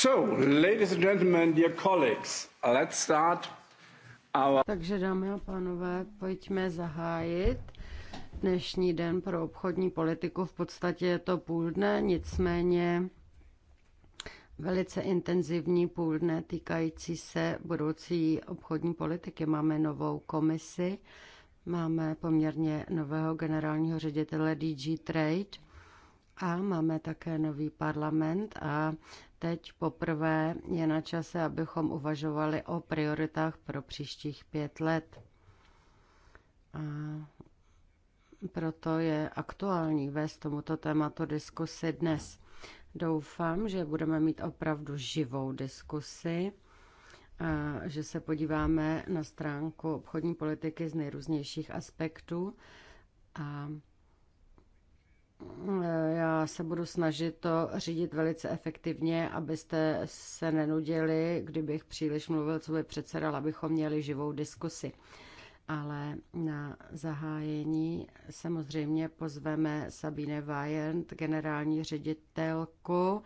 So, ladies and gentlemen, dear colleagues, let's start our... Takže dámy a pánové, pojďme zahájit dnešní den pro obchodní politiku. V podstatě je to půl dne, nicméně velice intenzivní půl dne týkající se budoucí obchodní politiky. Máme novou komisi, máme poměrně nového generálního ředitele DG Trade, a máme také nový parlament a teď poprvé je na čase, abychom uvažovali o prioritách pro příštích pět let. A proto je aktuální vést tomuto tématu diskusy dnes. Doufám, že budeme mít opravdu živou diskusi, a že se podíváme na stránku obchodní politiky z nejrůznějších aspektů a já se budu snažit to řídit velice efektivně, abyste se nenudili, kdybych příliš mluvil, co by předsedal, abychom měli živou diskusi. Ale na zahájení samozřejmě pozveme Sabine Vajent, generální ředitelku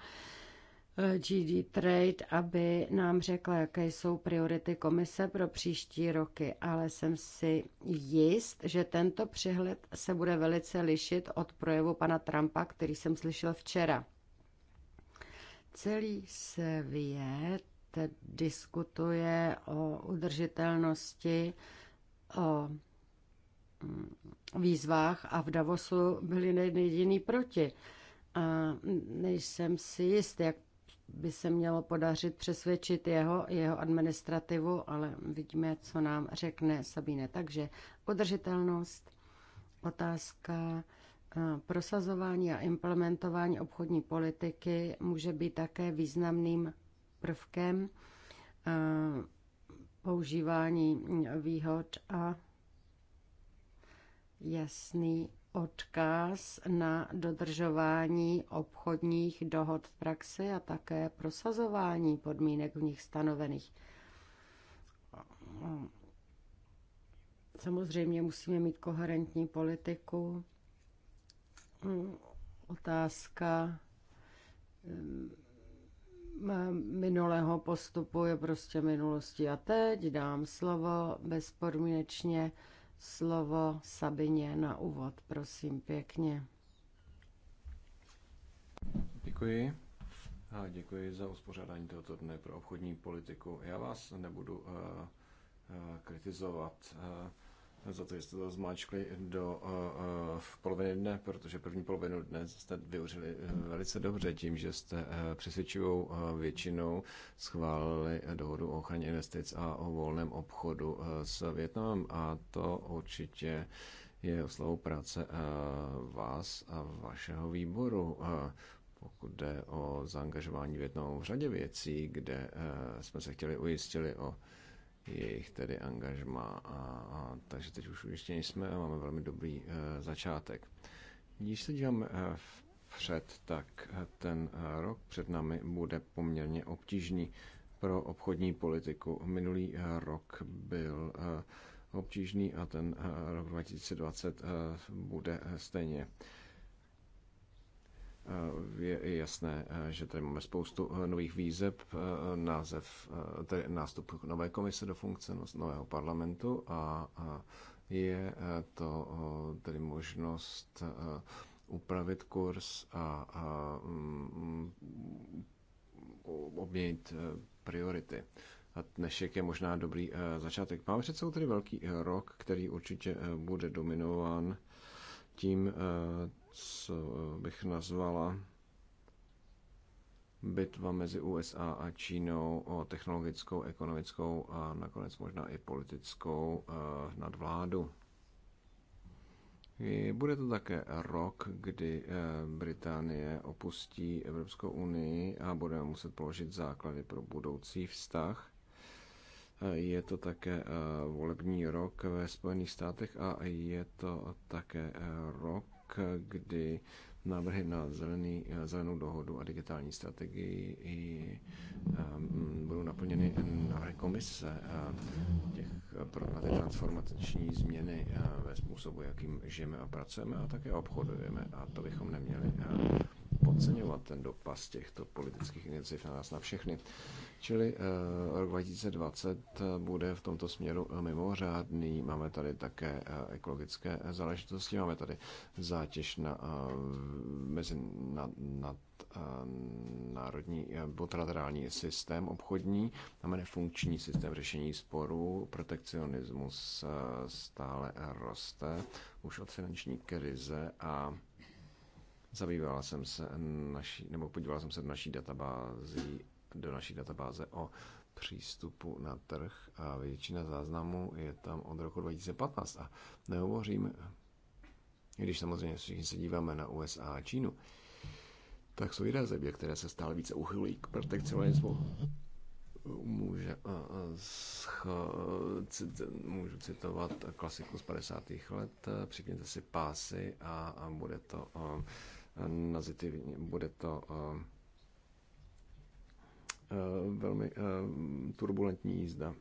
GD Trade, aby nám řekla, jaké jsou priority komise pro příští roky, ale jsem si jist, že tento přehled se bude velice lišit od projevu pana Trumpa, který jsem slyšel včera. Celý svět diskutuje o udržitelnosti, o mm, výzvách a v Davosu byli nejediný proti. A nejsem si jist, jak by se mělo podařit přesvědčit jeho, jeho administrativu, ale vidíme, co nám řekne Sabine. Takže udržitelnost, otázka eh, prosazování a implementování obchodní politiky může být také významným prvkem eh, používání výhod a jasný odkaz na dodržování obchodních dohod v praxi a také prosazování podmínek v nich stanovených. Samozřejmě musíme mít koherentní politiku. Otázka ehm, minulého postupu je prostě minulostí a teď dám slovo bezpodmínečně slovo Sabině na úvod, prosím, pěkně. Děkuji. A děkuji za uspořádání tohoto dne pro obchodní politiku. Já vás nebudu uh, uh, kritizovat. Uh, za to, že jste to zmáčkli do eh, eh, v poloviny dne, protože první polovinu dne jste využili eh, velice dobře tím, že jste přesvědčivou většinou schválili dohodu o ochraně investic a o volném obchodu s Větnamem a to určitě je oslavou práce vás a vašeho výboru pokud jde o zaangažování Větnamu v řadě věcí, kde jsme se chtěli ujistili o jejich tedy angažma. A, a, takže teď už ještě nejsme a máme velmi dobrý e, začátek. Když se díváme e, vpřed, tak eh, ten e, rok před námi bude poměrně obtížný pro obchodní politiku. Minulý e, rok byl e, obtížný a ten rok 2020 bude stejně. E, Eh, je jasné, eh, že tady máme spoustu eh, nových výzeb, název, tedy nástup nové komise do funkce, no, nového parlamentu a je to tedy možnost upravit kurz a, a mm, obměnit priority. A dnešek je možná dobrý začátek. Máme před sebou tedy velký rok, který určitě bude dominován tím, co eh, bych nazvala bitva mezi USA a Čínou o technologickou, ekonomickou a nakonec možná i politickou eh, nadvládu. Bude to také rok, kdy eh, Británie opustí Evropskou unii a budeme muset položit základy pro budoucí vztah. Je to také volební rok ve Spojených státech a je to také rok, kdy návrhy na zelený, zelenou dohodu a digitální strategii i, um, budou naplněny návrhy komise a těch, na ty transformační změny uh, ve způsobu, jakým žijeme a pracujeme a také obchodujeme. A to bychom neměli uh, podceňovat ten dopad těchto politických iniciativ na nás, na všechny. Čili eh, rok 2020 eh, bude v tomto směru eh, mimořádný. Máme tady také ekologické záležitosti, máme tady zátěž na, mezi, na, na národní potraterální systém obchodní, máme nefunkční systém řešení sporů, protekcionismus stále roste už od finanční krize a zabýval jsem se naší, nebo podíval jsem se do naší databázy, do naší databáze o přístupu na trh a většina záznamů je tam od roku 2015 a nehovořím, když samozřejmě všichni se díváme na USA a Čínu, tak jsou jiné země, které se stále více uchylují k protekcionismu. Může, a, a, sch, cit, můžu citovat klasiku z 50. let, připněte si pásy a, a bude to a, nazitivní. Bude to eh, eh, velmi eh, turbulentní jízda.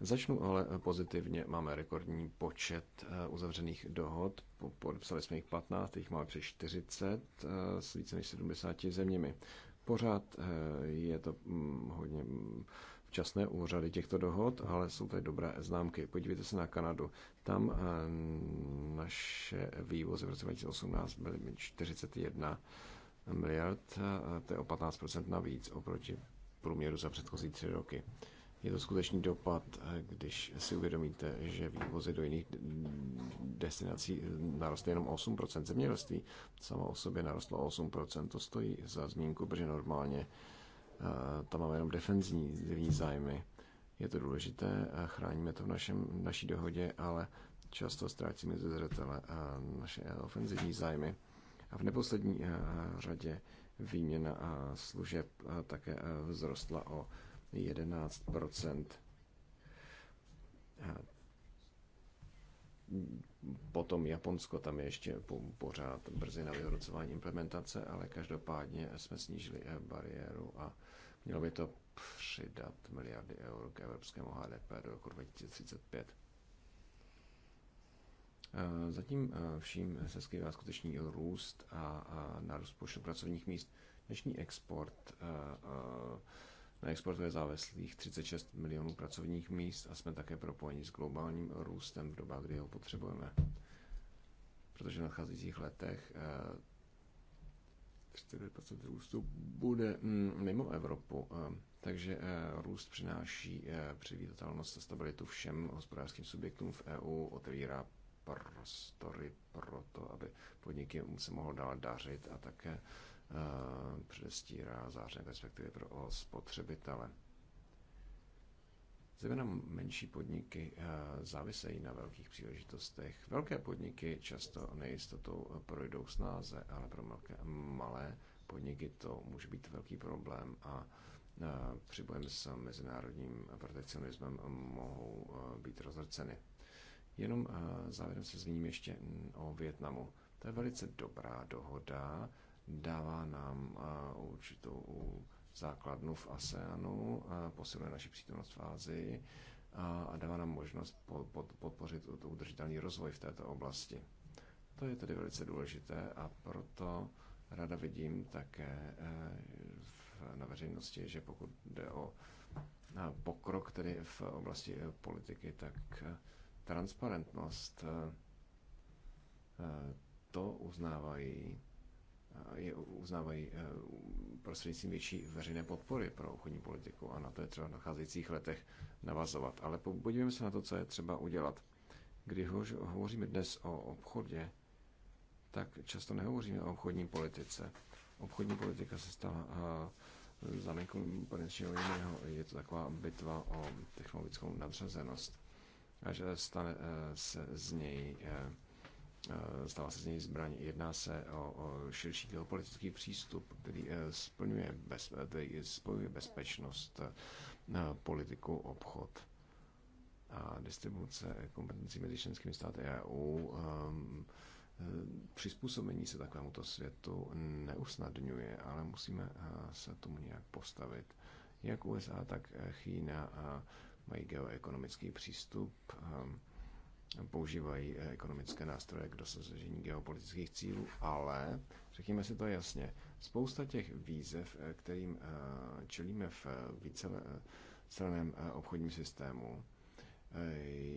Začnu ale pozitivně. Máme rekordní počet uzavřených dohod. Podepsali jsme jich 15, jich máme přes 40 s více než 70 zeměmi. Pořád je to mm, hodně včasné úřady těchto dohod, ale jsou tady dobré známky. Podívejte se na Kanadu. Tam eh, naše vývozy v roce 2018 byly 41 miliard, eh, to je o 15% navíc oproti průměru za předchozí tři roky. Je to skutečný dopad, eh, když si uvědomíte, že vývozy do jiných destinací narostly jenom 8%. Zemědělství samo o sobě narostlo 8%, to stojí za zmínku, protože normálně Eh, tam máme jenom defenzivní zájmy. Je to důležité, a chráníme to v našem, naší dohodě, ale často ztrácíme ze zřetele eh, naše eh, ofenzivní zájmy. A v neposlední řadě výměna služeb také vzrostla o 11 Potom Japonsko, tam je ještě pořád brzy na vyhodnocování implementace, ale každopádně jsme snížili bariéru a Mělo by to přidat miliardy eur k evropskému HDP do roku 2035. Eh, zatím eh, vším se skrývá skutečný růst a nárůst počtu pracovních míst. Dnešní export eh, na exportu je závislých 36 milionů pracovních míst a jsme také propojeni s globálním růstem v dobách, kdy ho potřebujeme. Protože v nadcházejících letech 42% růstu bude mm, mimo Evropu, eh, takže eh, růst přináší eh, předvídatelnost a stabilitu všem hospodářským subjektům v EU, otevírá prostory pro to, aby podniky se mohlo dál dařit a také předestírá zářené perspektivy pro spotřebitele. Zejména menší podniky eh, závisejí na velkých příležitostech. Velké podniky často nejistotou eh, projdou snáze, ale pro malé podniky to může být velký problém a eh, při bojem s mezinárodním protekcionismem mohou být rozrceny. Jenom závěrem se zmíním ještě o Větnamu. To je velice dobrá dohoda, dává nám určitou základnu v ASEANu, posiluje naši přítomnost v Ázii a dává nám možnost podpořit udržitelný rozvoj v této oblasti. To je tedy velice důležité a proto rada vidím také e, na veřejnosti, že pokud jde o pokrok tedy v oblasti e, politiky, tak e, transparentnost to uznávají je uznávají eh, prostřednictvím větší veřejné podpory pro obchodní politiku a na to je třeba v nacházejících letech navazovat. Ale podívejme se na to, co je třeba udělat. Když hovoříme dnes o obchodě, tak často nehovoříme o obchodní politice. Obchodní politika se stala eh, za konkurenčního jiného. Je to taková bitva o technologickou nadřazenost. Až stane eh, se z něj Eh, stala se z něj zbraň. Jedná se o, o širší geopolitický přístup, který eh, splňuje bez, který eh, spojuje bezpečnost, politiku, obchod a distribuce kompetencí mezi členskými státy EU. Přizpůsobení se takovémuto světu neusnadňuje, ale musíme se tomu nějak postavit. Jak USA, tak Čína mají geoekonomický přístup používají eh, ekonomické nástroje k dosažení geopolitických cílů, ale řekněme si to jasně, spousta těch výzev, eh, kterým eh, čelíme v vícestranném obchodním systému,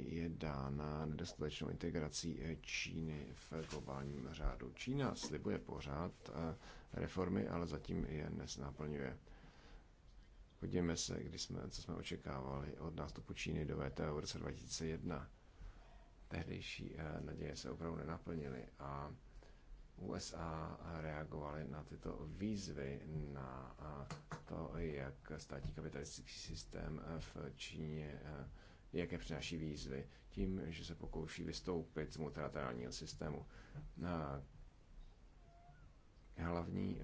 je dána nedostatečnou integrací Číny v globálním řádu. Čína slibuje pořád reformy, ale zatím je nesnáplňuje. Podívejme se, kdy jsme, co jsme očekávali od nástupu Číny do VTO v roce 2001 tehdejší eh, naděje se opravdu nenaplnily a USA reagovaly na tyto výzvy, na eh, to, jak státní kapitalistický systém eh, v Číně, jaké přináší výzvy, tím, že se pokouší vystoupit z multilaterálního systému. Hlavní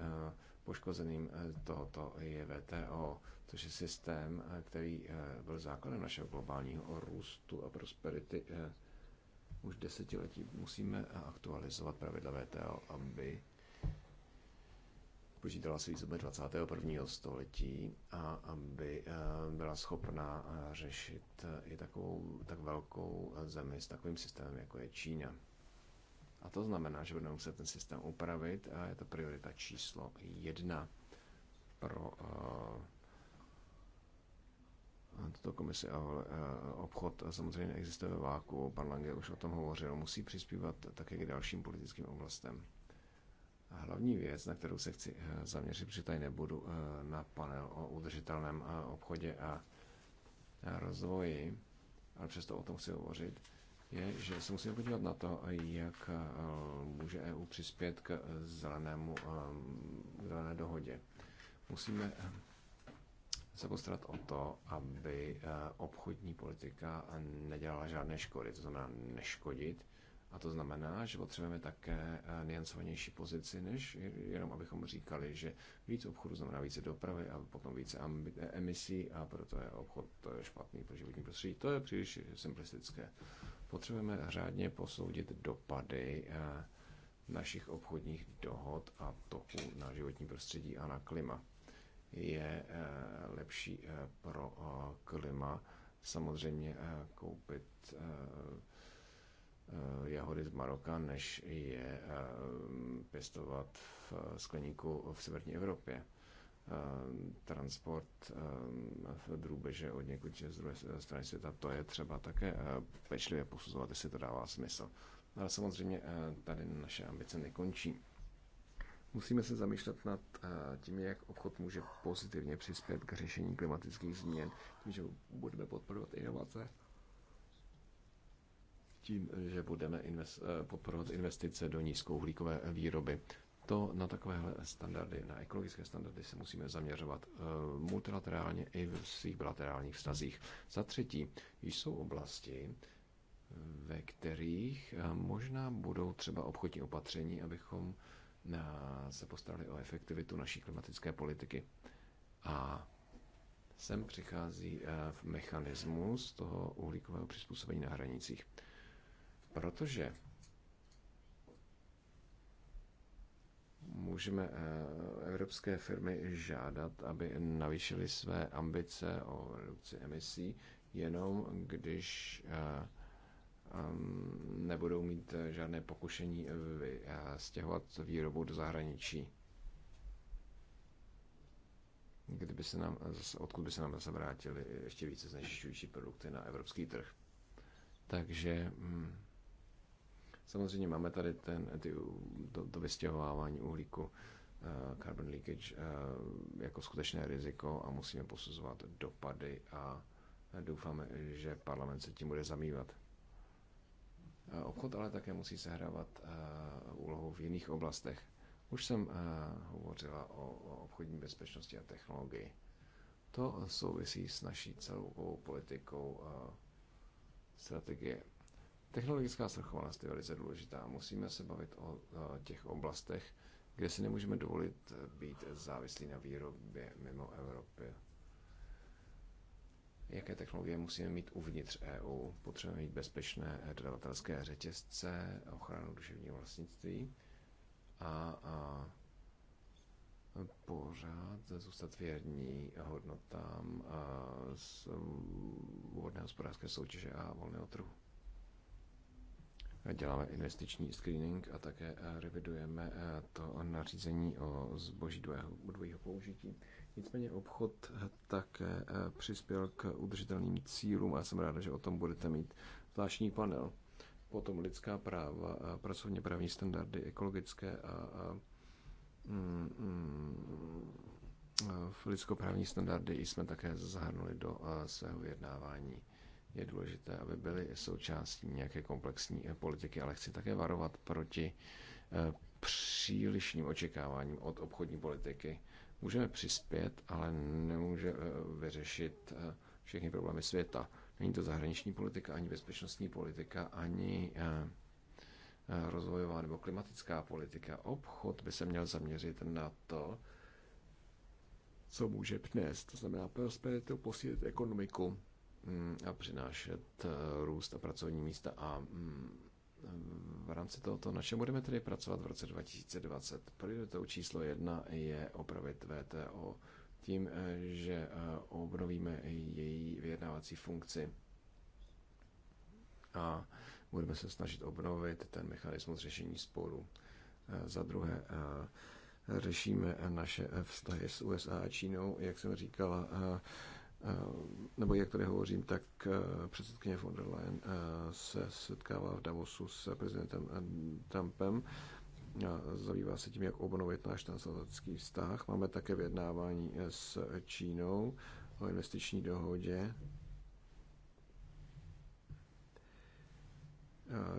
poškozeným tohoto je VTO, což je systém, který byl základem našeho globálního růstu a prosperity už desetiletí musíme aktualizovat pravidla VTO, aby počítala se výzvy 21. století a aby eh, byla schopná eh, řešit eh, i takovou tak velkou zemi s takovým systémem, jako je Čína. A to znamená, že budeme muset ten systém upravit a je to priorita číslo jedna pro tuto komisi, a obchod samozřejmě neexistuje ve váku. Pan Lange už o tom hovořil, musí přispívat také k dalším politickým oblastem. A hlavní věc, na kterou se chci eh, zaměřit, protože tady nebudu eh, na panel o udržitelném eh, obchodě a rozvoji, ale přesto o tom chci hovořit, je, že se musíme podívat na to, jak může EU přispět k zelenému, k zelené dohodě. Musíme se postarat o to, aby eh, obchodní politika nedělala žádné škody, to znamená neškodit. A to znamená, že potřebujeme také eh, niancovanější pozici, než jenom abychom říkali, že víc obchodu znamená více dopravy a potom více eh, emisí a proto je obchod špatný pro životní prostředí. To je příliš simplistické. Potřebujeme řádně posoudit dopady našich obchodních dohod a toku na životní prostředí a na klima je eh, lepší eh, pro eh, klima. Samozřejmě koupit jahody z Maroka, než je pěstovat v skleníku v severní Evropě. Transport v drůbeže od někud z druhé strany světa, to je třeba také pečlivě posuzovat, jestli to dává smysl. Ale samozřejmě tady naše ambice nekončí. Musíme se zamýšlet nad eh, tím, jak obchod může pozitivně přispět k řešení klimatických změn, tím, že budeme podporovat inovace, tím, že budeme invest- eh, podporovat investice do nízkouhlíkové výroby. To na takovéhle standardy, na ekologické standardy se musíme zaměřovat eh, multilaterálně i v svých bilaterálních vztazích. Za třetí, jsou oblasti, ve kterých možná budou třeba obchodní opatření, abychom se postarali o efektivitu naší klimatické politiky. A sem přichází eh, v mechanismus toho uhlíkového přizpůsobení na hranicích. Protože můžeme eh, evropské firmy žádat, aby navýšily své ambice o redukci emisí, jenom když eh, Ehm, nebudou mít eh, žádné pokušení eh, eh, stěhovat výrobu do zahraničí. Kdyby se nám, odkud by se nám zase vrátili ještě více znečišťující produkty na evropský trh. Takže hm, samozřejmě máme tady ten, ty, to, to vystěhovávání uhlíku, carbon leakage jako skutečné riziko a musíme posuzovat dopady a doufáme, že parlament se tím bude zamývat. Eh, obchod ale také musí sehrávat eh, úlohu v jiných oblastech. Už jsem eh, hovořila o obchodní bezpečnosti a technologii. To souvisí s naší celou politikou strategie. Technologická strachovanost je velice důležitá. Musíme se bavit o těch oblastech, kde si nemůžeme dovolit být závislí na výrobě mimo Evropy jaké technologie musíme mít uvnitř EU. Potřebujeme mít bezpečné dodavatelské řetězce, ochranu duševního vlastnictví a, a pořád zůstat věrní hodnotám z um, vodné hospodářské soutěže a volného trhu. Děláme investiční screening a také revidujeme e, to nařízení o zboží dvojího použití Nicméně obchod také eh, přispěl k udržitelným cílům a jsem ráda, že o tom budete mít zvláštní panel. Potom lidská práva, eh, pracovně právní standardy, ekologické a, a mm, mm, eh, lidskoprávní standardy jsme také zahrnuli do svého vyjednávání. Je důležité, aby byly součástí nějaké komplexní politiky, ale chci také varovat proti přílišným očekáváním od obchodní politiky Můžeme přispět, ale nemůže eh, vyřešit eh, všechny problémy světa. Není to zahraniční politika, ani bezpečnostní politika, ani eh, rozvojová nebo klimatická politika. Obchod by se měl zaměřit na to, co může přinést. To znamená prosperitu, posílit ekonomiku mm, a přinášet růst a pracovní místa a mm, v rámci tohoto, na čem budeme tedy pracovat v roce 2020? Prioritou číslo jedna je opravit VTO tím, eh, že eh, obnovíme její vyjednávací funkci a budeme se snažit obnovit ten mechanismus řešení sporu. Eh, za druhé, řešíme naše vztahy s USA a Čínou, jak jsem říkala, Eh, nebo jak tady hovořím, tak eh, předsedkyně von der Leyen eh, se setkává v Davosu s prezidentem Trumpem. Zabývá se tím, jak obnovit náš transatlantický vztah. Máme také vyjednávání s Čínou o investiční dohodě,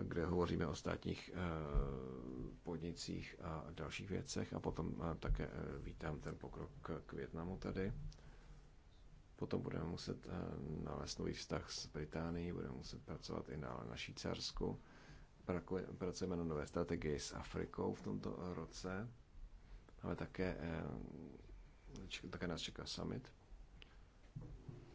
kde hovoříme o státních podnicích a dalších věcech. A potom také vítám ten pokrok k Větnamu tady Potom budeme muset eh, nalézt nový vztah s Británií, budeme muset pracovat i na na Švýcarsku. Pracujeme na nové strategii s Afrikou v tomto roce, ale také, eh, také nás čeká summit.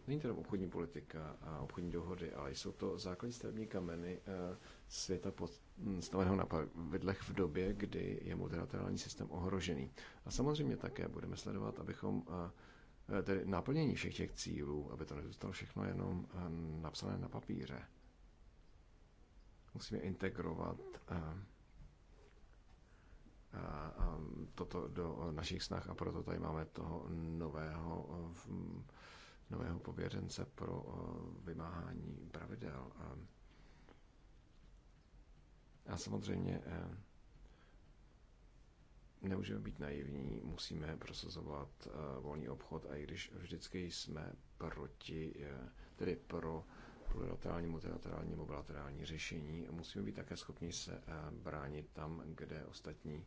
Není to obchodní politika a obchodní dohody, ale jsou to základní stavební kameny eh, světa postaveného na vidlech v době, kdy je multilaterální systém ohrožený. A samozřejmě také budeme sledovat, abychom Eh, tedy naplnění všech těch cílů, aby to nezůstalo všechno jenom ehm, napsané na papíře. Musíme integrovat ehm, toto do eh, našich snah a proto tady máme toho nového, nového pověřence pro eh, vymáhání pravidel. Ehm, a samozřejmě nemůžeme být naivní, musíme prosazovat eh, volný obchod a i když vždycky jsme proti, eh, tedy pro plurilaterální, multilaterální nebo bilaterální řešení, musíme být také schopni se eh, bránit tam, kde ostatní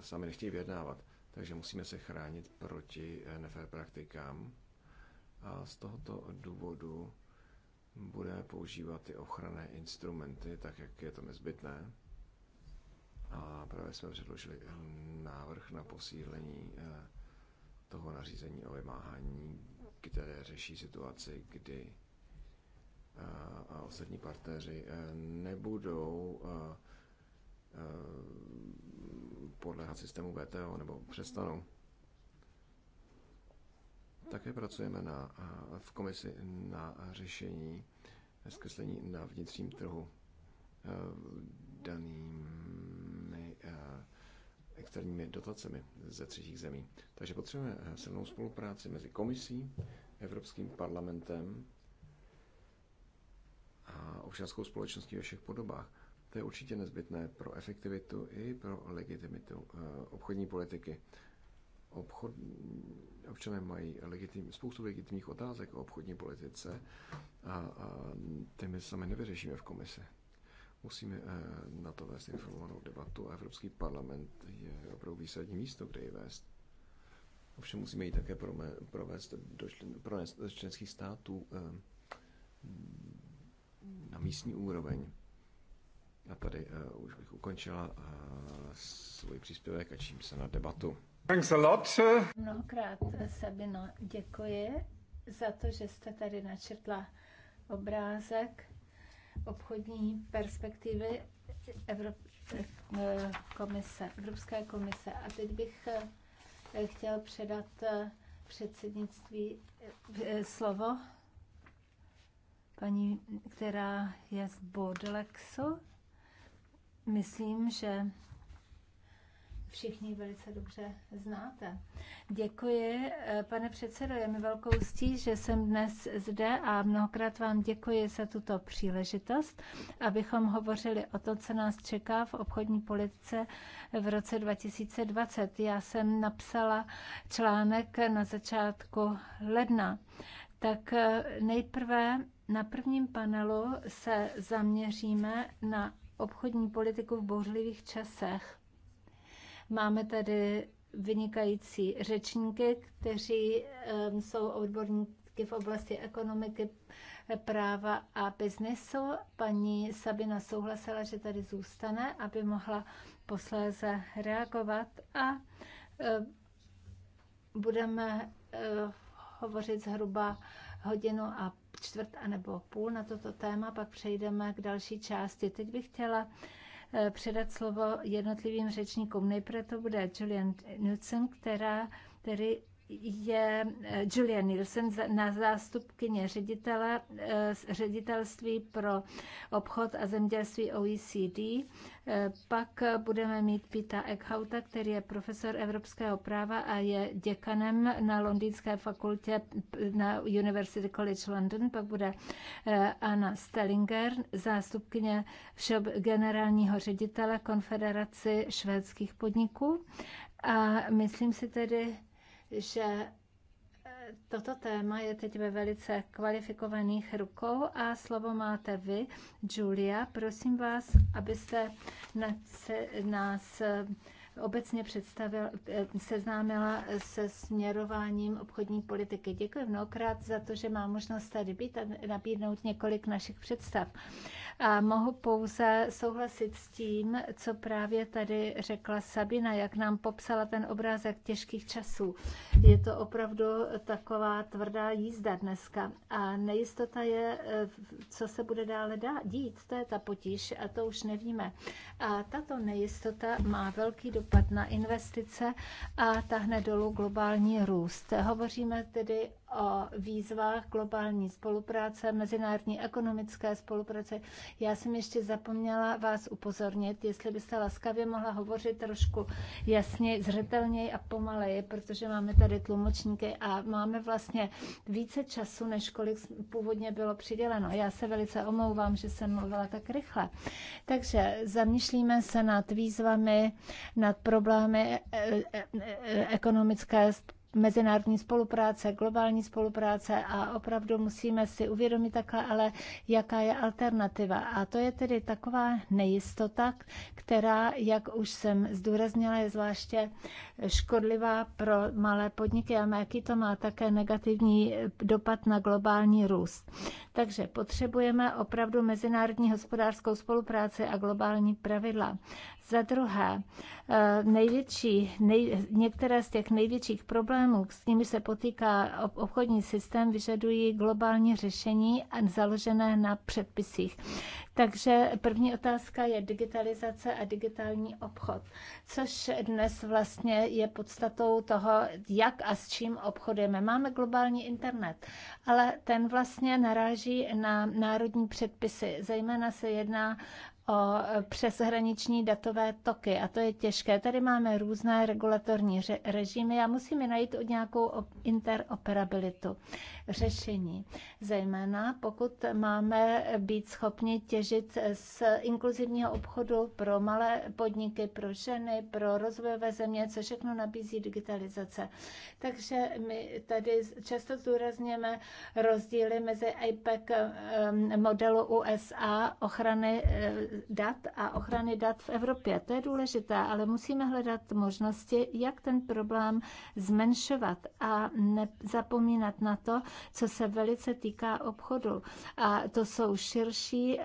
sami nechtějí vyjednávat. Takže musíme se chránit proti nefér praktikám. A z tohoto důvodu budeme používat ty ochranné instrumenty, tak jak je to nezbytné a právě jsme předložili návrh na posílení eh, toho nařízení o vymáhání, které řeší situaci, kdy eh, a ostatní partneři eh, nebudou podléhat systému VTO nebo přestanou. Také pracujeme na, v komisi na řešení zkreslení na vnitřním trhu daným externími dotacemi ze třetích zemí. Takže potřebujeme eh, silnou spolupráci mezi komisí, Evropským parlamentem a občanskou společností ve všech podobách. To je určitě nezbytné pro efektivitu i pro legitimitu eh, obchodní politiky. Obchod, občané mají legitim, spoustu legitimních otázek o obchodní politice a, a ty my sami nevyřešíme v komisi. Musíme eh, na to vést informovanou debatu a Evropský parlament je opravdu výsadní místo, kde ji vést. Ovšem musíme ji také provést do, pronést do členských států eh, na místní úroveň. A tady uh, už bych ukončila uh, svůj příspěvek a čím se na debatu. Thanks a lot. Mnohokrát, Sabino, děkuji za to, že jste tady načetla obrázek obchodní perspektivy Evrop- eh, komise, Evropské komise. A teď bych eh, chtěl předat eh, předsednictví slovo paní, která je z Bodlexu. Myslím, že všichni velice dobře znáte. Děkuji, eh, pane předsedo, je mi velkou ctí, že jsem dnes zde a mnohokrát vám děkuji za tuto příležitost, abychom hovořili o to, co nás čeká v obchodní politice v roce 2020. Já jsem napsala článek na začátku ledna. Tak eh, nejprve na prvním panelu se zaměříme na obchodní politiku v bouřlivých časech. Máme tady vynikající řečníky, kteří ehm, jsou odborníky v oblasti ekonomiky, práva a biznesu. Paní Sabina souhlasila, že tady zůstane, aby mohla posléze reagovat a ehm, budeme eh, hovořit zhruba hodinu a čtvrt anebo půl na toto téma, pak přejdeme k další části. Teď bych chtěla Eh, předat slovo jednotlivým řečníkům. Nejprve to bude Julian Newton, která tedy je eh, Julia Nielsen na zástupkyně ředitele, eh, ředitelství pro obchod a zemědělství OECD. Eh, pak budeme mít Pita Eckhouta, který je profesor evropského práva a je děkanem na Londýnské fakultě na University College London. Pak bude Anna Stellinger, zástupkyně všeob generálního ředitele Konfederaci švédských podniků. A myslím si tedy, že eh, toto téma je teď ve velice kvalifikovaných rukou a slovo máte vy, Julia. Prosím vás, abyste nás eh, obecně představil, eh, seznámila se směrováním obchodní politiky. Děkuji mnohokrát za to, že mám možnost tady být a nabídnout několik našich představ. A mohu pouze souhlasit s tím, co právě tady řekla Sabina, jak nám popsala ten obrázek těžkých časů. Je to opravdu taková tvrdá jízda dneska a nejistota je, co se bude dále dít, to je ta potíž a to už nevíme. A tato nejistota má velký dopad na investice a tahne dolů globální růst. Hovoříme tedy o výzvách globální spolupráce, mezinárodní ekonomické spolupráce. Já jsem ještě zapomněla vás upozornit, jestli byste laskavě mohla hovořit trošku jasně, zřetelněji a pomaleji, protože máme tady tlumočníky a máme vlastně více času, než kolik původně bylo přiděleno. Já se velice omlouvám, že jsem mluvila tak rychle. Takže zamýšlíme se nad výzvami, nad problémy e, e, e, ekonomické mezinárodní spolupráce, globální spolupráce a opravdu musíme si uvědomit takhle, ale jaká je alternativa. A to je tedy taková nejistota, která, jak už jsem zdůraznila, je zvláště škodlivá pro malé podniky a jaký to má také negativní dopad na globální růst. Takže potřebujeme opravdu mezinárodní hospodářskou spolupráci a globální pravidla. Za druhé, eh, největší, nej, některé z těch největších problémů, s nimi se potýká obchodní systém, vyžadují globální řešení založené na předpisích. Takže první otázka je digitalizace a digitální obchod, což dnes vlastně je podstatou toho, jak a s čím obchodujeme. Máme globální internet, ale ten vlastně naráží na národní předpisy. Zejména se jedná o e, přeshraniční datové toky a to je těžké. Tady máme různé regulatorní režimy a musíme najít od nějakou interoperabilitu řešení. Zejména pokud máme být schopni těžit z inkluzivního obchodu pro malé podniky, pro ženy, pro rozvojové země, co všechno nabízí digitalizace. Takže my tady často zúrazněme rozdíly mezi IPEC e, modelu USA ochrany e, dat a ochrany dat v Evropě. To je důležité, ale musíme hledat možnosti, jak ten problém zmenšovat a nezapomínat na to, co se velice týká obchodu. A to jsou širší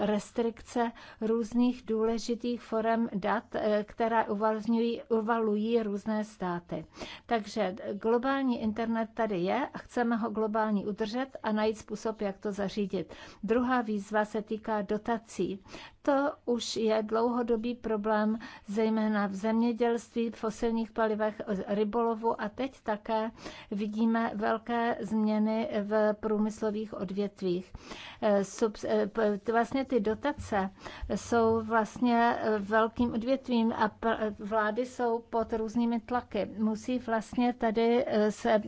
restrikce různých důležitých forem dat, eh, která uvalňují, uvalují různé státy. Takže globální internet tady je a chceme ho globální udržet a najít způsob, jak to zařídit. Druhá výzva se týká dotazů meditací. To už je dlouhodobý problém, zejména v zemědělství, v fosilních palivech, rybolovu a teď také vidíme velké změny v průmyslových odvětvích. Eh, eh, vlastně ty dotace jsou vlastně eh, velkým odvětvím a vlády jsou pod různými tlaky. Musí vlastně tady se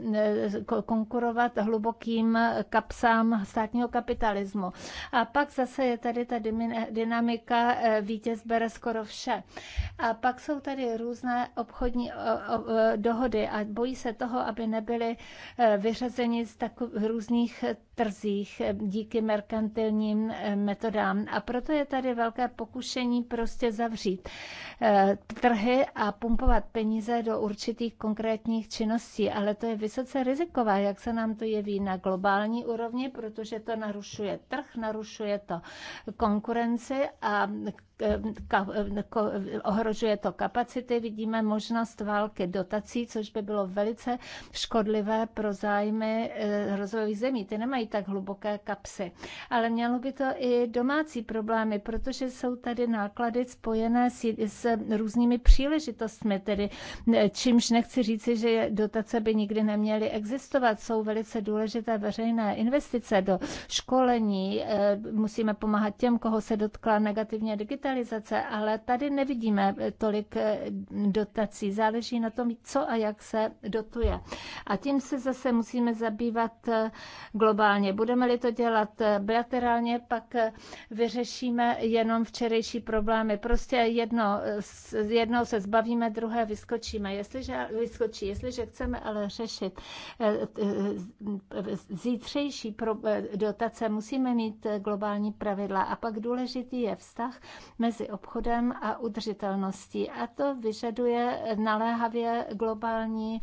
konkurovat hlubokým kapsám státního kapitalismu. A pak zase je tady ta dynamika ekonomika eh, vítěz bere skoro vše. A pak jsou tady různé obchodní eh, dohody a bojí se toho, aby nebyly eh, vyřazeni z takových různých trzích díky merkantilním metodám. A proto je tady velké pokušení prostě zavřít trhy a pumpovat peníze do určitých konkrétních činností. Ale to je vysoce riziková, jak se nám to jeví na globální úrovni, protože to narušuje trh, narušuje to konkurenci Um ohrožuje to kapacity, vidíme možnost války dotací, což by bylo velice škodlivé pro zájmy eh, rozvojových zemí. Ty nemají tak hluboké kapsy. Ale mělo by to i domácí problémy, protože jsou tady náklady spojené s, s různými příležitostmi, tedy eh, čímž nechci říci, že dotace by nikdy neměly existovat. Jsou velice důležité veřejné investice do školení, eh, musíme pomáhat těm, koho se dotkla negativně digitalizace, digitalizace, ale tady nevidíme tolik eh, dotací. Záleží na tom, co a jak se dotuje. A tím se zase musíme zabývat eh, globálně. Budeme-li to dělat eh, bilaterálně, pak vyřešíme jenom včerejší problémy. Prostě jedno, jednou se zbavíme, druhé vyskočíme. Jestliže, vyskočí. Jestliže chceme ale řešit zítřejší dotace, musíme mít globální pravidla. A pak důležitý je vztah mezi obchodem a udržitelností. A to vyžaduje naléhavě globální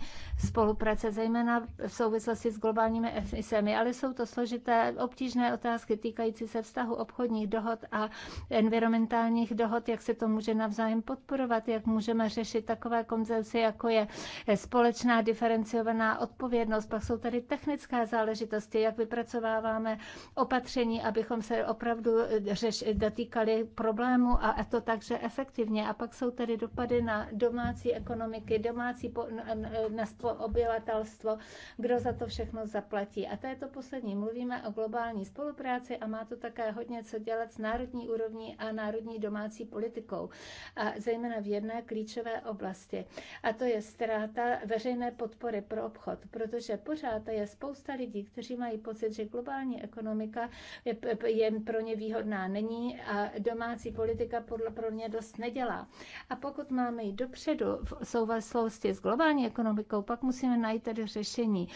spolupráce, zejména v souvislosti s globálními emisemi. Ale jsou to složité, obtížné otázky týkající se vztahu obchodních dohod a environmentálních dohod, jak se to může navzájem podporovat, jak můžeme řešit takové konzence, jako je společná diferenciovaná odpovědnost. Pak jsou tady technické záležitosti, jak vypracováváme opatření, abychom se opravdu řeš, dotýkali problémů systému a to takže efektivně. A pak jsou tady dopady na domácí ekonomiky, domácí po, na, na obyvatelstvo, kdo za to všechno zaplatí. A to je to poslední. Mluvíme o globální spolupráci a má to také hodně co dělat s národní úrovní a národní domácí politikou. A zejména v jedné klíčové oblasti. A to je ztráta veřejné podpory pro obchod, protože pořád je spousta lidí, kteří mají pocit, že globální ekonomika je, je pro ně výhodná není a domácí politika politika podle pro mě dost nedělá. A pokud máme jít dopředu v souvislosti s globální ekonomikou, pak musíme najít tady řešení.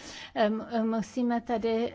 Musíme tady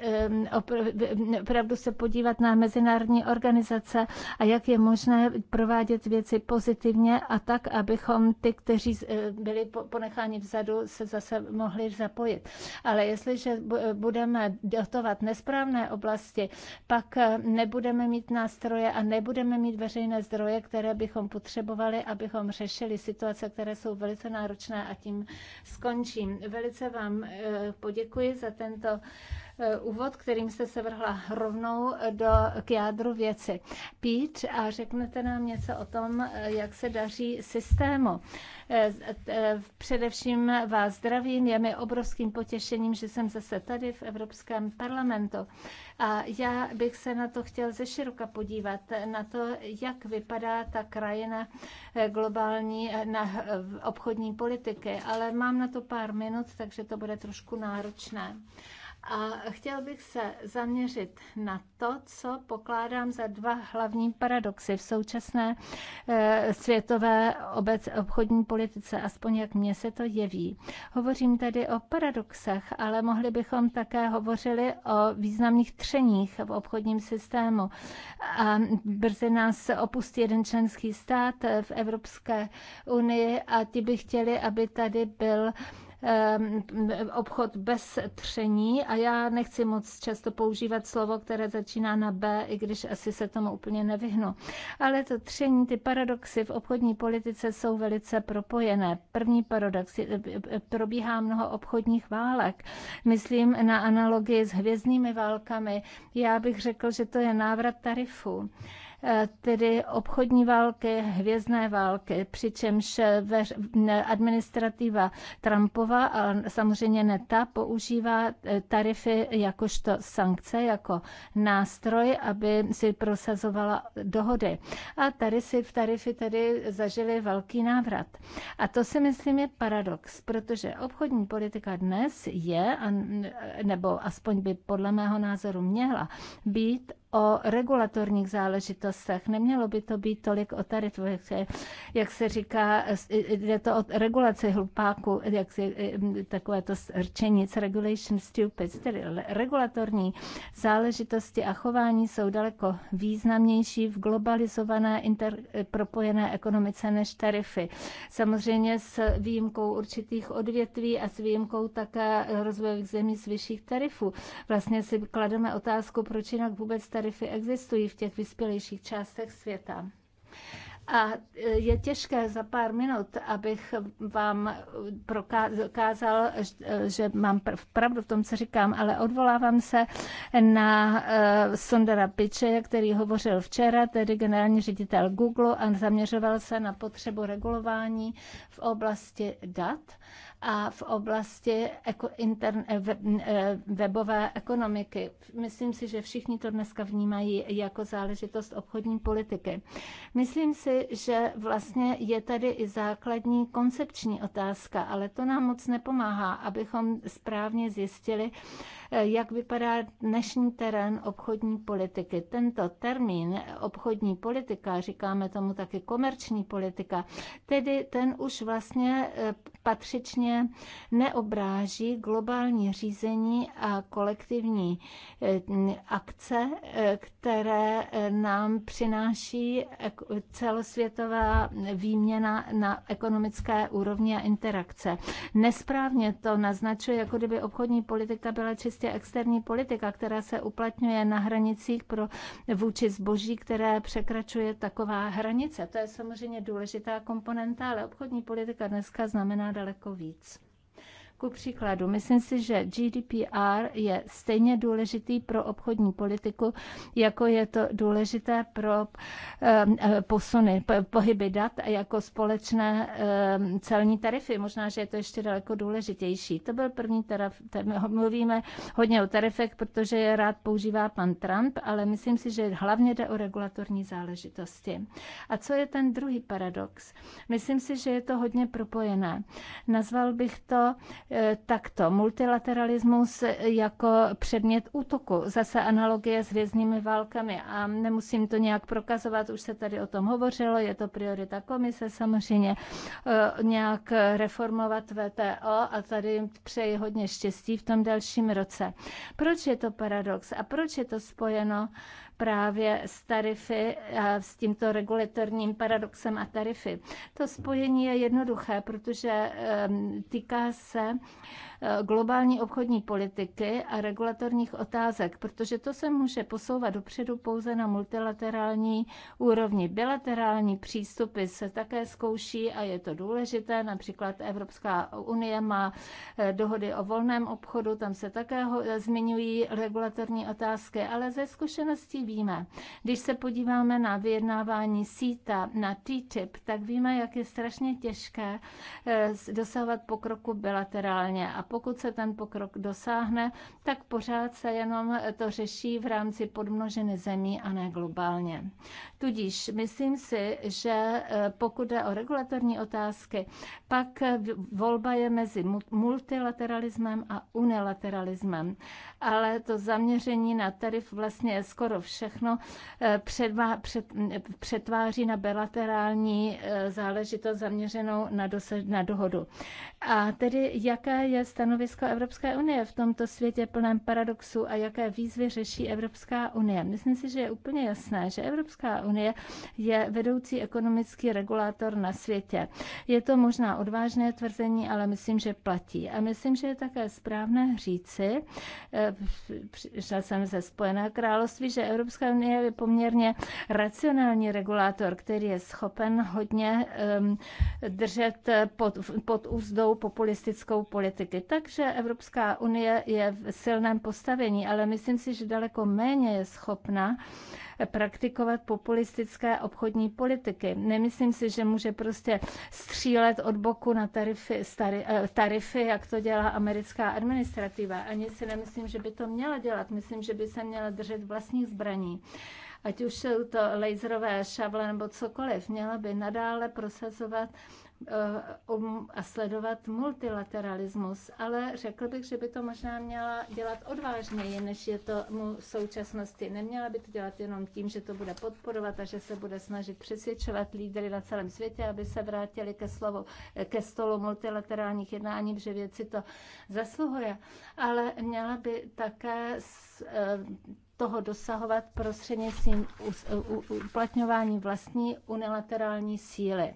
opravdu se podívat na mezinárodní organizace a jak je možné provádět věci pozitivně a tak, abychom ty, kteří e, byli ponecháni vzadu, se zase mohli zapojit. Ale jestliže budeme dotovat nesprávné oblasti, pak e, nebudeme mít nástroje a nebudeme mít veřejné zdroje, zdroje, které bychom potřebovali, abychom řešili situace, které jsou velice náročné a tím skončím. Velice vám eh, poděkuji za tento Eh, úvod, kterým jste se vrhla rovnou do, k jádru věci. Pít a řeknete nám něco o tom, eh, jak se daří systému. Eh, především vás zdravím, je mi obrovským potěšením, že jsem zase tady v Evropském parlamentu. A já bych se na to chtěl ze široka podívat, na to, jak vypadá ta krajina globální na obchodní politiky, ale mám na to pár minut, takže to bude trošku náročné. A chtěl bych se zaměřit na to, co pokládám za dva hlavní paradoxy v současné eh, světové obec obchodní politice, aspoň jak mně se to jeví. Hovořím tedy o paradoxech, ale mohli bychom také hovořili o významných třeních v obchodním systému. A brzy nás opustí jeden členský stát eh, v Evropské unii a ti by chtěli, aby tady byl Eh, obchod bez tření a já nechci moc často používat slovo, které začíná na B, i když asi se tomu úplně nevyhnu. Ale to tření, ty paradoxy v obchodní politice jsou velice propojené. První paradox, eh, eh, probíhá mnoho obchodních válek. Myslím na analogii s hvězdnými válkami. Já bych řekl, že to je návrat tarifů. Eh, tedy obchodní války, hvězdné války, přičemž eh, administrativa Trumpova a samozřejmě ne ta používá eh, tarify jakožto sankce, jako nástroj, aby si prosazovala dohody. A tady si v tarify tedy zažili velký návrat. A to si myslím je paradox, protože obchodní politika dnes je, nebo aspoň by podle mého názoru měla být o regulatorních záležitostech. Nemělo by to být tolik o tarifech, jak se říká, jde to o regulaci hlupáku, jak si, takové to řečení, regulation stupid, tedy regulatorní záležitosti a chování jsou daleko významnější v globalizované interpropojené ekonomice než tarify. Samozřejmě s výjimkou určitých odvětví a s výjimkou také rozvojových zemí s vyšších tarifů. Vlastně si klademe otázku, proč jinak vůbec tarify tarify existují v těch vyspělejších částech světa. A e, je těžké za pár minut, abych vám prokázal, e, že mám pravdu v tom, co říkám, ale odvolávám se na e, Sundara Piče, který hovořil včera, tedy generální ředitel Google a zaměřoval se na potřebu regulování v oblasti dat a v oblasti eko, intern, eh, eh, webové ekonomiky. Myslím si, že všichni to dneska vnímají jako záležitost obchodní politiky. Myslím si, že vlastně je tady i základní koncepční otázka, ale to nám moc nepomáhá, abychom správně zjistili, Eh, jak vypadá dnešní terén obchodní politiky. Tento termín obchodní politika, říkáme tomu taky komerční politika, tedy ten už vlastně eh, patřičně neobráží globální řízení a kolektivní eh, akce, které nám přináší celosvětová výměna na ekonomické úrovni a interakce. Nesprávně to naznačuje, jako kdyby obchodní politika byla čistě prostě externí politika, která se uplatňuje na hranicích pro vůči zboží, které překračuje taková hranice. To je samozřejmě důležitá komponenta, ale obchodní politika dneska znamená daleko víc. Ku příkladu, myslím si, že GDPR je stejně důležitý pro obchodní politiku, jako je to důležité pro ehm, eh, posuny, pohyby dat a jako společné ehm, celní tarify. Možná, že je to ještě daleko důležitější. To byl první tarif. Mluvíme hodně o tarifech, protože je rád používá pan Trump, ale myslím si, že hlavně jde o regulatorní záležitosti. A co je ten druhý paradox? Myslím si, že je to hodně propojené. Nazval bych to Eh, takto. Multilateralismus jako předmět útoku. Zase analogie s věznými válkami a nemusím to nějak prokazovat, už se tady o tom hovořilo, je to priorita komise samozřejmě eh, nějak reformovat VTO a tady přeji hodně štěstí v tom dalším roce. Proč je to paradox a proč je to spojeno právě s tarify, s tímto regulatorním paradoxem a tarify. To spojení je jednoduché, protože ehm, týká se Eh, globální obchodní politiky a regulatorních otázek, protože to se může posouvat dopředu pouze na multilaterální úrovni. Bilaterální přístupy se také zkouší a je to důležité. Například Evropská unie má eh, dohody o volném obchodu, tam se také eh, zmiňují regulatorní otázky, ale ze zkušeností víme, když se podíváme na vyjednávání síta, na TTIP, tak víme, jak je strašně těžké dosahovat pokroku bilaterálně a pokud se ten pokrok dosáhne, tak pořád se jenom to řeší v rámci podmnožiny zemí a ne globálně. Tudíž myslím si, že eh, pokud jde o regulatorní otázky, pak volba je mezi multilateralismem a unilateralismem. Ale to zaměření na tarif vlastně skoro všechno eh, předvá, před, přetváří na bilaterální eh, záležitost zaměřenou na, dosa, na dohodu. A tedy jaké je stanovisko Evropské unie v tomto světě plném paradoxů a jaké výzvy řeší Evropská unie. Myslím si, že je úplně jasné, že Evropská unie je vedoucí ekonomický regulátor na světě. Je to možná odvážné tvrzení, ale myslím, že platí. A myslím, že je také správné říci, přišla eh, jsem ze Spojené království, že Evropská unie je poměrně racionální regulátor, který je schopen hodně ehm, držet pod, pod úzdou populistickou politiky. Takže Evropská unie je v silném postavení, ale myslím si, že daleko méně je schopna praktikovat populistické obchodní politiky. Nemyslím si, že může prostě střílet od boku na tarify, stary, eh, tarify jak to dělá americká administrativa. Ani si nemyslím, že by to měla dělat. Myslím, že by se měla držet vlastních zbraní ať už jsou to laserové šavle nebo cokoliv, měla by nadále prosazovat Eh, um, a sledovat multilateralismus, ale řekl bych, že by to možná měla dělat odvážněji, než je to mu v současnosti. Neměla by to dělat jenom tím, že to bude podporovat a že se bude snažit přesvědčovat lídry na celém světě, aby se vrátili ke, slovu, ke stolu multilaterálních jednání, že věci to zasluhuje, ale měla by také eh, toho dosahovat prostřednictvím uplatňování vlastní unilaterální síly.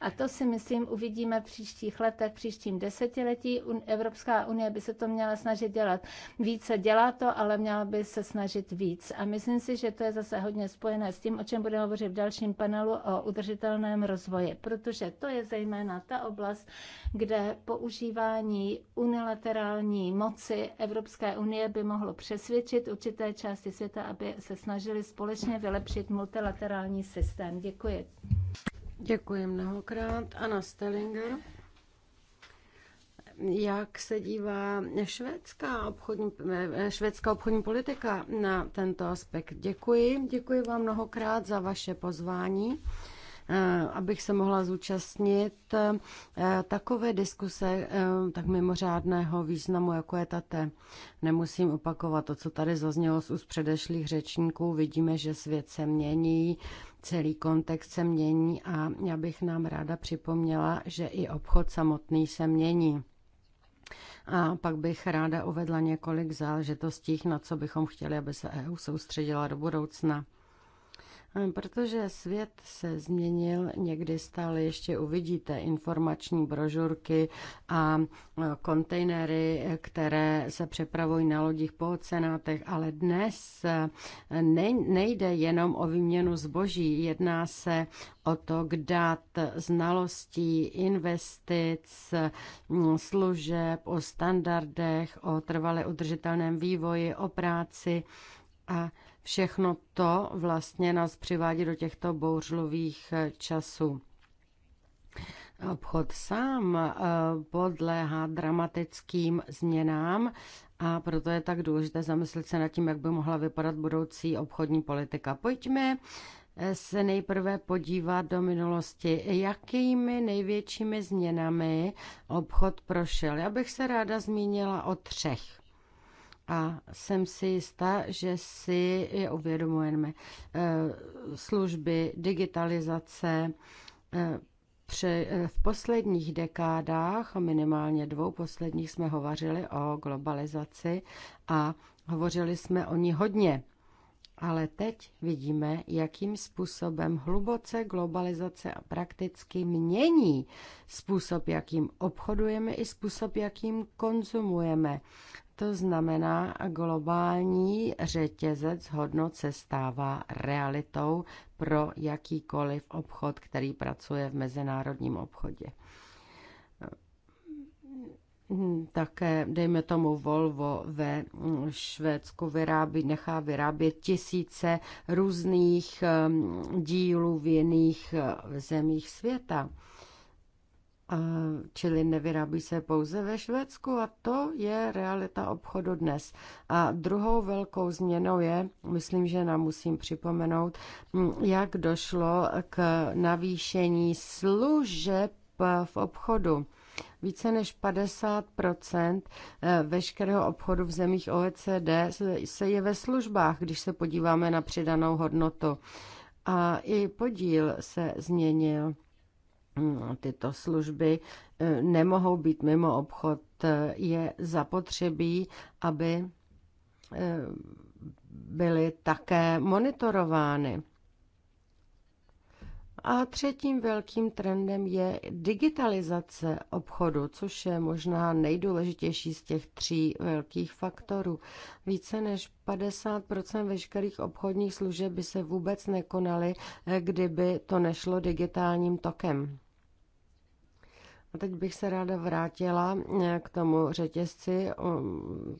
A to si myslím uvidíme v příštích letech, v příštím desetiletí. Evropská unie by se to měla snažit dělat více, dělá to, ale měla by se snažit víc. A myslím si, že to je zase hodně spojené s tím, o čem budeme hovořit v dalším panelu o udržitelném rozvoji, protože to je zejména ta oblast, kde používání unilaterální moci Evropské unie by mohlo přesvědčit určité části části světa, aby se snažili společně vylepšit multilaterální systém. Děkuji. Děkuji mnohokrát. Anna Stellinger. Jak se dívá švédská obchodní, švédská obchodní politika na tento aspekt? Děkuji. Děkuji vám mnohokrát za vaše pozvání. Eh, abych se mohla zúčastnit eh, takové diskuse eh, tak mimořádného významu, jako je tate. Nemusím opakovat to, co tady zaznělo z úst předešlých řečníků. Vidíme, že svět se mění, celý kontext se mění a já bych nám ráda připomněla, že i obchod samotný se mění. A pak bych ráda uvedla několik záležitostí, na co bychom chtěli, aby se EU soustředila do budoucna. Eh, protože svět se změnil, někdy stále ještě uvidíte informační brožurky a eh, kontejnery, které se přepravují na lodích po ocenátech, ale dnes eh, nejde jenom o výměnu zboží, jedná se o to, k dát znalostí, investic, hm, služeb, o standardech, o trvale udržitelném vývoji, o práci a Všechno to vlastně nás přivádí do těchto bouřlových eh, časů. Obchod sám eh, podléhá dramatickým změnám a proto je tak důležité zamyslet se nad tím, jak by mohla vypadat budoucí obchodní politika. Pojďme eh, se nejprve podívat do minulosti, jakými největšími změnami obchod prošel. Já bych se ráda zmínila o třech a jsem si jistá, že si je uvědomujeme. Eh, služby, digitalizace, eh, při, eh, v posledních dekádách, minimálně dvou posledních, jsme hovořili o globalizaci a hovořili jsme o ní hodně. Ale teď vidíme, jakým způsobem hluboce globalizace a prakticky mění způsob, jakým obchodujeme i způsob, jakým konzumujeme. To znamená, globální řetězec hodnot se stává realitou pro jakýkoliv obchod, který pracuje v mezinárodním obchodě. Také, dejme tomu, Volvo ve Švédsku vyrábí, nechá vyrábět tisíce různých um, dílů v jiných uh, zemích světa čili nevyrábí se pouze ve Švédsku a to je realita obchodu dnes. A druhou velkou změnou je, myslím, že nám musím připomenout, jak došlo k navýšení služeb v obchodu. Více než 50 e, veškerého obchodu v zemích OECD se je ve službách, když se podíváme na přidanou hodnotu. A i podíl se změnil No, tyto služby eh, nemohou být mimo obchod. Eh, je zapotřebí, aby eh, byly také monitorovány. A třetím velkým trendem je digitalizace obchodu, což je možná nejdůležitější z těch tří velkých faktorů. Více než 50 veškerých obchodních služeb by se vůbec nekonaly, kdyby to nešlo digitálním tokem. A teď bych se ráda vrátila eh, k tomu řetězci. Ehm,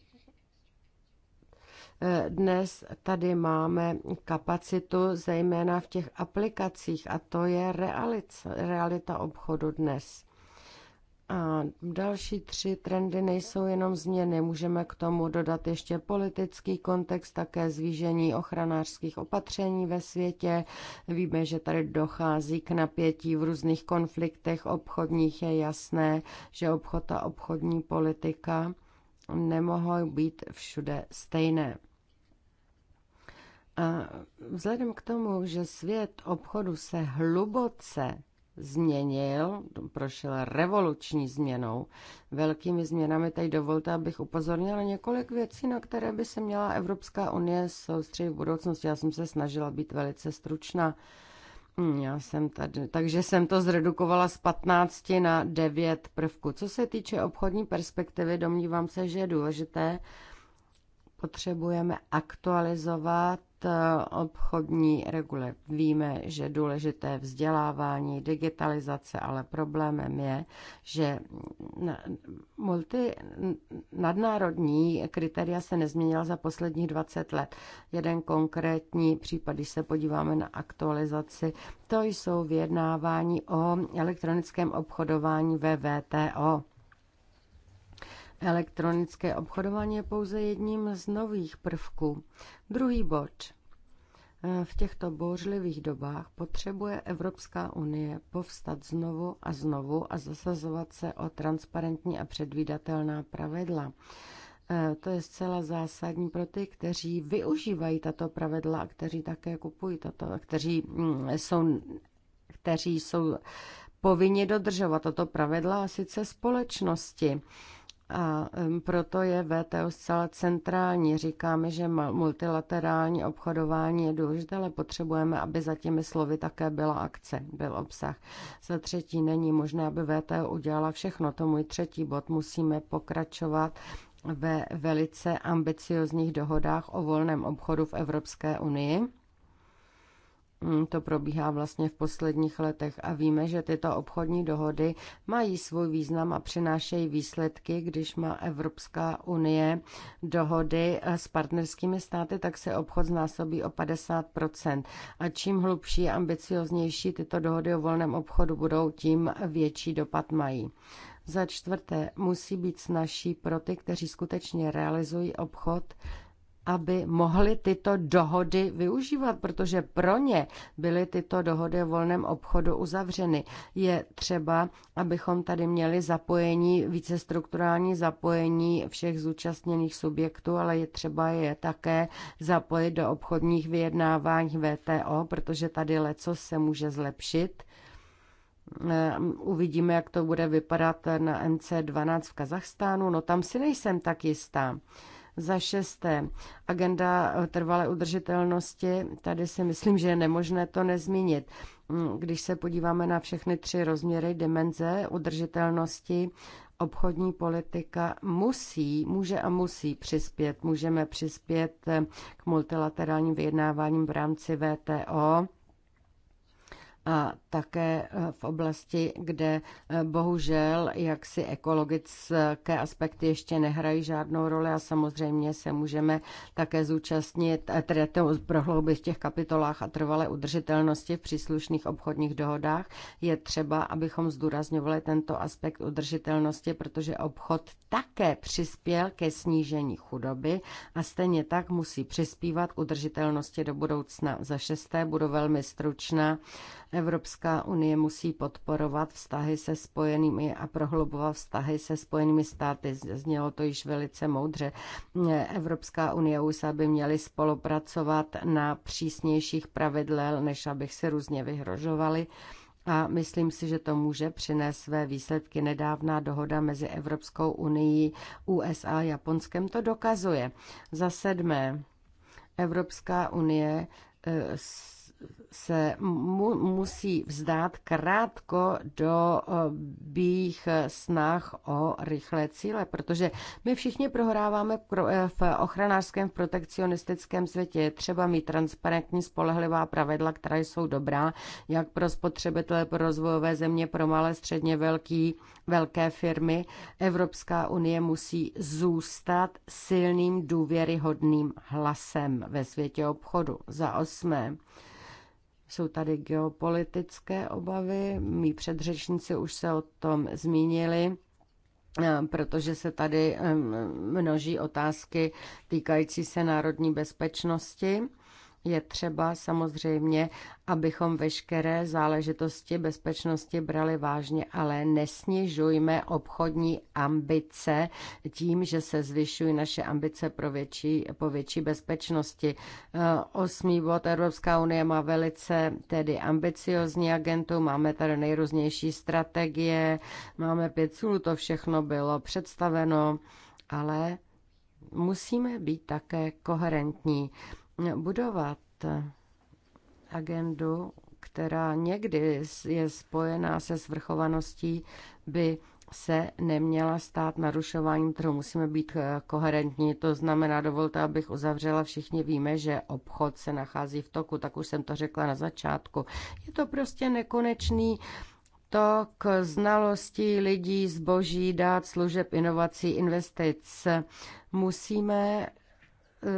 eh, dnes tady máme kapacitu, zejména v těch aplikacích, a to je realita, realita obchodu dnes. A další tři trendy nejsou jenom změny, můžeme k tomu dodat ještě politický kontext, také zvýšení ochranářských opatření ve světě. Víme, že tady dochází k napětí v různých konfliktech obchodních. Je jasné, že obchod a obchodní politika nemohou být všude stejné. A vzhledem k tomu, že svět obchodu se hluboce změnil, prošel revoluční změnou, velkými změnami. Teď dovolte, abych upozornila několik věcí, na které by se měla Evropská unie soustředit v budoucnosti. Já jsem se snažila být velice stručná. Hm, já jsem tady, takže jsem to zredukovala z 15 na 9 prvků. Co se týče obchodní perspektivy, domnívám se, že je důležité, potřebujeme aktualizovat Eh, obchodní regule. Víme, že důležité vzdělávání, digitalizace, ale problémem je, že multi, nadnárodní kritéria se nezměnila za posledních 20 let. Jeden konkrétní případ, když se podíváme na aktualizaci, to jsou vyjednávání o elektronickém obchodování ve VTO Elektronické obchodování je pouze jedním z nových prvků. Druhý bod. E, v těchto bouřlivých dobách potřebuje Evropská unie povstat znovu a znovu a zasazovat se o transparentní a předvídatelná pravidla. E, to je zcela zásadní pro ty, kteří využívají tato pravidla a kteří také kupují tato, kteří mm, jsou, kteří jsou povinni dodržovat tato pravidla a sice společnosti. A proto je VTO zcela centrální. Říkáme, že multilaterální obchodování je důležité, ale potřebujeme, aby za těmi slovy také byla akce, byl obsah. Za třetí není možné, aby VTO udělala všechno. To můj třetí bod. Musíme pokračovat ve velice ambiciozních dohodách o volném obchodu v Evropské unii Mm, to probíhá vlastně v posledních letech a víme, že tyto obchodní dohody mají svůj význam a přinášejí výsledky. Když má Evropská unie dohody eh, s partnerskými státy, tak se obchod znásobí o 50 A čím hlubší a ambicioznější tyto dohody o volném obchodu budou, tím větší dopad mají. Za čtvrté, musí být snažší pro ty, kteří skutečně realizují obchod, aby mohli tyto dohody využívat, protože pro ně byly tyto dohody o volném obchodu uzavřeny. Je třeba, abychom tady měli zapojení, více strukturální zapojení všech zúčastněných subjektů, ale je třeba je také zapojit do obchodních vyjednávání VTO, protože tady leco se může zlepšit. Ehm, uvidíme, jak to bude vypadat na MC12 v Kazachstánu. No tam si nejsem tak jistá. Za šesté, agenda eh, trvalé udržitelnosti. Tady si myslím, že je nemožné to nezmínit. Mm, když se podíváme na všechny tři rozměry dimenze udržitelnosti, obchodní politika musí, může a musí přispět. Můžeme přispět eh, k multilaterálním vyjednáváním v rámci VTO a také eh, v oblasti, kde eh, bohužel jaksi ekologické aspekty ještě nehrají žádnou roli a samozřejmě se můžeme také zúčastnit, eh, tedy to prohloubit v těch kapitolách a trvalé udržitelnosti v příslušných obchodních dohodách. Je třeba, abychom zdůrazňovali tento aspekt udržitelnosti, protože obchod také přispěl ke snížení chudoby a stejně tak musí přispívat k udržitelnosti do budoucna. Za šesté budu velmi stručná Evropská unie musí podporovat vztahy se spojenými a prohlubovat vztahy se spojenými státy. Znělo to již velice moudře. Evropská unie a USA by měly spolupracovat na přísnějších pravidlech, než abych se různě vyhrožovali a myslím si, že to může přinést své výsledky. Nedávná dohoda mezi Evropskou unii, USA a Japonskem to dokazuje. Za sedmé, Evropská unie eh, se mu, musí vzdát krátko do eh, bých snah o rychlé cíle, protože my všichni prohráváme eh, v ochranářském, v protekcionistickém světě. Je třeba mít transparentní, spolehlivá pravidla, která jsou dobrá, jak pro spotřebitele, pro rozvojové země, pro malé, středně velký, velké firmy. Evropská unie musí zůstat silným, důvěryhodným hlasem ve světě obchodu. Za osmé, jsou tady geopolitické obavy, mý předřečníci už se o tom zmínili, eh, protože se tady eh, množí otázky týkající se národní bezpečnosti je třeba samozřejmě, abychom veškeré záležitosti bezpečnosti brali vážně, ale nesnižujme obchodní ambice tím, že se zvyšují naše ambice pro větší, po větší bezpečnosti. Eh, osmý bod Evropská unie má velice tedy ambiciozní agentu, máme tady nejrůznější strategie, máme pět sůlů, to všechno bylo představeno, ale musíme být také koherentní budovat agendu, která někdy je spojená se svrchovaností, by se neměla stát narušováním kterou Musíme být eh, koherentní, to znamená, dovolte, abych uzavřela, všichni víme, že obchod se nachází v toku, tak už jsem to řekla na začátku. Je to prostě nekonečný tok znalostí lidí, zboží, dát služeb, inovací, investic. Musíme Eh,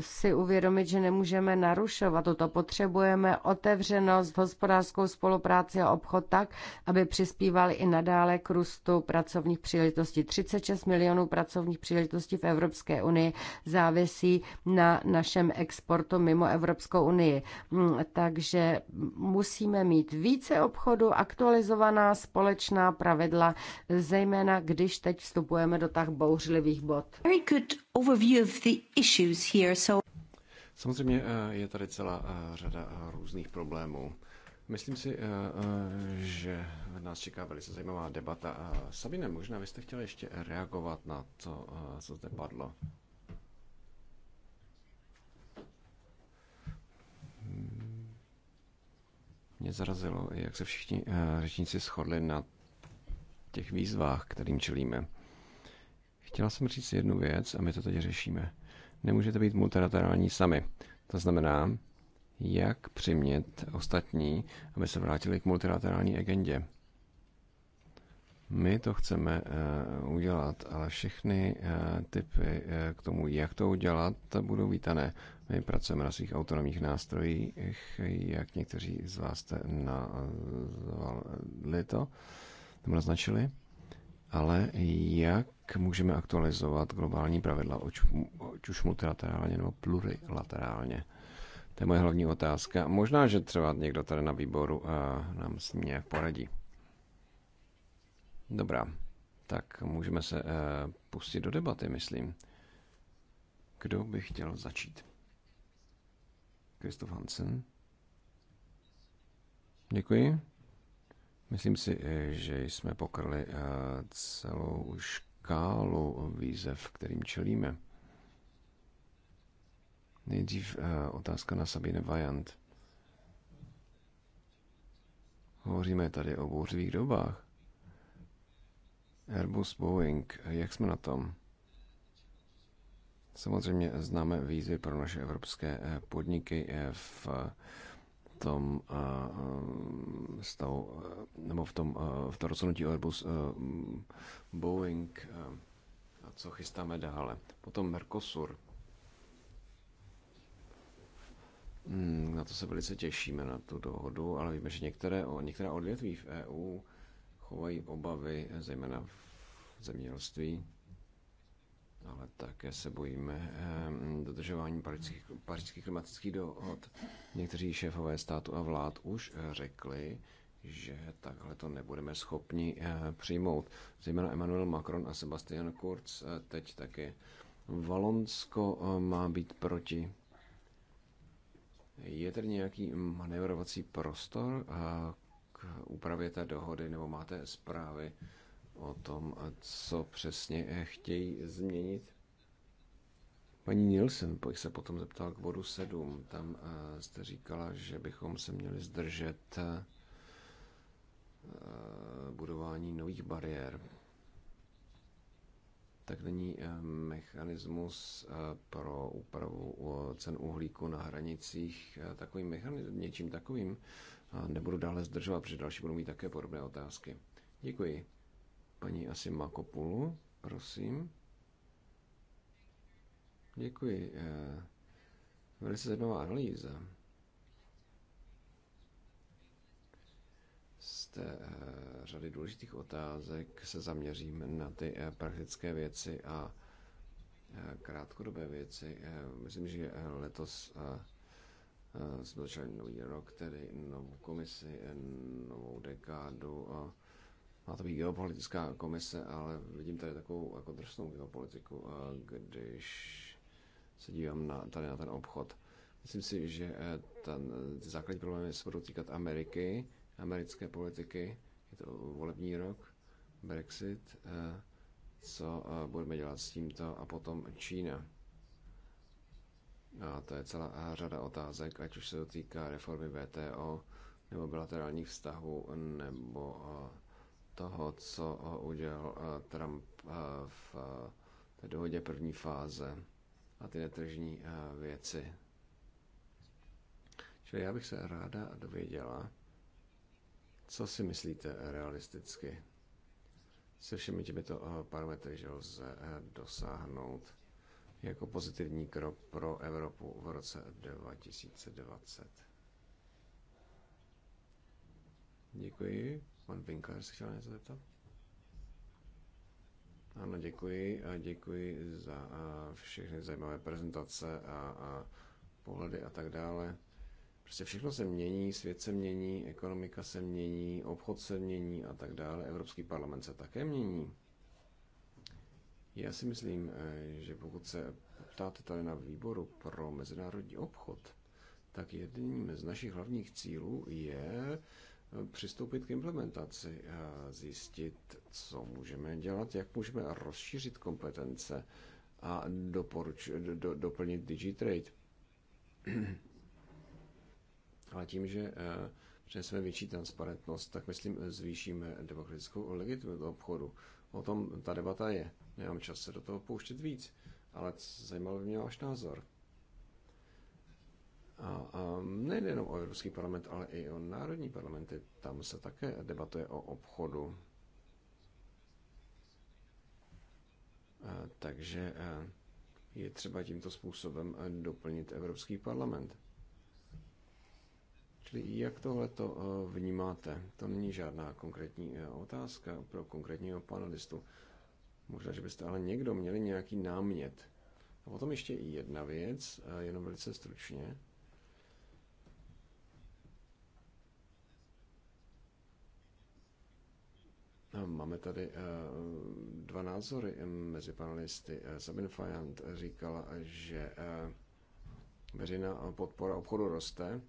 si uvědomit, že nemůžeme narušovat toto. Potřebujeme otevřenost, hospodářskou spolupráci a obchod tak, aby přispívali i nadále k růstu pracovních příležitostí. 36 milionů pracovních příležitostí v Evropské unii závisí na našem exportu mimo Evropskou unii. Mm, takže musíme mít více obchodu, aktualizovaná společná pravidla, zejména když teď vstupujeme do tak bouřlivých bod. Very good overview of the issue issues here. So... Samozřejmě eh, je tady celá eh, řada eh, různých problémů. Myslím si, že nás čeká velice zajímavá debata. Sabine, možná byste chtěla ještě reagovat na to, co zde padlo. Mě zarazilo, jak se všichni řečníci shodli na těch výzvách, kterým čelíme. Chtěla jsem říct jednu věc a my to teď řešíme nemůžete být multilaterální sami. To znamená, jak přimět ostatní, aby se vrátili k multilaterální agendě. My to chceme eh, udělat, ale všechny eh, typy eh, k tomu, jak to udělat, budou vítané. My pracujeme na svých autonomních nástrojích, jak někteří z vás jste nazvali to, nebo naznačili, ale jak můžeme aktualizovat globální pravidla, ať už multilaterálně nebo plurilaterálně. To je moje hlavní otázka. Možná, že třeba někdo tady na výboru uh, nám s ní nějak poradí. Dobrá, tak můžeme se uh, pustit do debaty, myslím. Kdo by chtěl začít? Kristof Hansen. Děkuji. Myslím si, eh, že jsme pokryli celou už škálu výzev, kterým čelíme. Nejdřív eh, otázka na Sabine Vajant. Hovoříme tady o bouřivých dobách. Airbus, Boeing, jak jsme na tom? Samozřejmě známe výzvy pro naše evropské eh, podniky eh, v tom eh, eh, stavu, eh, nebo v tom, v tom rozhodnutí o Airbus Boeing a co chystáme dále. Potom Mercosur. Hmm, na to se velice těšíme, na tu dohodu, ale víme, že některé, některá odvětví v EU chovají obavy, zejména v zemědělství, ale také se bojíme eh, dodržování parických parických klimatických dohod. Někteří šéfové státu a vlád už eh, řekli, že takhle to nebudeme schopni eh, přijmout. Zejména Emmanuel Macron a Sebastian Kurz teď taky. Valonsko má být proti. Je tedy nějaký manévrovací prostor k úpravě té dohody, nebo máte zprávy o tom, co přesně eh, chtějí změnit. Paní Nielsen pak se potom zeptal k bodu 7. Tam eh, jste říkala, že bychom se měli zdržet eh, budování nových bariér. Tak není mechanismus pro úpravu cen uhlíku na hranicích takovým mechanismem, něčím takovým. Nebudu dále zdržovat, protože další budou mít také podobné otázky. Děkuji. Paní Asimakopulu, prosím. Děkuji. Eh, velice zajímavá analýza. Z té eh, řady důležitých otázek se zaměřím na ty eh, praktické věci a krátkodobé věci. Myslím, že letos jsme začali nový rok, tedy novou komisi, novou dekádu a má to být geopolitická komise, ale vidím tady takovou jako drsnou geopolitiku, když se dívám na, tady na ten obchod. Myslím si, že eh, ten základní je se budou týkat Ameriky, americké politiky, je to volební rok, Brexit, eh, co eh, budeme dělat s tímto a potom Čína. A to je celá řada otázek, ať už se to týká reformy VTO, nebo bilaterálních vztahů, nebo toho, co eh, udělal eh, Trump eh, v té dohodě první fáze a ty netržní věci. Čili já bych se ráda dověděla, co si myslíte realisticky se všemi těmito parametry, že lze dosáhnout jako pozitivní krok pro Evropu v roce 2020. Děkuji. Pan Pinkler se chtěl něco zeptat? Ano, děkuji a děkuji za a všechny zajímavé prezentace a, a pohledy a tak dále. Prostě všechno se mění, svět se mění, ekonomika se mění, obchod se mění a tak dále. Evropský parlament se také mění. Já si myslím, e, že pokud se ptáte tady na výboru pro mezinárodní obchod, tak jedním z našich hlavních cílů je přistoupit k implementaci, eh, zjistit, co můžeme dělat, jak můžeme rozšířit kompetence a doporuč, do, doplnit DigiTrade. Ale tím, že eh, přinesme větší transparentnost, tak myslím, zvýšíme demokratickou legitimitu obchodu. O tom ta debata je. Nemám čas se do toho pouštět víc, ale zajímalo by mě váš názor. A, a nejde jenom o Evropský parlament, ale i o národní parlamenty. Tam se také debatuje o obchodu. A, takže a, je třeba tímto způsobem doplnit Evropský parlament. Čili jak tohle to vnímáte? To není žádná konkrétní otázka pro konkrétního panelistu. Možná, že byste ale někdo měli nějaký námět. A potom ještě jedna věc, jenom velice stručně. Máme tady eh, dva názory mezi panelisty. Eh, Sabine Fajant říkala, že eh, veřejná podpora obchodu roste,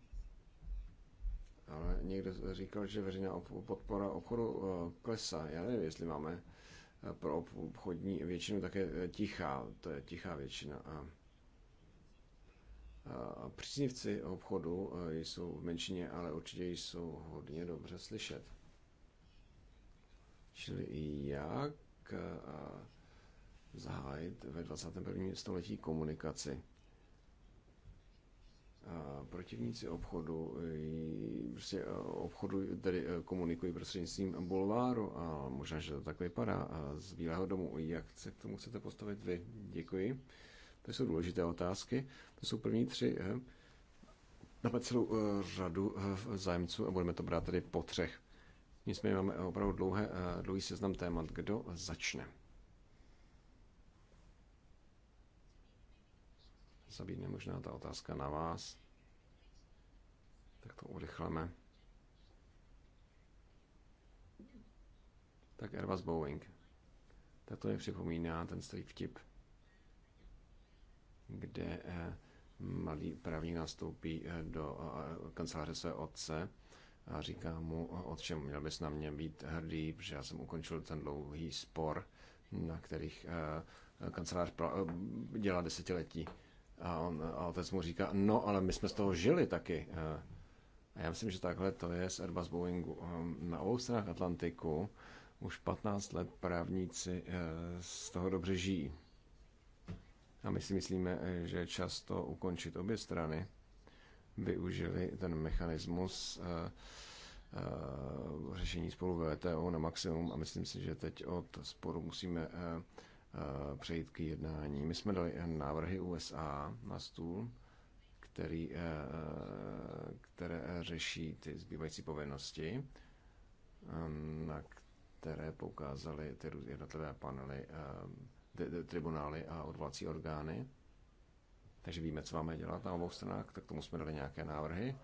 ale někdo říkal, že veřejná podpora obchodu klesá. Já nevím, jestli máme pro obchodní většinu také tichá, to je tichá většina. A příznivci obchodu jsou v menšině, ale určitě jsou hodně dobře slyšet. Čili jak eh, zahájit ve 21. století komunikaci. Protivníci obchodu, eh, prostě eh, obchodu tedy komunikují prostřednictvím bulváru a možná, že to tak vypadá z Bílého domu. Jak se k tomu chcete postavit vy? Děkuji. To jsou důležité otázky. To jsou první tři. Dáme celou řadu zájemců a budeme to brát tedy po třech. Nicméně máme opravdu dlouhé, eh, dlouhý seznam témat. Kdo začne? Zabídne možná ta otázka na vás. Tak to urychleme. Tak Airbus Boeing. Tak to mi připomíná ten starý vtip, kde eh, malý právník nastoupí eh, do kanceláře své otce a říká mu, od čem měl bys na mě být hrdý, protože já jsem ukončil ten dlouhý spor, na kterých eh, kancelář eh, dělá desetiletí. A, on, a otec mu říká, no ale my jsme z toho žili taky. Eh, a já myslím, že takhle to je s Airbus Boeingu. Na obou stranách Atlantiku už 15 let právníci z toho dobře žijí. A my si myslíme, že je často ukončit obě strany využili ten mechanismus eh, eh, řešení sporu VTO na maximum a myslím si, že teď od sporu musíme eh, přejít k jednání. My jsme dali návrhy USA na stůl, který, které řeší ty zbývající povinnosti, na které poukázaly ty jednotlivé panely, tribunály a odvolací orgány takže víme, co máme dělat na obou stranách, tak tomu jsme dali nějaké návrhy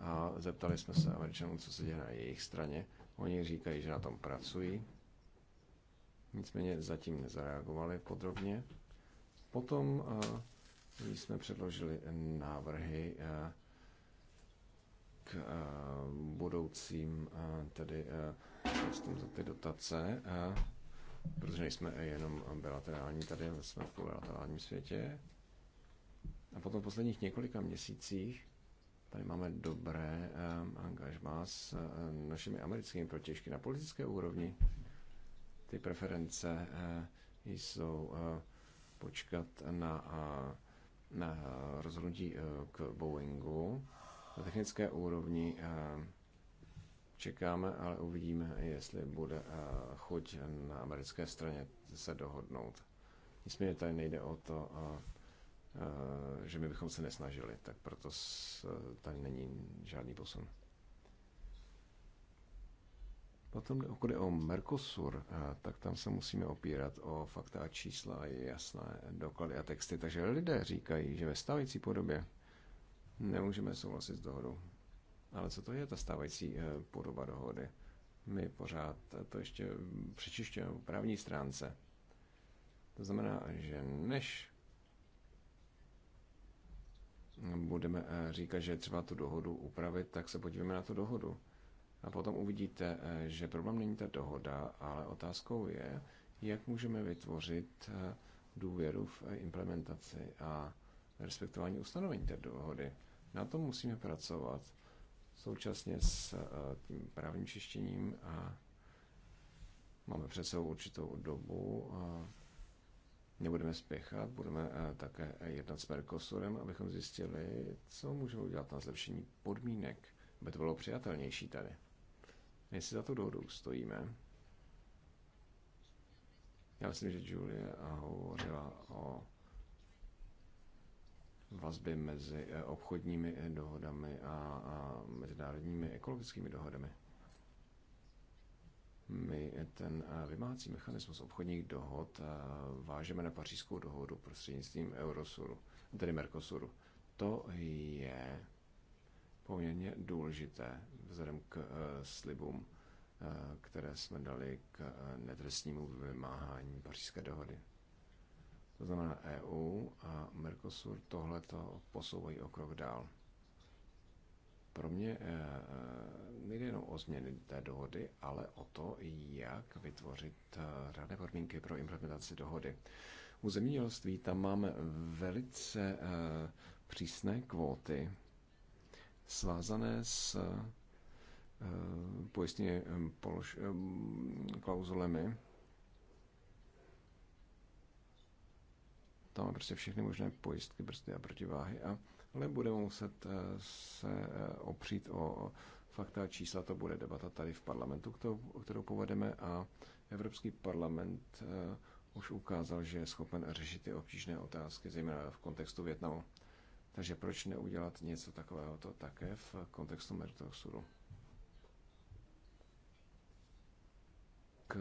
a zeptali jsme se američanů, co se děje na jejich straně. Oni říkají, že na tom pracují, nicméně zatím nezareagovali podrobně. Potom eh, jsme předložili návrhy eh, k eh, budoucím tedy za ty dotace, protože nejsme jenom bilaterální tady, jsme v bilaterálním světě a potom v posledních několika měsících tady máme dobré um, angažmá s uh, našimi americkými protěžky na politické úrovni. Ty preference uh, jsou uh, počkat na, uh, na rozhodnutí uh, k Boeingu. Na technické úrovni uh, čekáme, ale uvidíme, jestli bude chuť na americké straně se dohodnout. Nicméně tady nejde o to, Eh, že my bychom se nesnažili, tak proto eh, tady není žádný posun. Potom, pokud je o Mercosur, eh, tak tam se musíme opírat o fakta a čísla, jasné doklady a texty. Takže lidé říkají, že ve stávající podobě nemůžeme souhlasit s dohodou. Ale co to je ta stávající podoba dohody? My pořád to ještě přečištěme v právní stránce. To znamená, že než budeme eh, říkat, že třeba tu dohodu upravit, tak se podívejme na tu dohodu. A potom uvidíte, eh, že problém není ta dohoda, ale otázkou je, jak můžeme vytvořit eh, důvěru v implementaci a respektování ustanovení té dohody. Na tom musíme pracovat současně s tím právním čištěním a máme před sebou určitou dobu. A nebudeme spěchat, budeme eh, také eh, jednat s Mercosurem, abychom zjistili, co můžeme udělat na zlepšení podmínek, aby to bylo přijatelnější tady. Jestli za to dohodou stojíme, já myslím, že Julie hovořila o vazby mezi eh, obchodními dohodami a, a mezinárodními ekologickými dohodami. My ten eh, vymáhací mechanismus obchodních dohod eh, vážeme na pařížskou dohodu prostřednictvím Eurosuru, tedy Mercosuru. To je poměrně důležité vzhledem k eh, slibům, které jsme dali k netrestnímu vymáhání pařížské dohody. To znamená EU a Mercosur tohle to posouvají o krok dál. Pro mě eh, eh, nejde jenom o změny té dohody, ale o to, jak vytvořit eh, řádné podmínky pro implementaci dohody. U zemědělství tam máme velice přísné kvóty, svázané s pojistně polož, klauzulemi. Tam máme prostě všechny možné pojistky, brzdy a protiváhy a ale budeme muset eh, se eh, opřít o fakta a čísla. To bude debata tady v parlamentu, kterou, povedeme a Evropský parlament eh, už ukázal, že je schopen řešit ty obtížné otázky, zejména v kontextu Větnamu. Takže proč neudělat něco takového to také v kontextu Mercosuru? K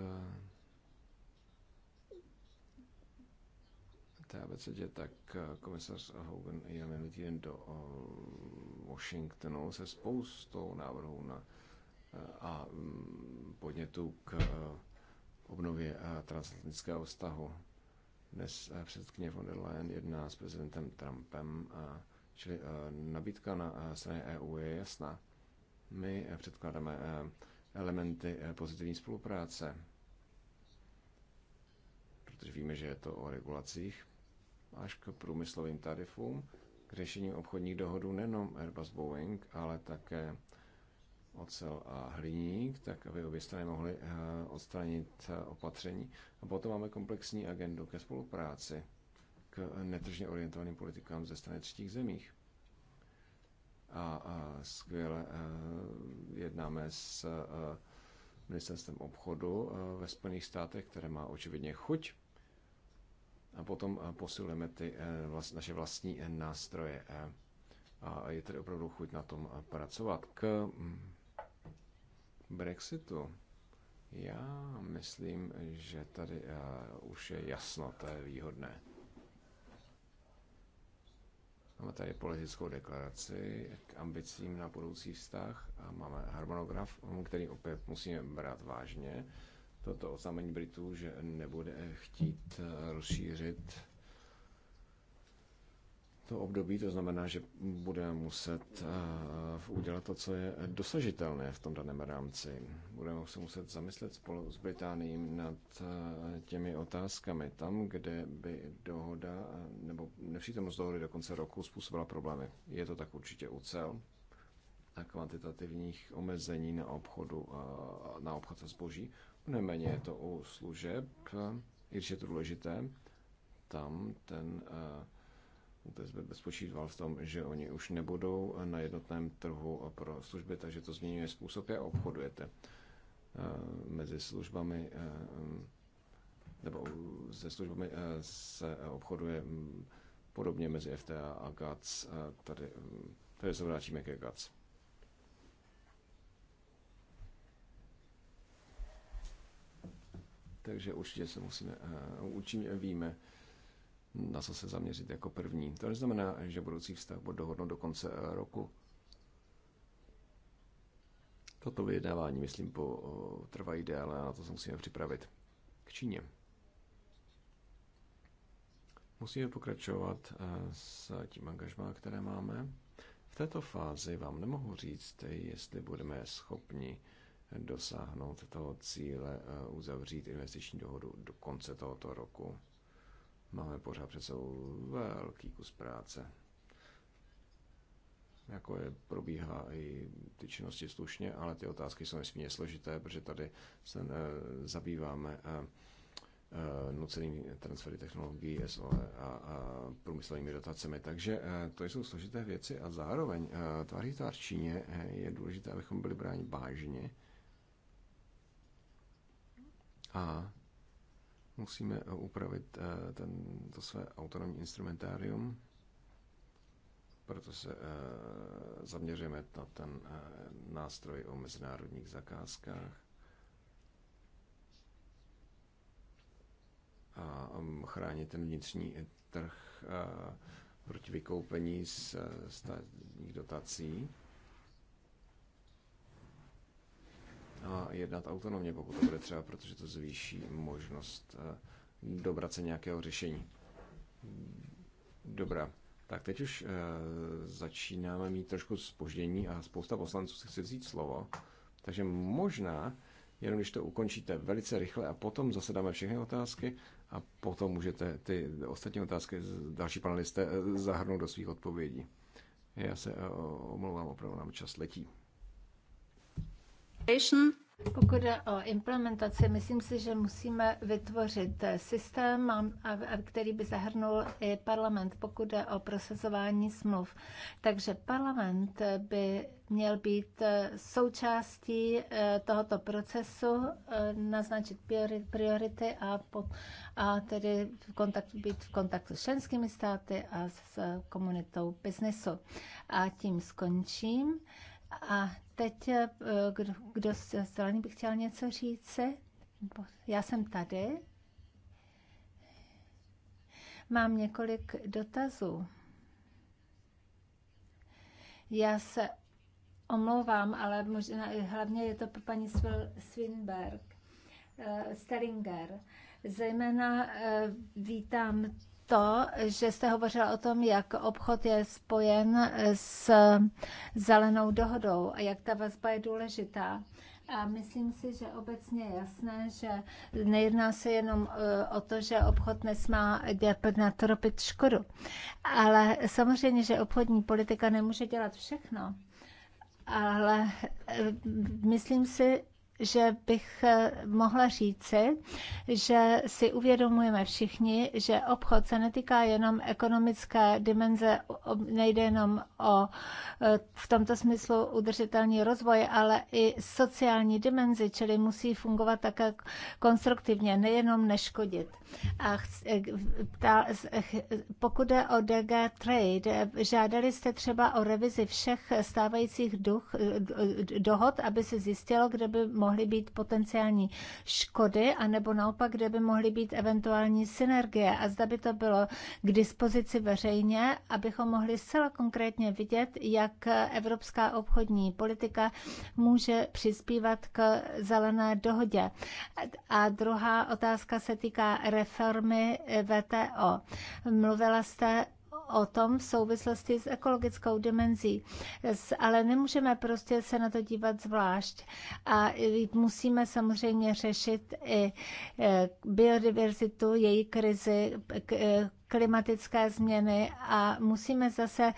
té ABCD, tak eh, komisař Hogan je minulý týden do eh, Washingtonu se spoustou návrhů na, eh, a mm, podnětů k obnově transatlantického vztahu. Dnes předsedkyně von der Leyen jedná s prezidentem Trumpem, čili nabídka na straně EU je jasná. My předkládáme elementy pozitivní spolupráce, protože víme, že je to o regulacích až k průmyslovým tarifům, k řešení obchodních dohodů nejenom Airbus Boeing, ale také ocel a hliník, tak aby obě strany mohly eh, odstranit eh, opatření. A potom máme komplexní agendu ke spolupráci, k netržně orientovaným politikám ze strany třetích zemích. A, a skvěle eh, jednáme s ministerstvem obchodu ve Spojených státech, které má očividně chuť a potom eh, posilujeme ty eh, naše vlastní eh, nástroje. A je tedy opravdu chuť na tom pracovat. K mm, Brexitu. Já myslím, že tady už je jasno, to je výhodné. Máme tady politickou deklaraci k ambicím na budoucí vztah a máme harmonograf, který opět musíme brát vážně toto oznámení Britů, že nebude chtít eh, rozšířit to období, to znamená, že budeme muset eh, udělat to, co je dosažitelné v tom daném rámci. Budeme se muset zamyslet spolu s Británií nad eh, těmi otázkami tam, kde by dohoda nebo nepřítomnost dohody do konce roku způsobila problémy. Je to tak určitě úcel a kvantitativních omezení na, obchodu, na obchod se zboží. Neméně je to u služeb, i když je to důležité, tam ten UTSB eh, bezpočíval v tom, že oni už nebudou na jednotném trhu pro služby, takže to změňuje způsob, jak obchodujete eh, mezi službami eh, nebo se službami se obchoduje hm, podobně mezi FTA a GATS. Tady, hm, tady se vrátíme ke GATS. Takže určitě se musíme, eh, určitě víme, na co se zaměřit jako první. To neznamená, že budoucí vztah bude dohodnout do konce eh, roku. Toto vyjednávání, myslím, po, trvají déle a na to se musíme připravit. K Číně. Musíme pokračovat eh, s tím angažmá, které máme. V této fázi vám nemohu říct, jestli budeme schopni dosáhnout toho cíle eh, uzavřít investiční dohodu do konce tohoto roku. Máme pořád před sebou velký kus práce. Jako je, probíhá i ty činnosti slušně, ale ty otázky jsou nesmírně složité, protože tady se ne, eh, zabýváme a, eh, nucenými transfery technologií, SOE a, a průmyslovými dotacemi. Takže to jsou složité věci a zároveň tváří tvář Číně je důležité, abychom byli bráni vážně a musíme upravit eh, ten, to své autonomní instrumentárium, proto se eh, zaměříme na ten eh, nástroj o mezinárodních zakázkách. A um, chránit ten vnitřní trh proti vykoupení z státních dotací. a jednat autonomně, pokud to bude třeba, protože to zvýší možnost eh, dobrat se nějakého řešení. Dobrá. Tak teď už e, začínáme mít trošku spoždění a spousta poslanců si chce vzít slovo. Takže možná, jenom když to ukončíte velice rychle a potom zase dáme všechny otázky a potom můžete ty ostatní otázky další panelisté eh, zahrnout do svých odpovědí. Já se e, omlouvám, opravdu nám čas letí. Pokud jde o implementaci, myslím si, že musíme vytvořit systém, který by zahrnul i parlament, pokud jde o prosazování smluv. Takže parlament by měl být součástí eh, tohoto procesu, eh, naznačit priority a, po, a tedy v kontaktu, být v kontaktu s členskými státy a s komunitou biznesu. A tím skončím. A teď, eh, kdo, kdo z zelený by chtěl něco říct? Já jsem tady. Mám několik dotazů. Já se omlouvám, ale možná hlavně je to pro paní Swinberg, eh, Stellinger. Zejména eh, vítám to, že jste hovořila o tom, jak obchod je spojen s zelenou dohodou a jak ta vazba je důležitá. A myslím si, že obecně je jasné, že nejedná se jenom e, o to, že obchod nesmá dělat toropit škodu. Ale samozřejmě, že obchodní politika nemůže dělat všechno. Ale e, myslím si, že bych eh, mohla říci, že si uvědomujeme všichni, že obchod se netýká jenom ekonomické dimenze, nejde jenom o eh, v tomto smyslu udržitelný rozvoj, ale i sociální dimenzi, čili musí fungovat také konstruktivně, nejenom neškodit. A eh, pokud jde o DG Trade, žádali jste třeba o revizi všech stávajících duch, dohod, aby se zjistilo, kde by mohlo mohly být potenciální škody, anebo naopak, kde by mohly být eventuální synergie a zda by to bylo k dispozici veřejně, abychom mohli zcela konkrétně vidět, jak evropská obchodní politika může přispívat k zelené dohodě. A druhá otázka se týká reformy eh, VTO. Mluvila jste o tom v souvislosti s ekologickou dimenzí, ale nemůžeme prostě se na to dívat zvlášť a musíme samozřejmě řešit i e, biodiverzitu, její krizi, e, klimatické změny a musíme zase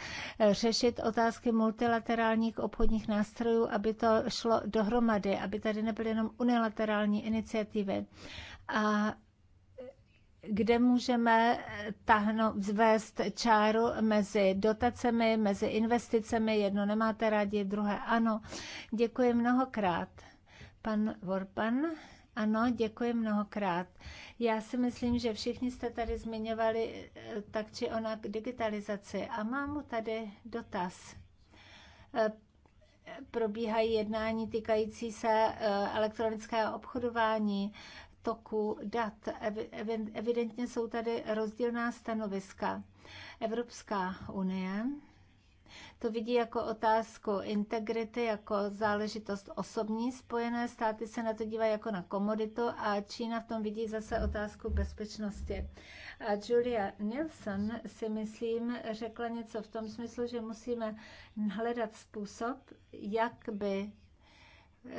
řešit otázky multilaterálních obchodních nástrojů, aby to šlo dohromady, aby tady nebyly jenom unilaterální iniciativy. A kde můžeme eh, tahnout, zvést čáru mezi dotacemi, mezi investicemi. Jedno nemáte rádi, druhé ano. Děkuji mnohokrát. Pan Vorpan. Ano, děkuji mnohokrát. Já si myslím, že všichni jste tady zmiňovali eh, tak či onak digitalizaci a mám tady dotaz. Eh, probíhají jednání týkající se elektronického obchodování toku dat. Evidentně jsou tady rozdílná stanoviska. Evropská unie to vidí jako otázku integrity, jako záležitost osobní. Spojené státy se na to dívají jako na komoditu a Čína v tom vidí zase otázku bezpečnosti. A Julia Nilsson si myslím řekla něco v tom smyslu, že musíme hledat způsob, jak by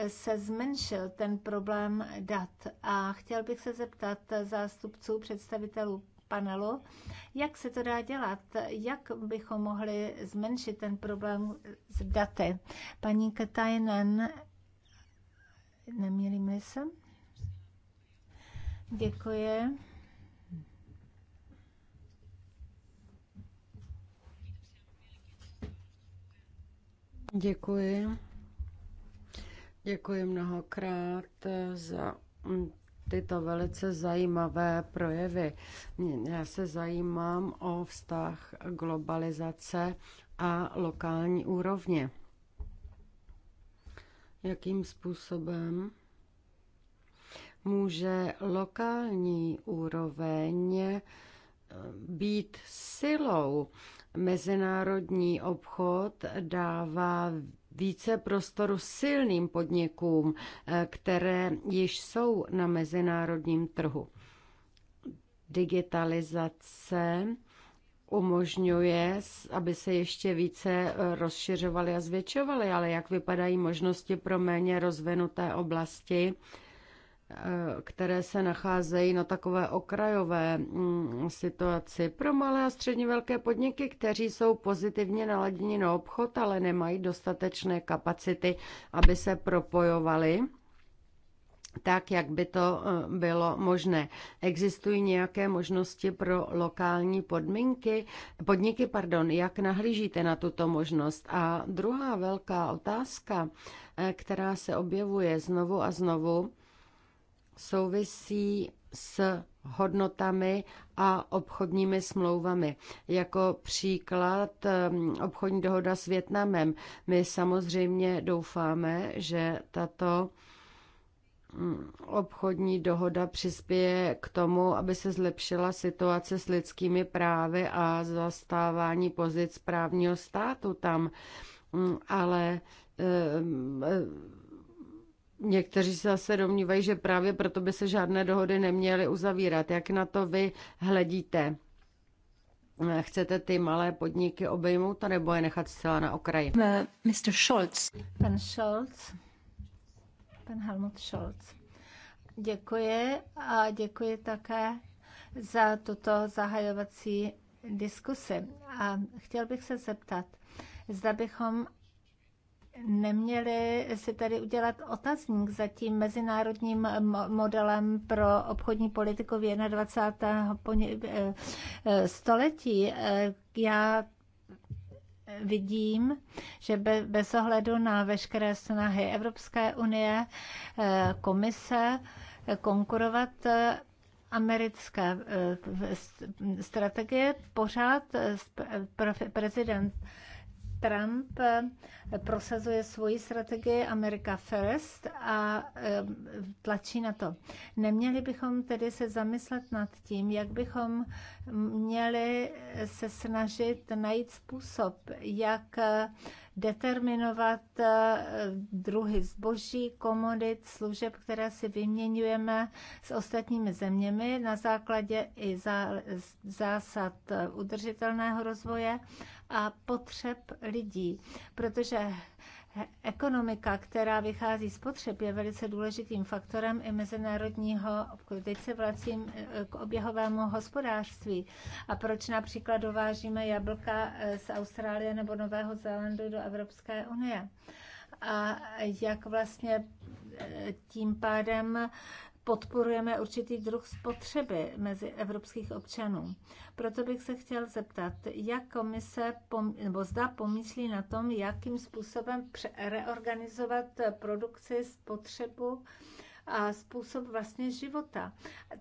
se zmenšil ten problém dat. A chtěl bych se zeptat zástupců představitelů panelu, jak se to dá dělat, jak bychom mohli zmenšit ten problém s daty. Paní Katajnen, nemýlím se? Děkuji. Děkuji. Děkuji mnohokrát eh, za mm, tyto velice zajímavé projevy. Já se zajímám o vztah globalizace a lokální úrovně. Jakým způsobem může lokální úroveň eh, být silou? Mezinárodní obchod dává více prostoru silným podnikům, eh, které již jsou na mezinárodním trhu. Digitalizace umožňuje, aby se ještě více eh, rozšiřovaly a zvětšovaly, ale jak vypadají možnosti pro méně rozvinuté oblasti, Eh, které se nacházejí na takové okrajové mm, situaci pro malé a středně velké podniky, kteří jsou pozitivně naladěni na obchod, ale nemají dostatečné kapacity, aby se propojovali tak, jak by to eh, bylo možné. Existují nějaké možnosti pro lokální podmínky, podniky, pardon, jak nahlížíte na tuto možnost? A druhá velká otázka, eh, která se objevuje znovu a znovu, souvisí s hodnotami a obchodními smlouvami. Jako příklad obchodní dohoda s Větnamem. My samozřejmě doufáme, že tato mm, obchodní dohoda přispěje k tomu, aby se zlepšila situace s lidskými právy a zastávání pozic právního státu tam. Mm, ale Někteří se zase domnívají, že právě proto by se žádné dohody neměly uzavírat. Jak na to vy hledíte? Chcete ty malé podniky obejmout, nebo je nechat zcela na okraji? Eh, Mr. Scholz. Pan Scholz. Pan Helmut Scholz. Děkuji a děkuji také za tuto zahajovací diskusi. A chtěl bych se zeptat, zda bychom neměli si tady udělat otazník za tím mezinárodním modelem pro obchodní politiku v 21. Eh, eh, století. Eh, já vidím, že bez ohledu na veškeré snahy Evropské unie, komise konkurovat americké strategie, pořád prezident Trump eh, prosazuje svoji strategii America First a eh, tlačí na to. Neměli bychom tedy se zamyslet nad tím, jak bychom měli se snažit najít způsob, jak eh, determinovat druhy zboží, komodit, služeb, které si vyměňujeme s ostatními zeměmi na základě i zásad udržitelného rozvoje a potřeb lidí, protože ekonomika, která vychází z potřeb, je velice důležitým faktorem i mezinárodního obchodu. Teď se vracím eh, k oběhovému hospodářství. A proč například dovážíme jablka eh, z Austrálie nebo Nového Zélandu do Evropské unie? A jak vlastně eh, tím pádem podporujeme určitý druh spotřeby mezi evropských občanů. Proto bych se chtěl zeptat, jak komise, nebo zda pomyslí na tom, jakým způsobem reorganizovat produkci, spotřebu a způsob vlastně života,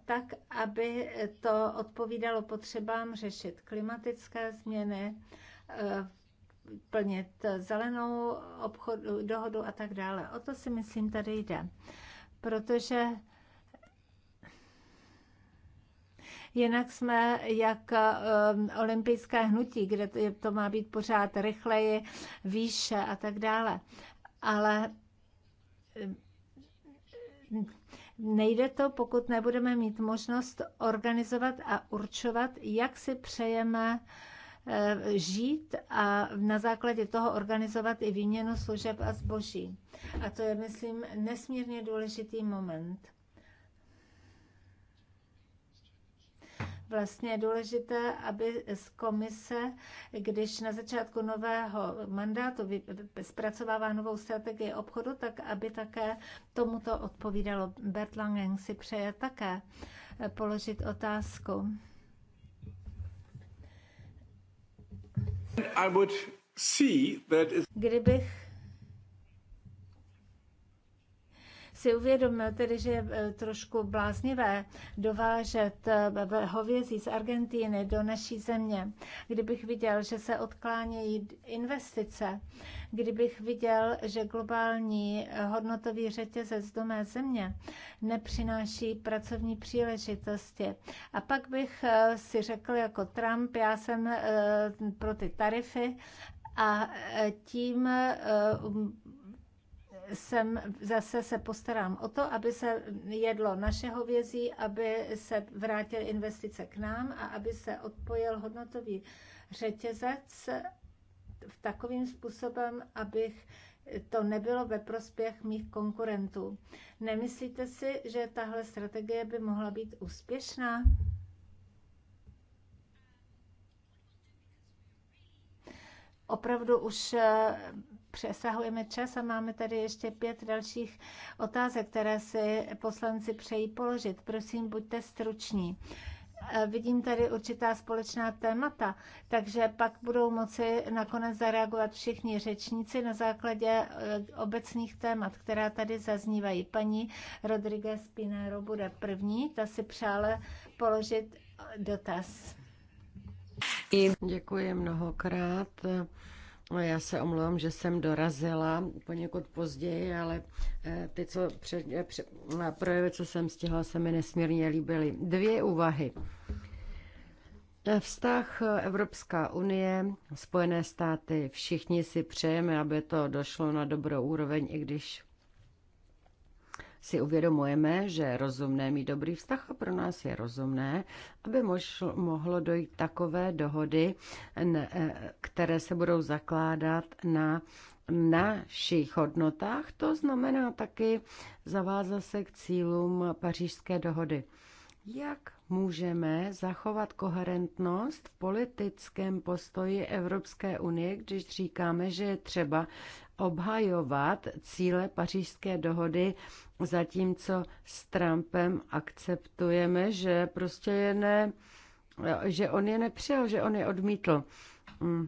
tak, aby to odpovídalo potřebám řešit klimatické změny, eh, plnit zelenou obchodu, dohodu a tak dále. O to si myslím tady jde, protože Jinak jsme jak eh, olympijské hnutí, kde to má být pořád rychleji, výše a tak dále. Ale eh, Nejde to, pokud nebudeme mít možnost organizovat a určovat, jak si přejeme eh, žít a na základě toho organizovat i výměnu služeb a zboží. A to je, myslím, nesmírně důležitý moment. Vlastně je důležité, aby z komise, když na začátku nového mandátu zpracovává novou strategii obchodu, tak aby také tomuto odpovídalo. Bert Langen si přeje také položit otázku. Kdybych si uvědomil tedy, že je e, trošku bláznivé dovážet e, hovězí z Argentíny do naší země, kdybych viděl, že se odklánějí investice, kdybych viděl, že globální e, hodnotový řetězec do mé země nepřináší pracovní příležitosti. A pak bych si řekl jako Trump, já jsem pro ty tarify a tím jsem zase se postarám o to, aby se jedlo naše hovězí, aby se vrátily investice k nám a aby se odpojil hodnotový řetězec v takovým způsobem, abych to nebylo ve prospěch mých konkurentů. Nemyslíte si, že tahle strategie by mohla být úspěšná? Opravdu už přesahujeme čas a máme tady ještě pět dalších otázek, které si poslanci přejí položit. Prosím, buďte struční eh, vidím tady určitá společná témata, takže pak budou moci nakonec zareagovat všichni řečníci na základě eh, obecných témat, která tady zaznívají. Paní Rodriguez Pinero bude první, ta si přále položit dotaz. Děkuji mnohokrát. Já se omlouvám, že jsem dorazila poněkud později, ale eh, ty, co před, eh, před, projevy, co jsem stihla, se mi nesmírně líbily. Dvě úvahy. Vztah eh, Evropská unie, Spojené státy, všichni si přejeme, aby to došlo na dobrou úroveň, i když si uvědomujeme, že je rozumné mít dobrý vztah a pro nás je rozumné, aby mohlo dojít takové dohody, e, které se budou zakládat na našich hodnotách. To znamená taky zavázat se k cílům pařížské dohody. Jak můžeme zachovat koherentnost v politickém postoji Evropské unie, když říkáme, že je třeba obhajovat cíle pařížské dohody zatímco s Trumpem akceptujeme, že prostě je ne, že on je nepřijal, že on je odmítl. Mm.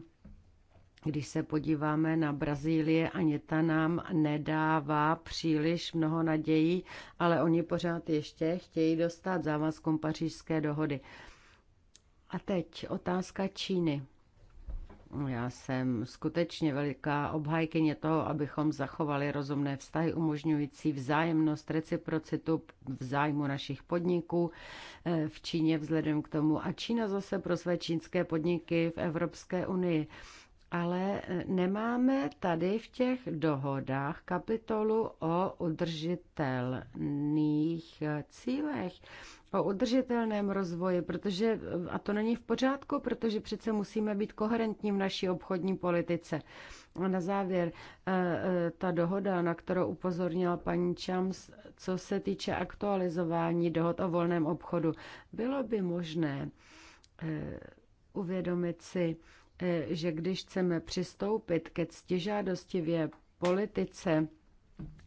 Když se podíváme na Brazílie, ani ta nám nedává příliš mnoho nadějí, ale oni pořád ještě chtějí dostat závazkom pařížské dohody. A teď otázka Číny. Já jsem skutečně veliká obhajkyně toho, abychom zachovali rozumné vztahy umožňující vzájemnost, reciprocitu v zájmu našich podniků eh, v Číně vzhledem k tomu. A Čína zase pro své čínské podniky v Evropské unii. Ale eh, nemáme tady v těch dohodách kapitolu o udržitelných eh, cílech o udržitelném rozvoji, protože, a to není v pořádku, protože přece musíme být koherentní v naší obchodní politice. A na závěr, eh, eh, ta dohoda, na kterou upozornila paní Chams, co se týče aktualizování dohod o volném obchodu, bylo by možné eh, uvědomit si, že když chceme přistoupit ke ctižádostivě politice,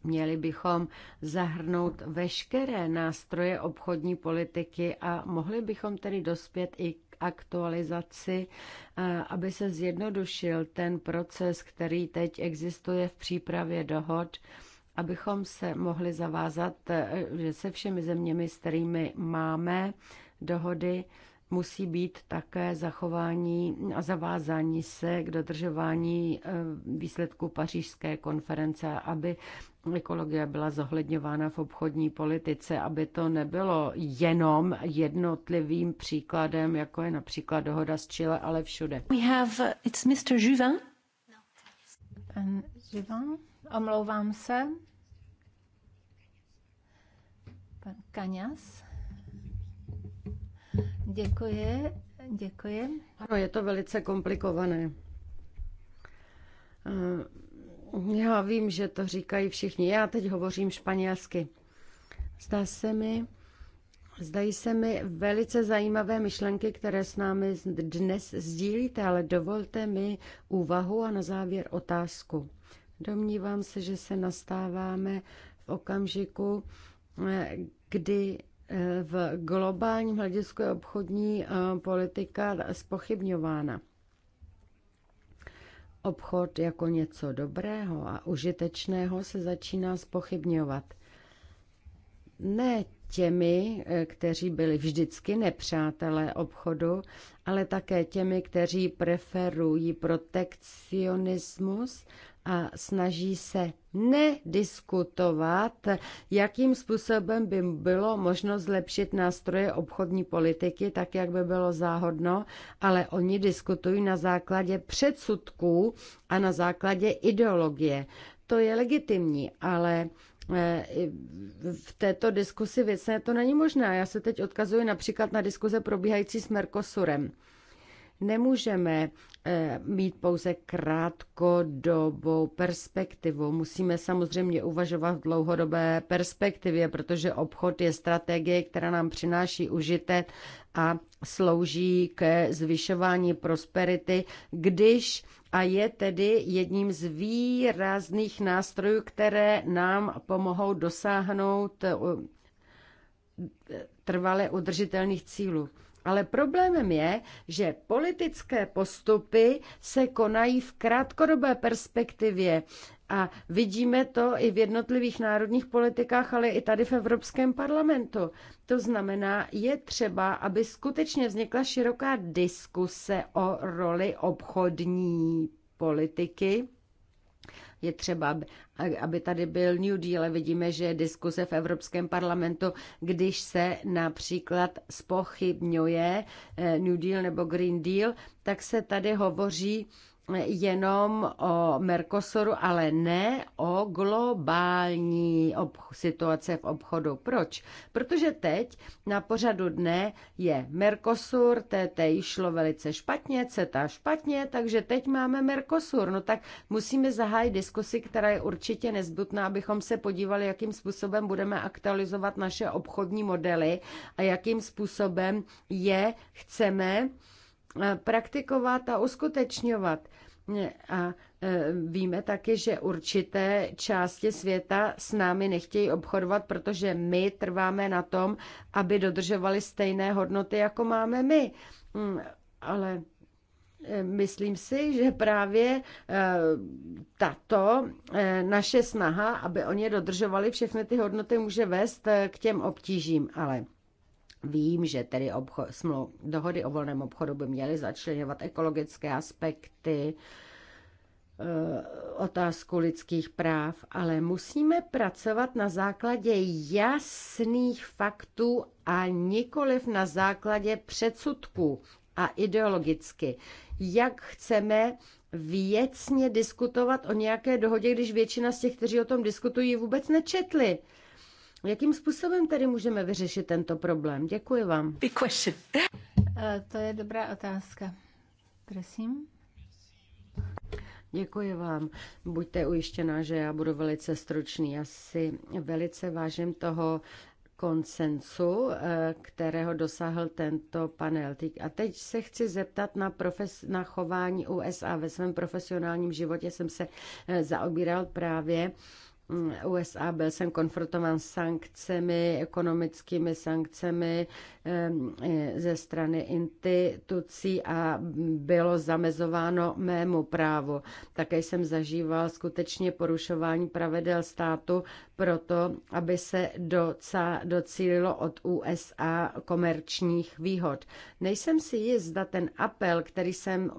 Měli bychom zahrnout veškeré nástroje obchodní politiky a mohli bychom tedy dospět i k aktualizaci, aby se zjednodušil ten proces, který teď existuje v přípravě dohod, abychom se mohli zavázat, e, že se všemi zeměmi, s kterými máme dohody, musí být také zachování a zavázání se k dodržování eh, výsledků pařížské konference, aby ekologie byla zohledňována v obchodní politice, aby to nebylo jenom jednotlivým příkladem, jako je například dohoda s Chile, ale všude. We have, uh, it's Mr. Juvin. Juvin, omlouvám se. Pan Kaňas. Děkuji, děkuji. Ano, je to velice komplikované. Eh, já vím, že to říkají všichni. Já teď hovořím španělsky. Zdá se mi, Zdají se mi velice zajímavé myšlenky, které s námi dnes sdílíte, ale dovolte mi úvahu a na závěr otázku. Domnívám se, že se nastáváme v okamžiku, eh, kdy v globálním hledisku je obchodní eh, politika spochybňována. Obchod jako něco dobrého a užitečného se začíná spochybňovat. Ne těmi, eh, kteří byli vždycky nepřátelé obchodu, ale také těmi, kteří preferují protekcionismus a snaží se nediskutovat, jakým způsobem by bylo možno zlepšit nástroje obchodní politiky, tak jak by bylo záhodno, ale oni diskutují na základě předsudků a na základě ideologie. To je legitimní, ale e, v této diskusi věcné to není možné. Já se teď odkazuji například na diskuze probíhající s Mercosurem. Nemůžeme eh, mít pouze krátkodobou perspektivu. Musíme samozřejmě uvažovat v dlouhodobé perspektivě, protože obchod je strategie, která nám přináší užitek a slouží ke zvyšování prosperity, když a je tedy jedním z výrazných nástrojů, které nám pomohou dosáhnout eh, eh, trvale udržitelných cílů. Ale problémem je, že politické postupy se konají v krátkodobé perspektivě a vidíme to i v jednotlivých národních politikách, ale i tady v Evropském parlamentu. To znamená, je třeba, aby skutečně vznikla široká diskuse o roli obchodní politiky je třeba, aby tady byl New Deal. Vidíme, že je diskuse v Evropském parlamentu, když se například spochybňuje eh, New Deal nebo Green Deal, tak se tady hovoří jenom o Mercosuru, ale ne o globální ob- situace v obchodu. Proč? Protože teď na pořadu dne je Mercosur, TT šlo velice špatně, CETA špatně, takže teď máme Mercosur. No tak musíme zahájit diskusi, která je určitě nezbytná, abychom se podívali, jakým způsobem budeme aktualizovat naše obchodní modely a jakým způsobem je chceme Eh, praktikovat a uskutečňovat. A eh, víme taky, že určité části světa s námi nechtějí obchodovat, protože my trváme na tom, aby dodržovali stejné hodnoty, jako máme my. Hmm, ale eh, myslím si, že právě tato naše snaha, aby oni dodržovali všechny ty hodnoty, může vést k těm obtížím. Ale Vím, že tedy obchod, smlou, dohody o volném obchodu by měly začleněvat ekologické aspekty, eh, otázku lidských práv, ale musíme pracovat na základě jasných faktů a nikoliv na základě předsudků a ideologicky. Jak chceme věcně diskutovat o nějaké dohodě, když většina z těch, kteří o tom diskutují, vůbec nečetli? Jakým způsobem tedy můžeme vyřešit tento problém? Děkuji vám. Big question. Eh, to je dobrá otázka. Prosím. Děkuji vám. Buďte ujištěná, že já budu velice stručný. Já si velice vážím toho konsensu, eh, kterého dosáhl tento panel. A teď se chci zeptat na, profes, na chování USA. Ve svém profesionálním životě jsem se eh, zaobíral právě Mm, USA byl jsem konfrontován s sankcemi, ekonomickými sankcemi ze strany institucí a bylo zamezováno mému právu. Také jsem zažíval skutečně porušování pravidel státu proto, aby se doca, docílilo od USA komerčních výhod. Nejsem si jist, zda ten apel, který jsem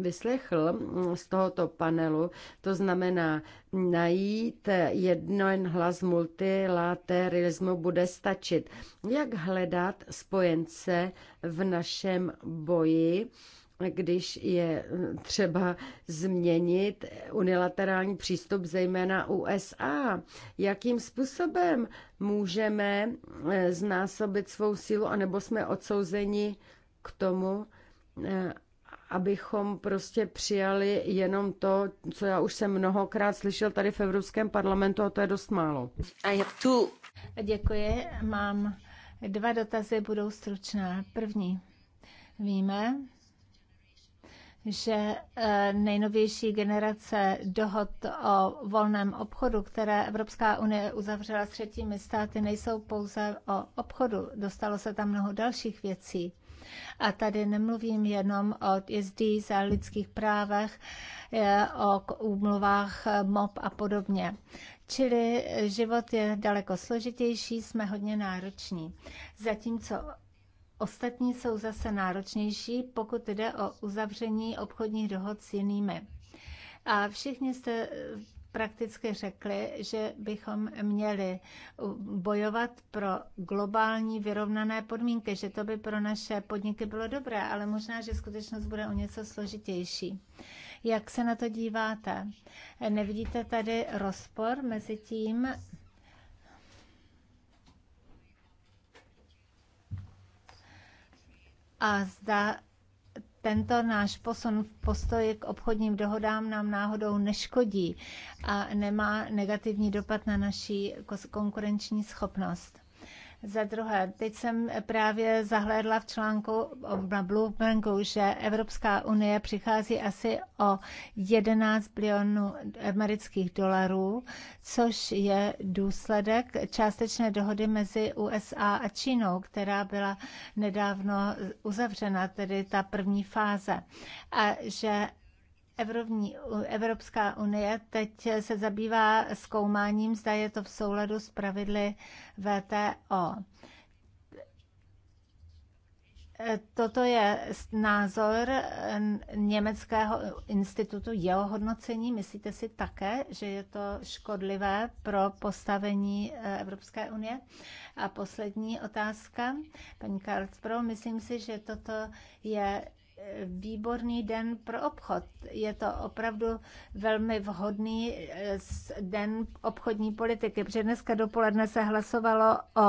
vyslechl mm, z tohoto panelu, to znamená najít jeden hlas multilaterismu bude stačit. Jak hledat spojence v našem boji? když je eh, třeba změnit unilaterální přístup, zejména USA. Jakým způsobem můžeme eh, znásobit svou sílu, anebo jsme odsouzeni k tomu, eh, abychom prostě přijali jenom to, co já už jsem mnohokrát slyšel tady v Evropském parlamentu, a to je dost málo. I have two. Děkuji, mám dva dotazy, budou stručná. První, víme, že eh, nejnovější generace dohod o volném obchodu, které Evropská unie uzavřela s třetími státy, nejsou pouze o obchodu. Dostalo se tam mnoho dalších věcí. A tady nemluvím jenom o ISDs za lidských právech, eh, o úmluvách eh, MOB a podobně. Čili život je daleko složitější, jsme hodně nároční. Zatímco Ostatní jsou zase náročnější, pokud jde o uzavření obchodních dohod s jinými. A všichni jste eh, prakticky řekli, že bychom měli eh, bojovat pro globální vyrovnané podmínky, že to by pro naše podniky bylo dobré, ale možná, že skutečnost bude o něco složitější. Jak se na to díváte? Nevidíte tady rozpor mezi tím, a zda tento náš posun v postoji k obchodním dohodám nám náhodou neškodí a nemá negativní dopad na naší konkurenční schopnost. Za druhé, teď jsem právě zahlédla v článku na Bloombergu, že Evropská unie přichází asi o 11 bilionů amerických dolarů, což je důsledek částečné dohody mezi USA a Čínou, která byla nedávno uzavřena, tedy ta první fáze. A že Evropní, Evropská unie teď se zabývá zkoumáním, zda je to v souladu s pravidly VTO. Toto je názor Německého institutu, jeho hodnocení. Myslíte si také, že je to škodlivé pro postavení eh, Evropské unie? A poslední otázka, paní Karlsbro, myslím si, že toto je výborný den pro obchod. Je to opravdu velmi vhodný eh, den obchodní politiky, protože dneska dopoledne se hlasovalo o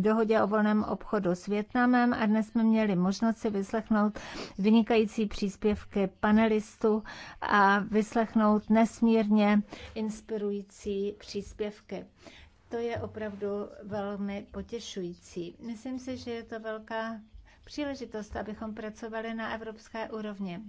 dohodě o volném obchodu s Větnamem a dnes jsme měli možnost si vyslechnout vynikající příspěvky panelistů a vyslechnout nesmírně inspirující příspěvky. To je opravdu velmi potěšující. Myslím si, že je to velká příležitost, abychom pracovali na evropské úrovni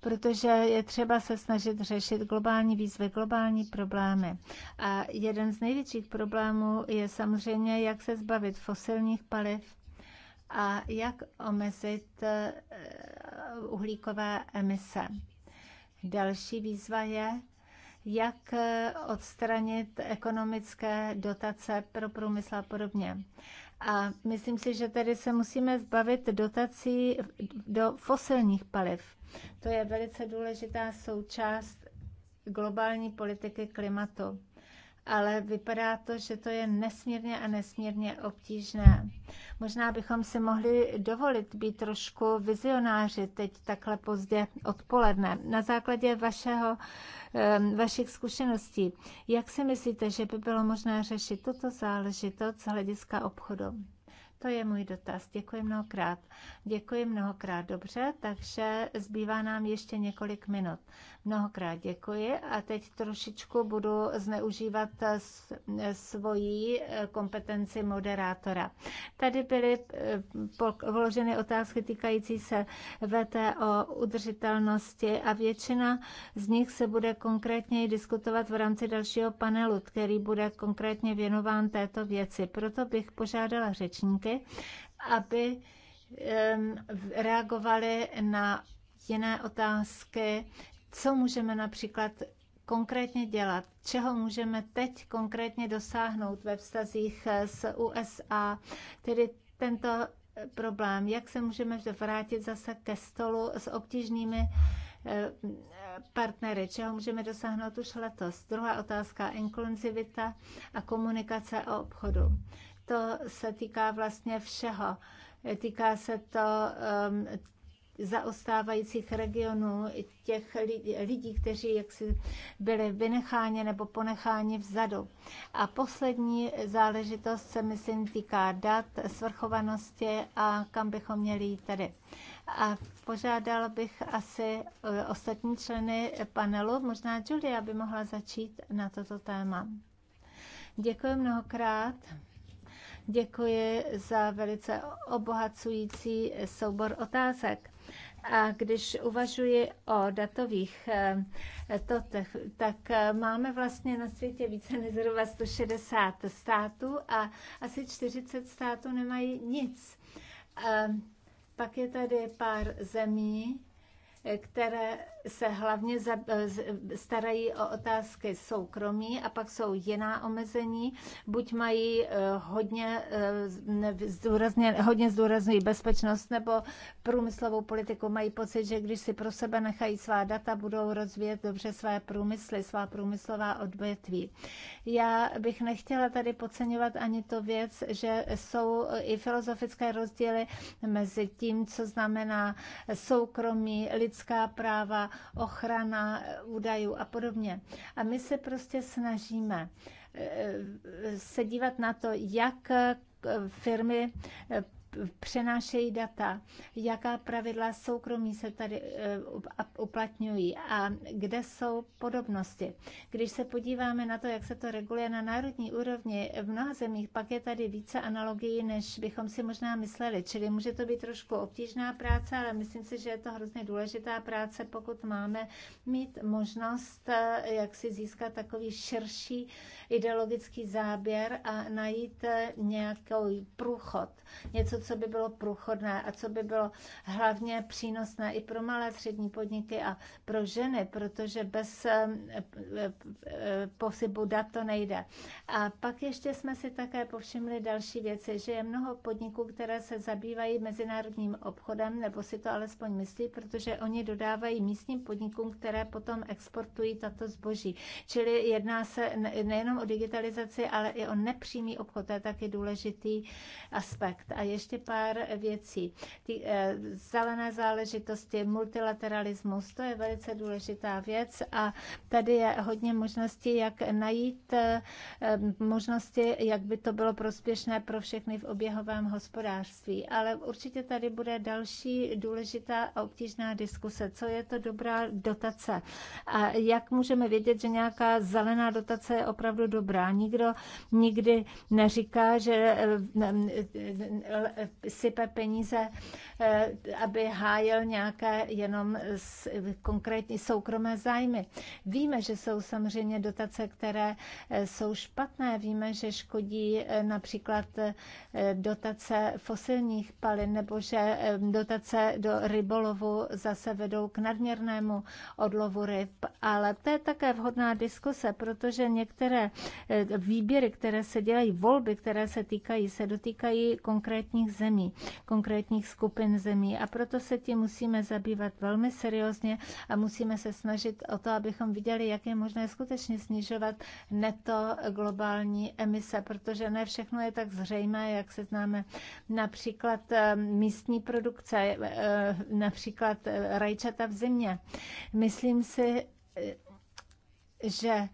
protože je třeba se snažit řešit globální výzvy, globální problémy. A jeden z největších problémů je samozřejmě, jak se zbavit fosilních paliv a jak omezit eh, uhlíkové emise. Další výzva je, jak eh, odstranit ekonomické dotace pro průmysl a podobně. A myslím si, že tady se musíme zbavit dotací do fosilních paliv. To je velice důležitá součást globální politiky klimatu ale vypadá to, že to je nesmírně a nesmírně obtížné. Možná bychom si mohli dovolit být trošku vizionáři teď takhle pozdě odpoledne. Na základě vašeho, vašich zkušeností, jak si myslíte, že by bylo možné řešit tuto záležitost z hlediska obchodu? To je můj dotaz. Děkuji mnohokrát. Děkuji mnohokrát. Dobře, takže zbývá nám ještě několik minut. Mnohokrát děkuji a teď trošičku budu zneužívat svoji eh, kompetenci moderátora. Tady byly vloženy eh, otázky týkající se VTO udržitelnosti a většina z nich se bude konkrétně diskutovat v rámci dalšího panelu, který bude konkrétně věnován této věci. Proto bych požádala řečníky, aby reagovali na jiné otázky, co můžeme například konkrétně dělat, čeho můžeme teď konkrétně dosáhnout ve vztazích s USA, tedy tento problém, jak se můžeme vrátit zase ke stolu s obtížnými eh, partnery, čeho můžeme dosáhnout už letos. Druhá otázka, inkluzivita a komunikace o obchodu. To se týká vlastně všeho. Týká se to ehm, zaostávajících regionů, těch lidí, kteří jaksi byli vynecháni nebo ponecháni vzadu. A poslední záležitost se, myslím, týká dat, svrchovanosti a kam bychom měli jít tady. A požádal bych asi eh, ostatní členy panelu, možná Julia by mohla začít na toto téma. Děkuji mnohokrát. Děkuji za velice obohacující soubor otázek. A když uvažuji o datových eh, totech, tak eh, máme vlastně na světě více než zhruba 160 států a asi 40 států nemají nic. Eh, Pak je tady pár zemí, které se hlavně starají o otázky soukromí a pak jsou jiná omezení. Buď mají eh, hodně, eh, zdůrazně, hodně zdůrazňují bezpečnost nebo průmyslovou politiku. Mají pocit, že když si pro sebe nechají svá data, budou rozvíjet dobře své průmysly, svá průmyslová odvětví. Já bych nechtěla tady podceňovat ani to věc, že jsou i filozofické rozdíly mezi tím, co znamená soukromí, lidská práva, ochrana údajů a podobně. A my se prostě snažíme eh, eh, se dívat na to, jak firmy přenášejí data, jaká pravidla soukromí se tady eh, uplatňují a kde jsou podobnosti. Když se podíváme na to, jak se to reguluje na národní úrovni v mnoha zemích, pak je tady více analogií, než bychom si možná mysleli. Čili může to být trošku obtížná práce, ale myslím si, že je to hrozně důležitá práce, pokud máme mít možnost, eh, jak si získat takový širší ideologický záběr a najít eh, nějaký průchod, něco, co by bylo průchodné a co by bylo hlavně přínosné i pro malé střední podniky a pro ženy, protože bez eh, eh, posybu dat to nejde. A pak ještě jsme si také povšimli další věci, že je mnoho podniků, které se zabývají mezinárodním obchodem, nebo si to alespoň myslí, protože oni dodávají místním podnikům, které potom exportují tato zboží. Čili jedná se nejenom o digitalizaci, ale i o nepřímý obchod. To je taky důležitý aspekt. A ještě ještě pár věcí. Ty eh, zelené záležitosti, multilateralismus, to je velice důležitá věc a tady je hodně možností, jak najít eh, možnosti, jak by to bylo prospěšné pro všechny v oběhovém hospodářství. Ale určitě tady bude další důležitá a obtížná diskuse, co je to dobrá dotace a jak můžeme vědět, že nějaká zelená dotace je opravdu dobrá. Nikdo nikdy neříká, že eh, sype peníze, eh, aby hájil nějaké jenom konkrétní soukromé zájmy. Víme, že jsou samozřejmě dotace, které eh, jsou špatné. Víme, že škodí eh, například dotace fosilních palin nebo že dotace do rybolovu zase vedou k nadměrnému odlovu ryb. Ale to je také vhodná diskuse, protože některé výběry, které se dělají, volby, které se týkají, se dotýkají konkrétních konkrétních zemí, konkrétních skupin zemí a proto se tím musíme zabývat velmi seriózně a musíme se snažit o to, abychom viděli, jak je možné skutečně snižovat neto globální emise, protože ne všechno je tak zřejmé, jak se známe například eh, místní produkce, eh, například eh, rajčata v zimě. Myslím si, že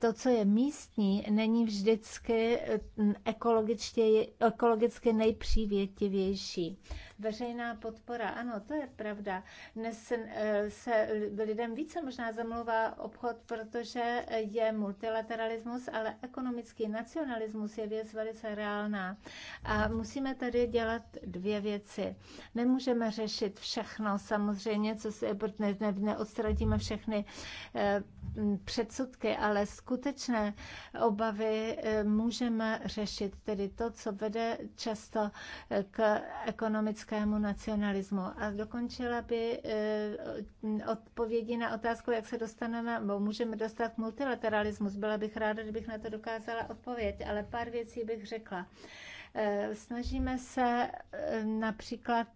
to, co je místní, není vždycky mm, ekologicky, ekologicky nejpřívětivější. Veřejná podpora, ano, to je pravda. Dnes se, eh, se lidem více možná zamluvá obchod, protože je multilateralismus, ale ekonomický nacionalismus je věc velice reálná. A musíme tady dělat dvě věci. Nemůžeme řešit všechno, samozřejmě, co se ne, ne, neodstradíme všechny eh, předsudky, ale skutečné obavy eh, můžeme řešit. Tedy to, co vede často k ekonomickému evropskému nacionalismu. A dokončila by eh, odpovědi na otázku, jak se dostaneme, bo můžeme dostat k multilateralismu. Byla bych ráda, kdybych na to dokázala odpověď, ale pár věcí bych řekla. Eh, snažíme se eh, například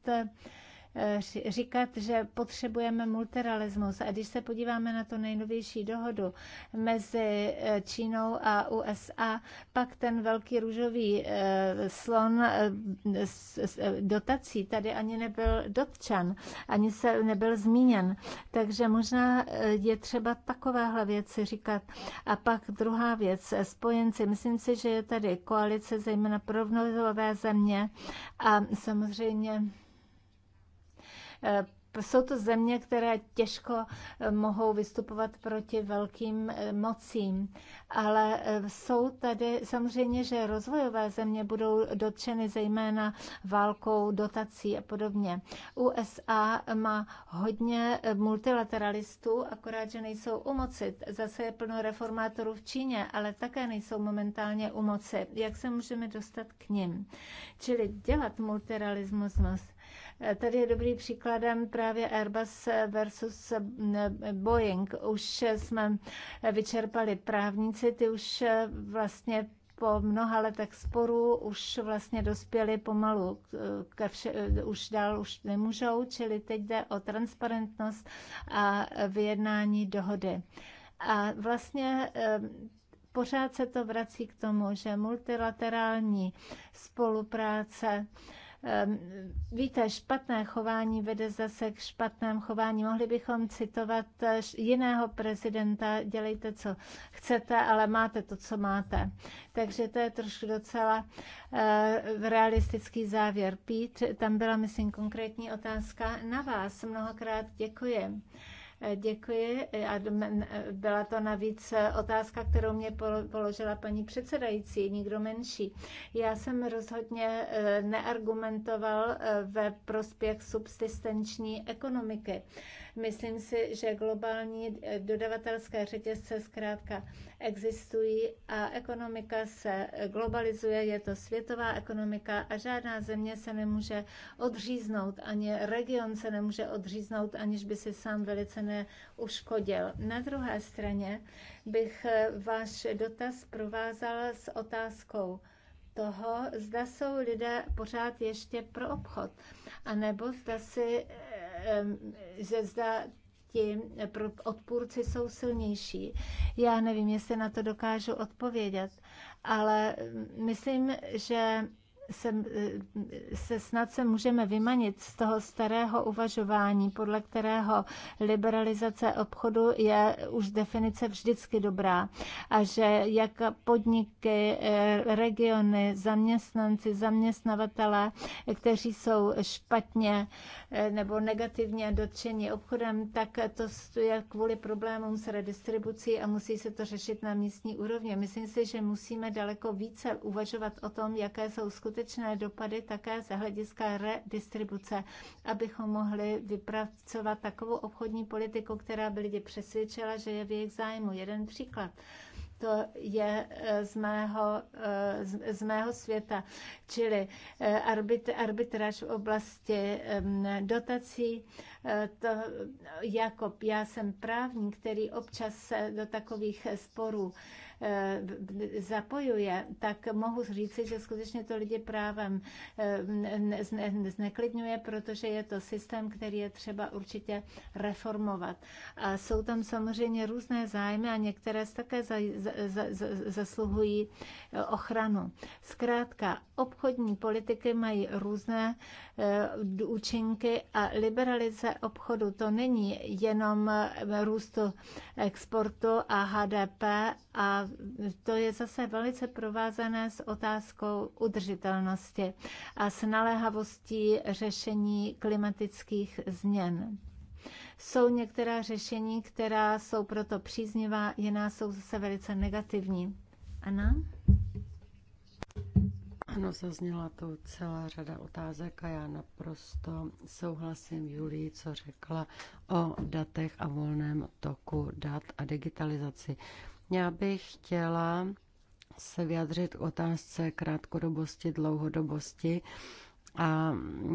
Eh, říkat, že potřebujeme multilateralismus. A když se podíváme na tu nejnovější dohodu mezi eh, Čínou a USA, pak ten velký růžový eh, slon dotací tady ani nebyl dotčen, ani se nebyl zmíněn. Takže možná je třeba takovéhle věci říkat. A pak druhá věc, spojenci. Myslím si, že je tady koalice, zejména pro země a samozřejmě Eh, jsou to země, které těžko eh, mohou vystupovat proti velkým eh, mocím, ale jsou tady samozřejmě, že rozvojové země budou dotčeny zejména válkou, dotací a podobně. USA má hodně multilateralistů, akorát, že nejsou u moci. Zase je plno reformátorů v Číně, ale také nejsou momentálně u moci. Jak se můžeme dostat k ním? Čili dělat multilateralismus Tady je dobrý příkladem právě Airbus versus Boeing. Už jsme vyčerpali právníci, ty už vlastně po mnoha letech sporů už vlastně dospěli pomalu, ke vše, už dál už nemůžou, čili teď jde o transparentnost a vyjednání dohody. A vlastně pořád se to vrací k tomu, že multilaterální spolupráce Ehm, víte, špatné chování vede zase k špatném chování. Mohli bychom citovat eh, jiného prezidenta, dělejte, co chcete, ale máte to, co máte. Takže to je trošku docela eh, realistický závěr. Pít, tam byla, myslím, konkrétní otázka na vás. Mnohokrát děkuji. Děkuji. Byla to navíc otázka, kterou mě položila paní předsedající, nikdo menší. Já jsem rozhodně e, neargumentoval e, ve prospěch subsistenční ekonomiky. Myslím si, že globální eh, dodavatelské řetězce zkrátka existují a ekonomika se eh, globalizuje, je to světová ekonomika a žádná země se nemůže odříznout, ani region se nemůže odříznout, aniž by si sám velice neuškodil. Na druhé straně bych eh, váš dotaz provázala s otázkou, toho, zda jsou lidé pořád ještě pro obchod, anebo zda si že eh, zda ti odpůrci jsou silnější. Já nevím, jestli na to dokážu odpovědět, ale mm, myslím, že se, se snad se můžeme vymanit z toho starého uvažování, podle kterého liberalizace obchodu je už definice vždycky dobrá a že jak podniky, eh, regiony, zaměstnanci, zaměstnavatele, kteří jsou špatně eh, nebo negativně dotčeni obchodem, tak to je kvůli problémům s redistribucí a musí se to řešit na místní úrovni. Myslím si, že musíme daleko více uvažovat o tom, jaké jsou skutečné skutečné dopady také z hlediska redistribuce, abychom mohli vypracovat takovou obchodní politiku, která by lidi přesvědčila, že je v jejich zájmu. Jeden příklad to je eh, z mého, eh, z mého světa, čili eh, arbitráž v oblasti dotací. To, Jakob, já jsem právník, který občas se do takových sporů Eh, zapojuje, tak mohu říci, že skutečně to lidi právem eh, zneklidňuje, protože je to systém, který je třeba určitě reformovat. A jsou tam samozřejmě různé zájmy a některé z také za, za, za, zasluhují eh, ochranu. Zkrátka, obchodní politiky mají různé účinky a liberalizace obchodu to není jenom růstu exportu a HDP a to je zase velice provázané s otázkou udržitelnosti a s naléhavostí řešení klimatických změn. Jsou některá řešení, která jsou proto příznivá, jiná jsou zase velice negativní. Ana? Ano, zazněla tu celá řada otázek a já naprosto souhlasím Julii, co řekla o datech a volném toku dat a digitalizaci. Já bych chtěla se vyjadřit k otázce krátkodobosti, dlouhodobosti a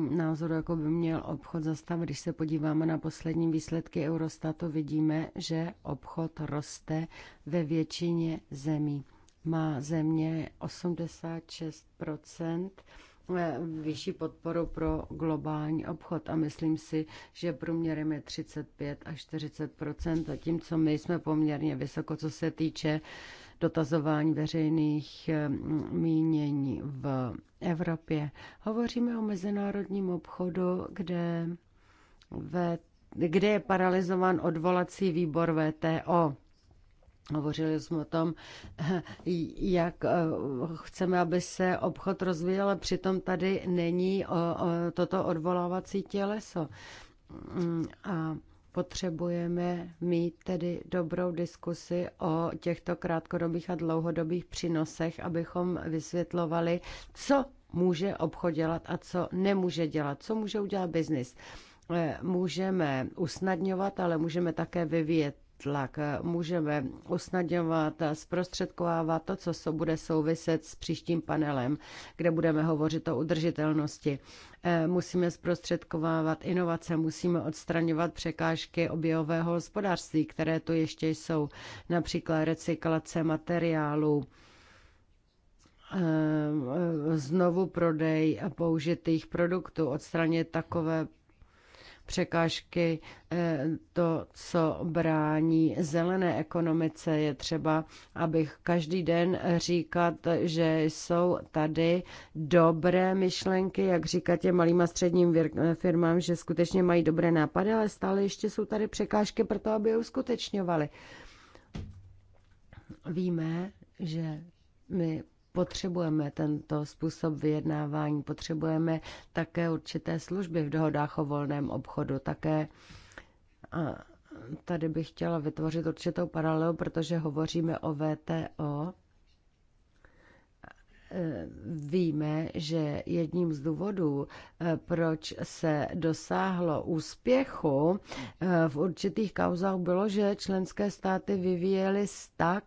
názoru, jako by měl obchod zastavit. Když se podíváme na poslední výsledky Eurostatu, vidíme, že obchod roste ve většině zemí. Má země 86 Eh, vyšší podporu pro globální obchod a myslím si, že průměrem je 35 až 40 zatímco my jsme poměrně vysoko, co se týče dotazování veřejných eh, mínění v Evropě. Hovoříme o mezinárodním obchodu, kde, ve, kde je paralizovan odvolací výbor VTO. Hovořili jsme o tom, jak eh, chceme, aby se obchod rozvíjel, ale přitom tady není o, eh, o, eh, toto odvolávací těleso. Mm, a potřebujeme mít tedy dobrou diskusi o těchto krátkodobých a dlouhodobých přínosech, abychom vysvětlovali, co může obchod dělat a co nemůže dělat, co může udělat biznis můžeme usnadňovat, ale můžeme také vyvíjet tlak. Můžeme usnadňovat a zprostředkovávat to, co se bude souviset s příštím panelem, kde budeme hovořit o udržitelnosti. E, musíme zprostředkovávat inovace, musíme odstraňovat překážky objevového hospodářství, které tu ještě jsou, například recyklace materiálů, e, e, znovu prodej použitých produktů, odstranit takové překážky, eh, to, co brání zelené ekonomice. Je třeba, abych každý den říkat, že jsou tady dobré myšlenky, jak říkat těm malým a středním firmám, že skutečně mají dobré nápady, ale stále ještě jsou tady překážky pro to, aby je uskutečňovali. Víme, že my Potřebujeme tento způsob vyjednávání, potřebujeme také určité služby v dohodách o volném obchodu, také a tady bych chtěla vytvořit určitou paralelu, protože hovoříme o VTO, Eh, víme, že jedním z důvodů, eh, proč se dosáhlo úspěchu eh, v určitých kauzách, bylo, že členské státy vyvíjely tak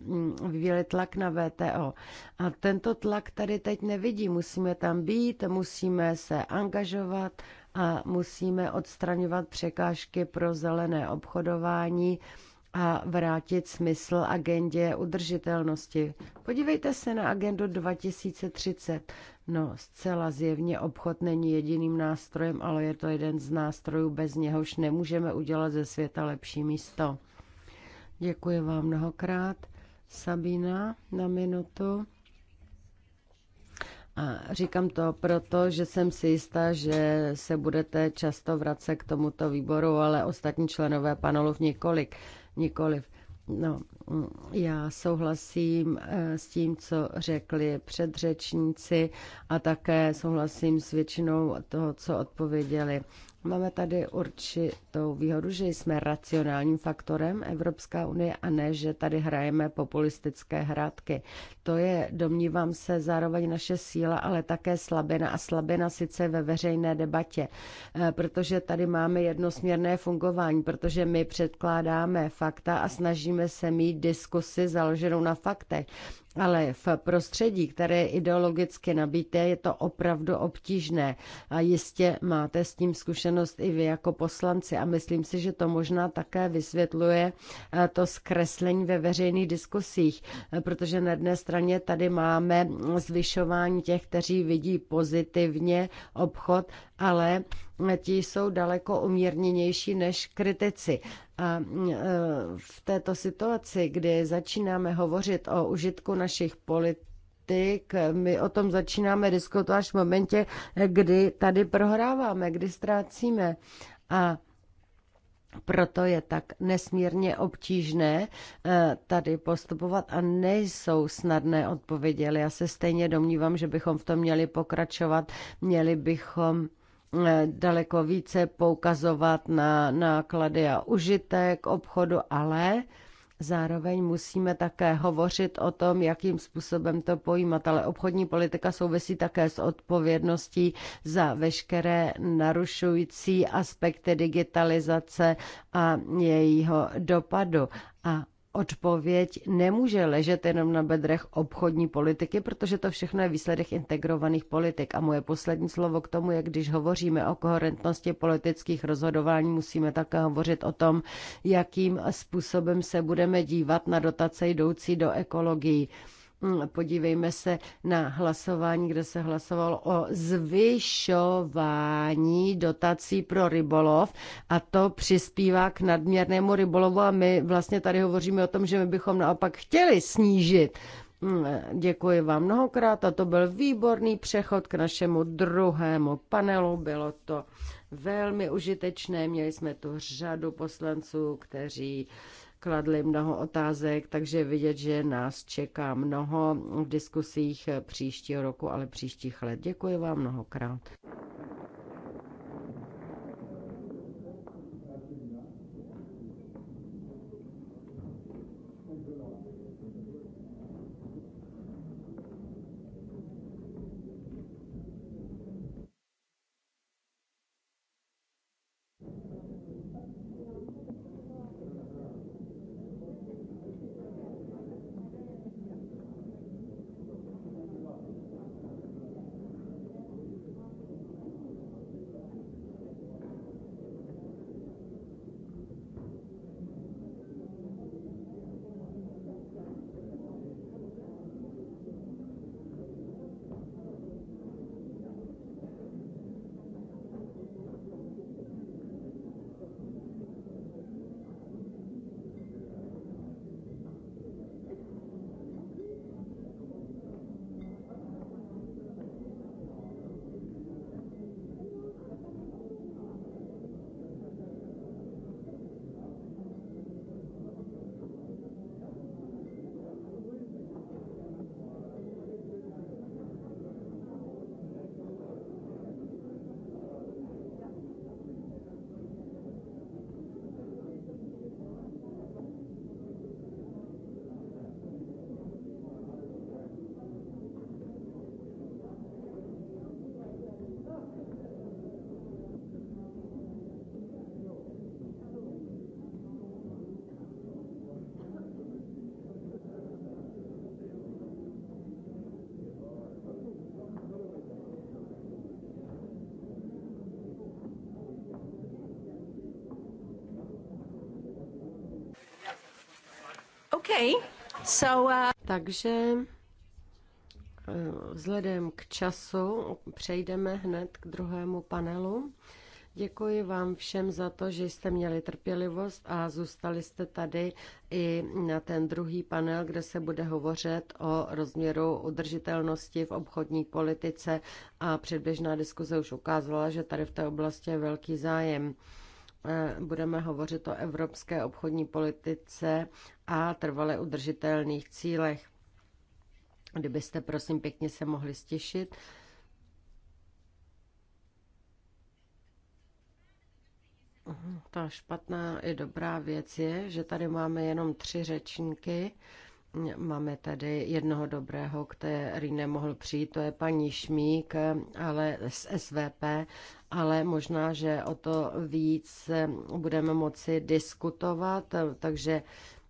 mm, vyvíjeli tlak na VTO. A tento tlak tady teď nevidí. Musíme tam být, musíme se angažovat a musíme odstraňovat překážky pro zelené obchodování a vrátit smysl agendě udržitelnosti. Podívejte se na agendu 2030. No, zcela zjevně obchod není jediným nástrojem, ale je to jeden z nástrojů, bez něhož nemůžeme udělat ze světa lepší místo. Děkuji vám mnohokrát. Sabina na minutu. A říkám to proto, že jsem si jistá, že se budete často vracet k tomuto výboru, ale ostatní členové panelu v několik nikoliv. No, mm, já souhlasím eh, s tím, co řekli předřečníci a také souhlasím s většinou toho, co odpověděli Máme tady určitou výhodu, že jsme racionálním faktorem Evropská unie a ne, že tady hrajeme populistické hrátky. To je, domnívám se, zároveň naše síla, ale také slabina a slabina sice ve veřejné debatě, eh, protože tady máme jednosměrné fungování, protože my předkládáme fakta a snažíme se mít diskusy založenou na faktech. Ale v prostředí, které je ideologicky nabité, je to opravdu obtížné. A jistě máte s tím zkušenost i vy jako poslanci. A myslím si, že to možná také vysvětluje eh, to zkreslení ve veřejných diskusích. Eh, protože na jedné straně tady máme zvyšování těch, kteří vidí pozitivně obchod, ale ti jsou daleko umírněnější než kritici. A e, v této situaci, kdy začínáme hovořit o užitku našich politik, politik, my o tom začínáme diskutovat až v momentě, kdy tady prohráváme, kdy ztrácíme. A proto je tak nesmírně obtížné e, tady postupovat a nejsou snadné odpovědi, ale já se stejně domnívám, že bychom v tom měli pokračovat, měli bychom Eh, daleko více poukazovat na náklady a užitek obchodu, ale zároveň musíme také hovořit o tom, jakým způsobem to pojímat. Ale obchodní politika souvisí také s odpovědností za veškeré narušující aspekty digitalizace a jejího dopadu. A odpověď nemůže ležet jenom na bedrech obchodní politiky, protože to všechno je výsledek integrovaných politik. A moje poslední slovo k tomu je, když hovoříme o koherentnosti politických rozhodování, musíme také hovořit o tom, jakým způsobem se budeme dívat na dotace jdoucí do ekologií. Hm, podívejme se na hlasování, kde se hlasovalo o zvyšování dotací pro rybolov a to přispívá k nadměrnému rybolovu a my vlastně tady hovoříme o tom, že my bychom naopak chtěli snížit hm, Děkuji vám mnohokrát a to byl výborný přechod k našemu druhému panelu. Bylo to velmi užitečné. Měli jsme tu řadu poslanců, kteří kladli mnoho otázek, takže vidět, že nás čeká mnoho v diskusích příštího roku, ale příštích let. Děkuji vám mnohokrát. Okay. So, uh... Takže eh, vzhledem k času přejdeme hned k druhému panelu. Děkuji vám všem za to, že jste měli trpělivost a zůstali jste tady i na ten druhý panel, kde se bude hovořit o rozměru udržitelnosti v obchodní politice a předběžná diskuze už ukázala, že tady v té oblasti je velký zájem. Eh, budeme hovořit o evropské obchodní politice a trvale udržitelných cílech. Kdybyste, prosím, pěkně se mohli stěšit. Mhm, ta špatná i dobrá věc je, že tady máme jenom tři řečníky. Máme tady jednoho dobrého, který nemohl přijít, to je paní Šmík, ale z SVP ale možná, že o to víc budeme moci diskutovat, takže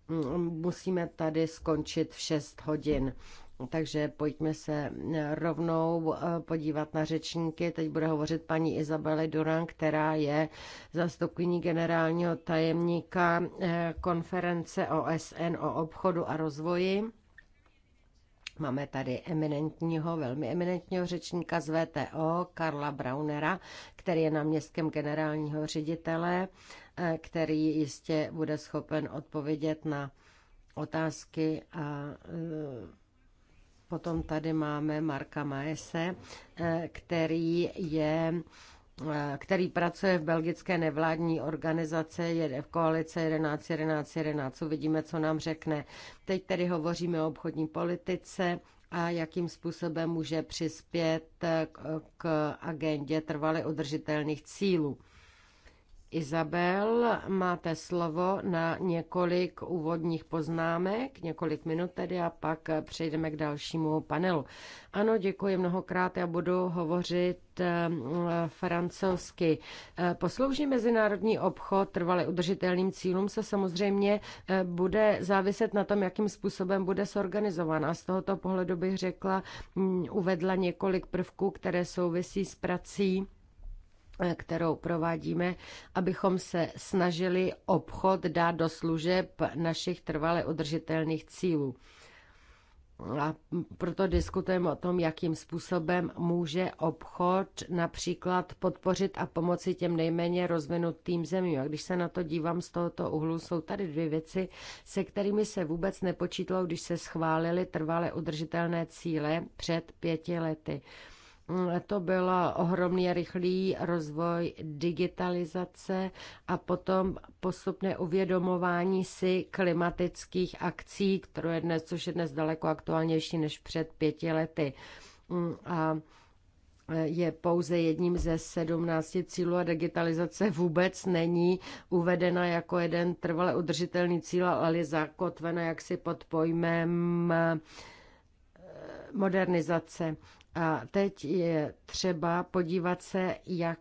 mm, musíme tady skončit v 6 hodin. Takže pojďme se rovnou eh, podívat na řečníky. Teď bude hovořit paní Izabele Duran, která je zastupkyní generálního tajemníka eh, konference OSN o obchodu a rozvoji. Máme tady eminentního, velmi eminentního řečníka z VTO, Karla Braunera, který je náměstkem generálního ředitele, eh, který jistě bude schopen odpovědět na otázky a eh, potom tady máme Marka Maese, eh, který je který pracuje v belgické nevládní organizace, je v koalice 11, 11, 11, uvidíme, co nám řekne. Teď tedy hovoříme o obchodní politice a jakým způsobem může přispět k agendě trvale udržitelných cílů. Izabel, máte slovo na několik úvodních poznámek, několik minut tedy a pak přejdeme k dalšímu panelu. Ano, děkuji mnohokrát, já budu hovořit eh, francouzsky. Eh, poslouží mezinárodní obchod trvale udržitelným cílům se samozřejmě eh, bude záviset na tom, jakým způsobem bude sorganizován. A z tohoto pohledu bych řekla, mm, uvedla několik prvků, které souvisí s prací Eh, kterou provádíme, abychom se snažili obchod dát do služeb našich trvale udržitelných cílů. A proto diskutujeme o tom, jakým způsobem může obchod například podpořit a pomoci těm nejméně rozvinutým zemím. A když se na to dívám z tohoto uhlu, jsou tady dvě věci, se kterými se vůbec nepočítalo, když se schválili trvale udržitelné cíle před pěti lety to byl ohromný rychlý rozvoj digitalizace a potom postupné uvědomování si klimatických akcí, které dnes, což je dnes daleko aktuálnější než před pěti lety. Mm, a je pouze jedním ze sedmnácti cílů a digitalizace vůbec není uvedena jako jeden trvale udržitelný cíl, ale je zakotvena jaksi pod pojmem eh, modernizace. A teď je třeba podívat se, jak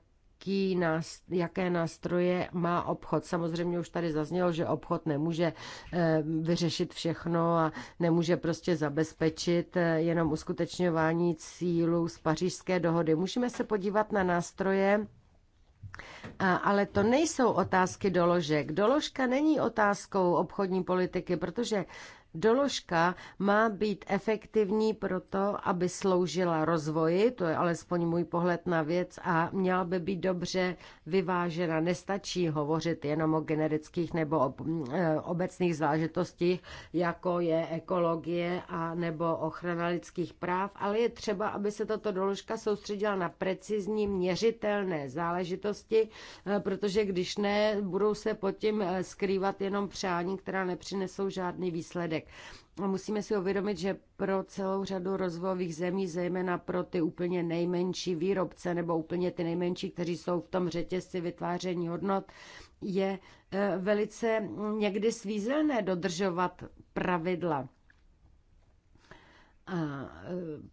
jaké nástroje má obchod. Samozřejmě už tady zaznělo, že obchod nemůže eh, vyřešit všechno a nemůže prostě zabezpečit eh, jenom uskutečňování cílů z pařížské dohody. Můžeme se podívat na nástroje, ale to nejsou otázky doložek. Doložka není otázkou obchodní politiky, protože Doložka má být efektivní proto, aby sloužila rozvoji, to je alespoň můj pohled na věc, a měla by být dobře vyvážena. Nestačí hovořit jenom o generických nebo o mm, eh, obecných zážitostích, jako je ekologie a nebo ochrana lidských práv, ale je třeba, aby se tato doložka soustředila na precizní měřitelné záležitosti, eh, protože když ne, budou se pod tím eh, skrývat jenom přání, která nepřinesou žádný výsledek. A Musíme si uvědomit, že pro celou řadu rozvojových zemí, zejména pro ty úplně nejmenší výrobce nebo úplně ty nejmenší, kteří jsou v tom řetězci vytváření hodnot, je eh, velice někdy svízelné dodržovat pravidla a e,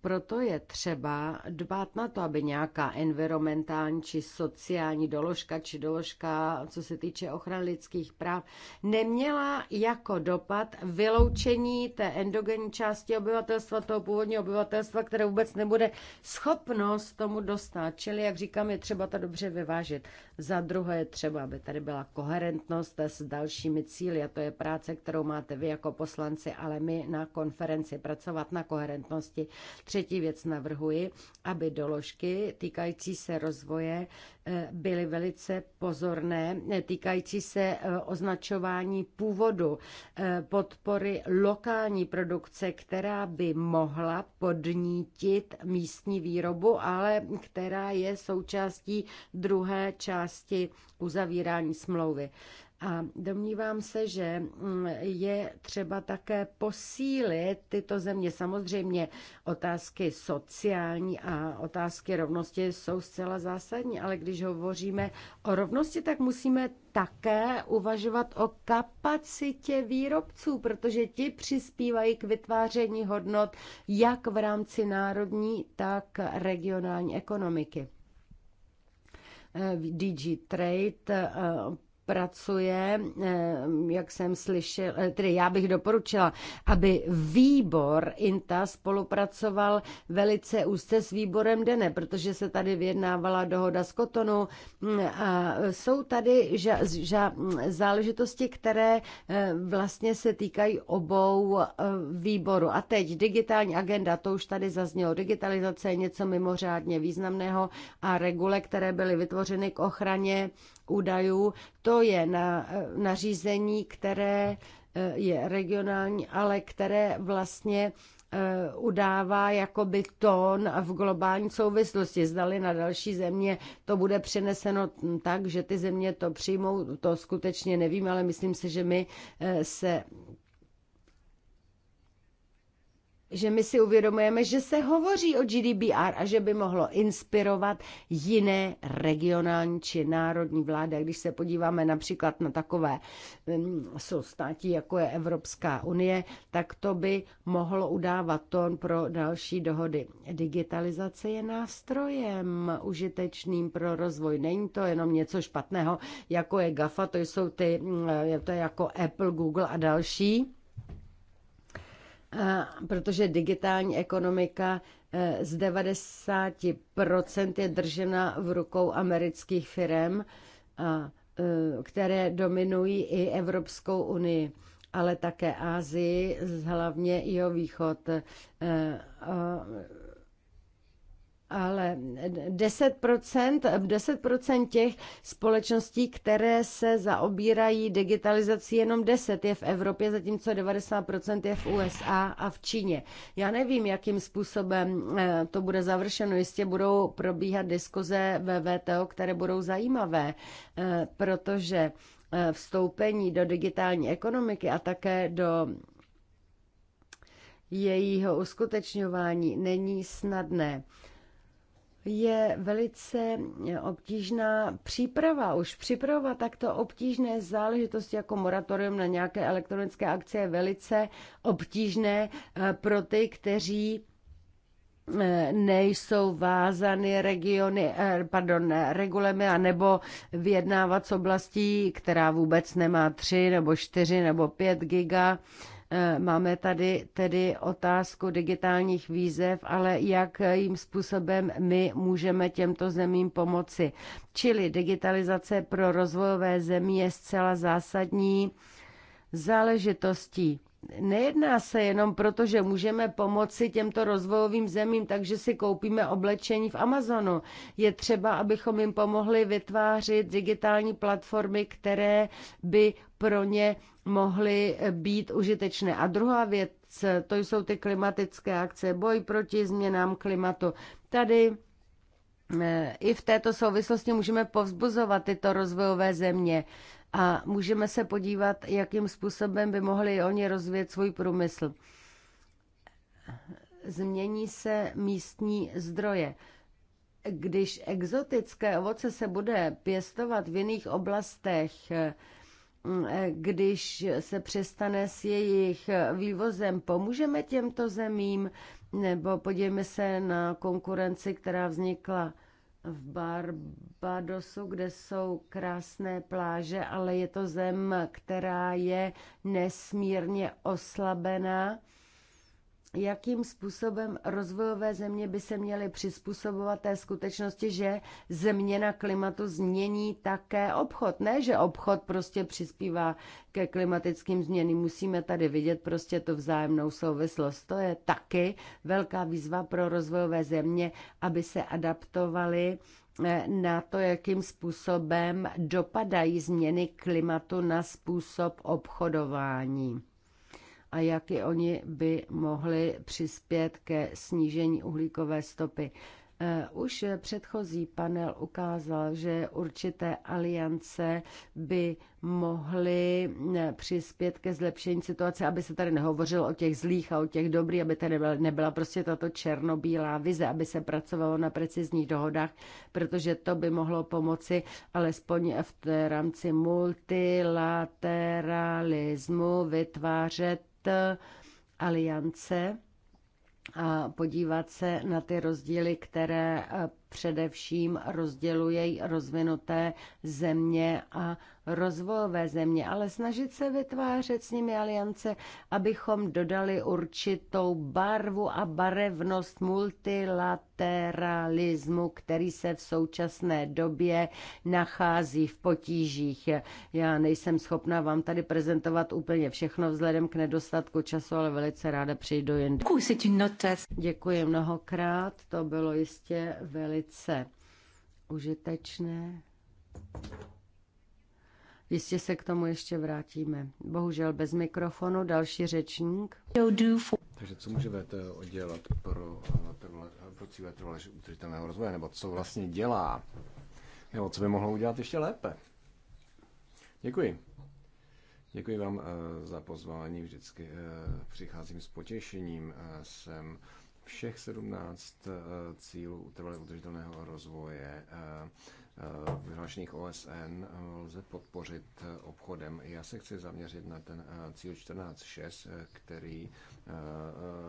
proto je třeba dbát na to, aby nějaká environmentální či sociální doložka či doložka, co se týče ochrany lidských práv, neměla jako dopad vyloučení té endogenní části obyvatelstva, toho původního obyvatelstva, které vůbec nebude schopnost tomu dostat. Čili, jak říkám, je třeba to dobře vyvážit. Za druhé je třeba, aby tady byla koherentnost s dalšími cíly a to je práce, kterou máte vy jako poslanci, ale my na konferenci pracovat na koherentnosti koherentnosti. Třetí věc navrhuji, aby doložky týkající se rozvoje eh, byly velice pozorné, eh, týkající se eh, označování původu, podpory lokální produkce, která by mohla podnítit místní výrobu, ale která je součástí druhé části uzavírání smlouvy. A domnívám se, že mm, je třeba také posílit tyto země. Samozřejmě otázky sociální a otázky rovnosti jsou zcela zásadní, ale když hovoříme o rovnosti, tak musíme také uvažovat o kapacitě výrobců, protože ti přispívají k vytváření hodnot jak v rámci národní, tak regionální ekonomiky. Eh, DG Trade eh, pracuje, eh, jak jsem slyšel, eh, tedy já bych doporučila, aby výbor INTA spolupracoval velice úzce s výborem DENE, protože se tady vyjednávala dohoda s Kotonu mm, a jsou tady ža, ža, záležitosti, které eh, vlastně se týkají obou výboru. A teď digitální agenda, to už tady zaznělo. Digitalizace je něco mimořádně významného a regule, které byly vytvořeny k ochraně údajů. To je na, nařízení, které eh, je regionální, ale které vlastně eh, udává jakoby tón v globální souvislosti. Zdali na další země to bude přeneseno tak, že ty země to přijmou, to skutečně nevím, ale myslím si, že my eh, se že my si uvědomujeme, že se hovoří o GDPR a že by mohlo inspirovat jiné regionální či národní vlády. Když se podíváme například na takové mm, státí, jako je Evropská unie, tak to by mohlo udávat tón pro další dohody. Digitalizace je nástrojem užitečným pro rozvoj. Není to jenom něco špatného, jako je GAFA, to jsou ty, mm, to je jako Apple, Google a další protože digitální ekonomika e, z 90% je držena v rukou amerických firm, e, které dominují i Evropskou unii, ale také Asii, hlavně jeho východ e, ale 10%, 10% těch společností, které se zaobírají digitalizací, jenom 10 je v Evropě, zatímco 90% je v USA a v Číně. Já nevím, jakým způsobem eh, to bude završeno. Jistě budou probíhat diskuze ve VTO, které budou zajímavé, eh, protože eh, vstoupení do digitální ekonomiky a také do jejího uskutečňování není snadné je velice eh, obtížná příprava. Už připravovat takto obtížné záležitosti jako moratorium na nějaké elektronické akce je velice obtížné eh, pro ty, kteří eh, nejsou vázany regiony, pardon, regulemi a nebo vyjednávat s oblastí, která vůbec nemá 3 nebo 4 nebo 5 giga Eh, máme tady tedy otázku digitálních výzev, ale jakým eh, způsobem my můžeme těmto zemím pomoci. Čili digitalizace pro rozvojové země je zcela zásadní záležitostí nejedná se jenom proto, že můžeme pomoci těmto rozvojovým zemím, takže si koupíme oblečení v Amazonu. Je třeba, abychom jim pomohli vytvářet digitální platformy, které by pro ně mohly být užitečné. A druhá věc, to jsou ty klimatické akce, boj proti změnám klimatu. Tady eh, i v této souvislosti můžeme povzbuzovat tyto rozvojové země a můžeme se podívat, jakým způsobem by mohli oni rozvíjet svůj průmysl. Změní se místní zdroje. Když exotické ovoce se bude pěstovat v jiných oblastech, když se přestane s jejich vývozem, pomůžeme těmto zemím, nebo podívejme se na konkurenci, která vznikla v Barbadosu, kde jsou krásné pláže, ale je to zem, která je nesmírně oslabená jakým způsobem rozvojové země by se měly přizpůsobovat té skutečnosti, že změna klimatu změní také obchod. Ne, že obchod prostě přispívá ke klimatickým změnám. Musíme tady vidět prostě tu vzájemnou souvislost. To je taky velká výzva pro rozvojové země, aby se adaptovali eh, na to, jakým způsobem dopadají změny klimatu na způsob obchodování a jak i oni by mohli přispět ke snížení uhlíkové stopy. Eh, už předchozí panel ukázal, že určité aliance by mohly eh, přispět ke zlepšení situace, aby se tady nehovořilo o těch zlých a o těch dobrých, aby tady nebyla, prostě tato černobílá vize, aby se pracovalo na precizních dohodách, protože to by mohlo pomoci alespoň v rámci multilateralismu vytvářet aliance a podívat se na ty rozdíly, které především rozděluje rozvinuté země a rozvojové země, ale snažit se vytvářet s nimi aliance, abychom dodali určitou barvu a barevnost multilateralismu, který se v současné době nachází v potížích. Já nejsem schopna vám tady prezentovat úplně všechno vzhledem k nedostatku času, ale velice ráda přijdu jen. Děkuji mnohokrát, to bylo jistě velice velice užitečné. Jistě se k tomu ještě vrátíme. Bohužel bez mikrofonu, další řečník. Takže co může VTO dělat pro, pro cíle trvalé udržitelného rozvoje, nebo co vlastně dělá, nebo co by mohlo udělat ještě lépe? Děkuji. Děkuji vám eh, za pozvání, vždycky eh, přicházím s potěšením eh, sem všech 17 eh, cílů utrvale udržitelného rozvoje eh, eh, vyhlášených OSN lze podpořit obchodem. Já se chci zaměřit na ten cíl 14.6, který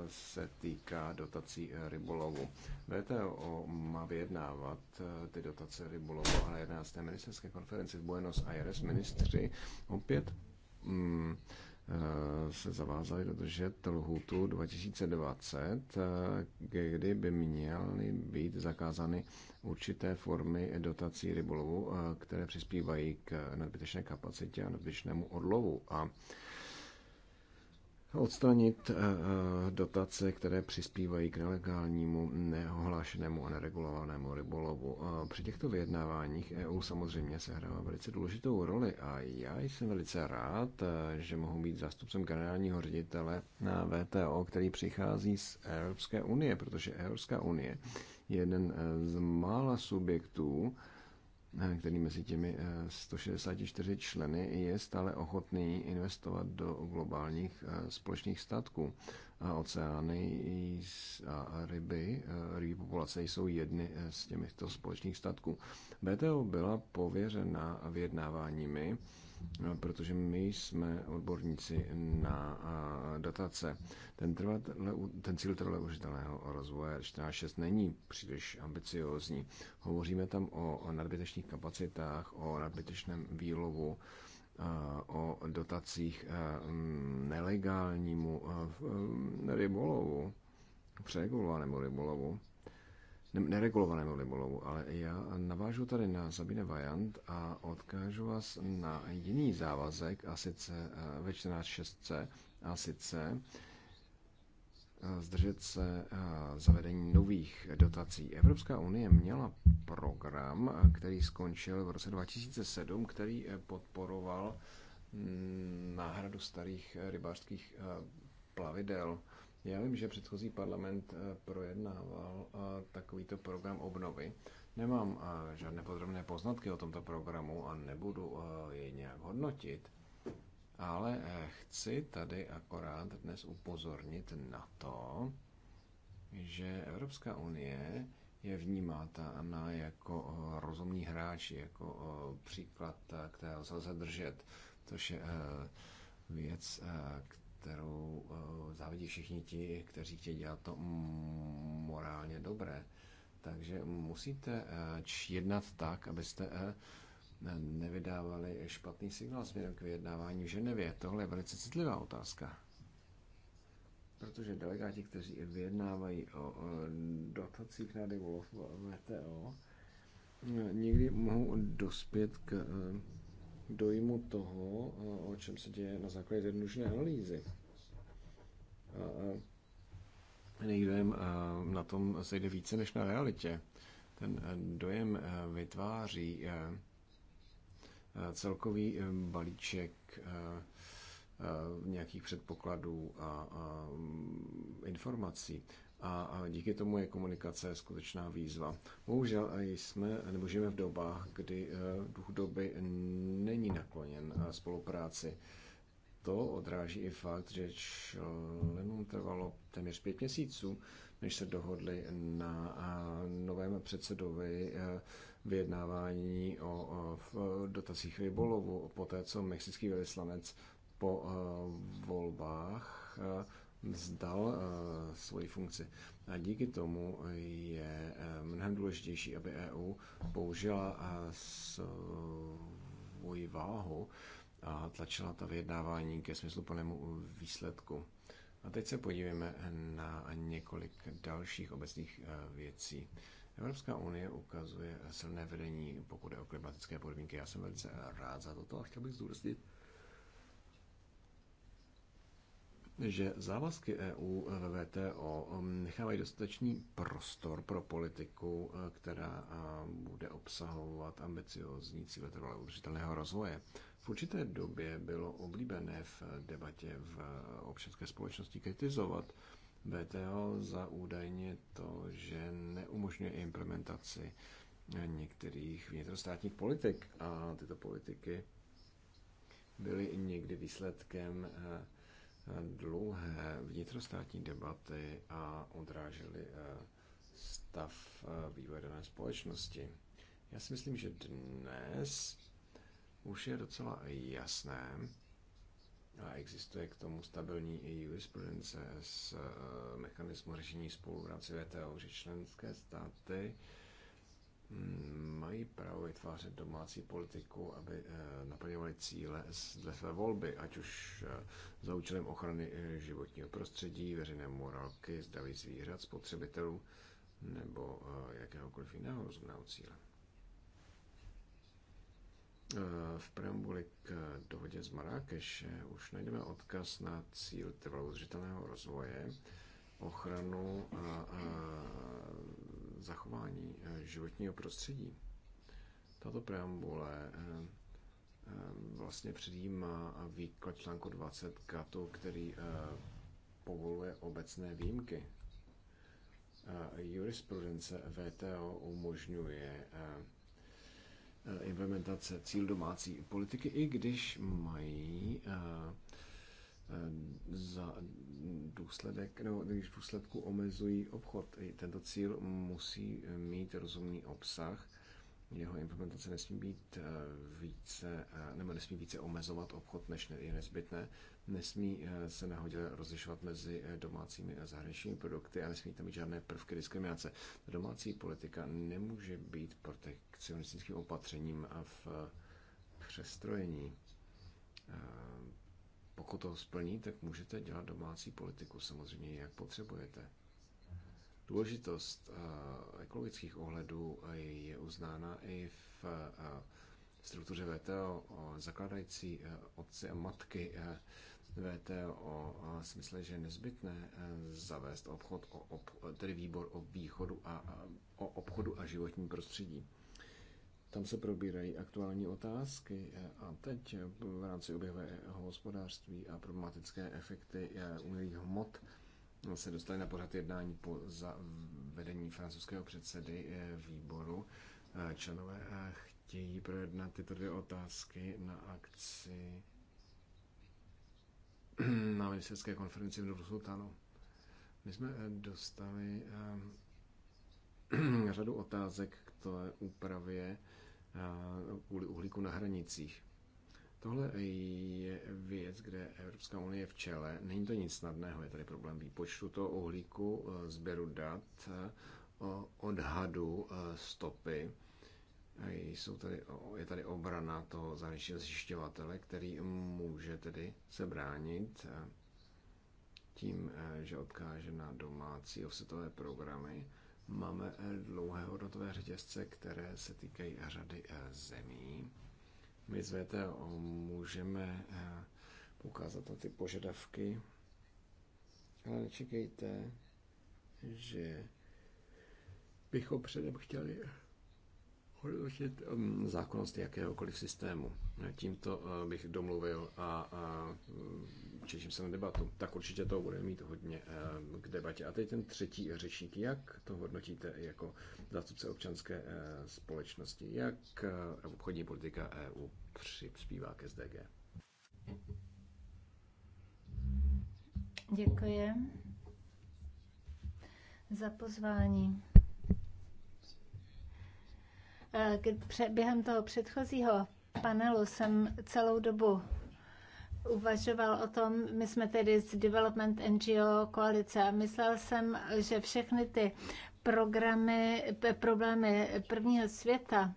se týká dotací rybolovu. VTO má vyjednávat ty dotace rybolovu a na 11. ministerské konferenci v Buenos Aires ministři opět mm, Eh, se zavázali dodržet lhutu 2020, kdy by měly být zakázány určité formy dotací rybolovu, eh, které přispívají k nadbytečné kapacitě a nadbytečnému odlovu. A odstranit eh, eh, dotace, které přispívají k nelegálnímu, neohlášenému a neregulovanému rybolovu. Eh, při těchto vyjednáváních EU samozřejmě se sehrává velice důležitou roli a já jsem velice rád, že mohu být zástupcem generálního ředitele na VTO, který přichází z Evropské unie, protože Evropská unie je jeden z mála subjektů, Eh, který mezi těmi 164 eh, členy je stále ochotný investovat do globálních eh, společných statků. A oceány a ryby, rybí populace jsou jedny z těchto společných statků. BTO byla pověřena vyjednáváními No, protože my jsme odborníci na datace. Ten, trvatele, ten cíl trvalé užitelného rozvoje 14.6 není příliš ambiciózní. Hovoříme tam o nadbytečných kapacitách, o nadbytečném výlovu, o dotacích nelegálnímu rybolovu, přeregulovanému rybolovu neregulovanému rybolovu, ale já navážu tady na Sabine Vajant a odkážu vás na jiný závazek, a sice eh, ve 146 a sice eh, zdržet se eh, zavedení nových dotací. Evropská unie měla program, který skončil v roce 2007, který podporoval mm, náhradu starých rybářských plavidel já vím, že předchozí parlament eh, projednával eh, takovýto program obnovy. Nemám eh, žádné podrobné poznatky o tomto programu a nebudu jej nějak hodnotit, ale chci tady akorát dnes upozornit na to, že Evropská unie je vnímána jako rozumný hráč, jako příklad, kterého se lze držet, což je věc, kterou eh, závidí všichni ti, kteří chtějí dělat to morálně dobré. Takže musíte eh, jednat tak, abyste eh, nevydávali špatný signál směrem k vyjednávání v Ženevě. Tohle je velice citlivá otázka. Protože delegáti, kteří vyjednávají o dotacích na rybolov VTO, někdy mohou dospět k dojmu toho, eh, o čem se děje na základě jednodušné analýzy. A dojem eh, na tom se jde více než na realitě. Ten eh, dojem vytváří celkový balíček nějakých předpokladů a mm, informací a díky tomu je komunikace skutečná výzva. Bohužel jsme, nebo žijeme v dobách, kdy eh, duch doby není nakloněn eh, spolupráci. To odráží i fakt, že členům trvalo téměř pět měsíců, než se dohodli na eh, novém předsedovi vyjednávání o dotacích rybolovu, po té, co mexický velvyslanec po volbách vzdal eh, svoji funkci. A díky tomu je eh, mnohem důležitější, aby EU použila eh, svoji váhu a tlačila ta vyjednávání ke smysluplnému výsledku. A teď se podívejme na několik dalších obecných věcí. Evropská unie ukazuje silné vedení, pokud je o klimatické podmínky. Já jsem velice rád za toto a chtěl bych zdůraznit, že závazky EU eh, ve VTO eh, nechávají dostatečný prostor pro politiku, eh, která bude obsahovat ambiciozní cíle trvalé udržitelného rozvoje. V určité době bylo oblíbené v debatě v občanské společnosti kritizovat VTO za údajně to, že neumožňuje implementaci některých vnitrostátních politik a tyto politiky byly někdy výsledkem dlouhé vnitrostátní debaty a odrážely eh, stav eh, vývoje dané společnosti. Já si myslím, že dnes už je docela jasné, a existuje k tomu stabilní i jurisprudence z eh, mechanismu řešení spolupráce VTO, že členské státy mají právo vytvářet domácí politiku, aby eh, naplňovali cíle dle své volby, ať už eh, za účelem ochrany eh, životního prostředí, veřejné morálky, zdraví zvířat, spotřebitelů nebo jakéhokoliv jiného rozumného cíle. V preambuli k dohodě z Marrakeše už najdeme odkaz na cíl trvalou rozvoje, ochranu a, a zachování eh, životního prostředí. Tato preambule eh, eh, vlastně předjímá výklad článku 20 KATu, který povoluje obecné výjimky. Jurisprudence VTO umožňuje implementace cíl domácí politiky, i když mají Eh, za důsledek, nebo když v důsledku omezují obchod. I tento cíl musí mít rozumný obsah, jeho implementace nesmí být eh, více, eh, nebo nesmí více omezovat obchod, než je nezbytné. Nesmí se nahodě rozlišovat mezi domácími a zahraničními produkty a nesmí tam být žádné prvky diskriminace. Domácí politika nemůže být protekcionistickým opatřením a v přestrojení pokud to splní, tak můžete dělat domácí politiku samozřejmě, jak potřebujete. Důležitost eh, ekologických ohledů eh, je uznána i v eh, struktuře VTO. Zakládající otci a matky VTO si myslí, že je nezbytné zavést obchod o, ob, tedy výbor o východu a o obchodu a životním prostředí. Tam se probírají aktuální otázky eh, a teď eh, v rámci oběhového hospodářství a problematické efekty eh, umělých hmot se dostali na pořad jednání po vedení francouzského předsedy výboru. Členové chtějí projednat tyto dvě otázky na akci na ministerské konferenci v Nursultanu. My jsme dostali řadu otázek k té úpravě kvůli uhlíku na hranicích. Tohle je věc, kde Evropská unie je v čele. Není to nic snadného, je tady problém výpočtu toho uhlíku, e, sběru dat, e, odhadu e, stopy. Jsou tady, je tady obrana toho zahraničního zjišťovatele, který může tedy se bránit tím, že odkáže na domácí offsetové programy Máme eh, dlouhé hodnotové řetězce, které se týkají řady eh, zemí. My z VTO můžeme poukázat eh, na ty požadavky, ale nečekejte, že bychom předem chtěli hodnotit um, zákonnost jakéhokoliv systému. Tímto uh, bych domluvil a, a mm, těším se na debatu. Tak určitě to bude mít hodně uh, k debatě. A teď ten třetí řečník. Jak to hodnotíte jako zástupce občanské uh, společnosti? Jak obchodní politika EU přispívá ke SDG? Děkuji za pozvání. Eh, během toho předchozího panelu jsem celou dobu uvažoval o tom, my jsme tedy z Development NGO koalice a myslel jsem, že všechny ty programy, problémy prvního světa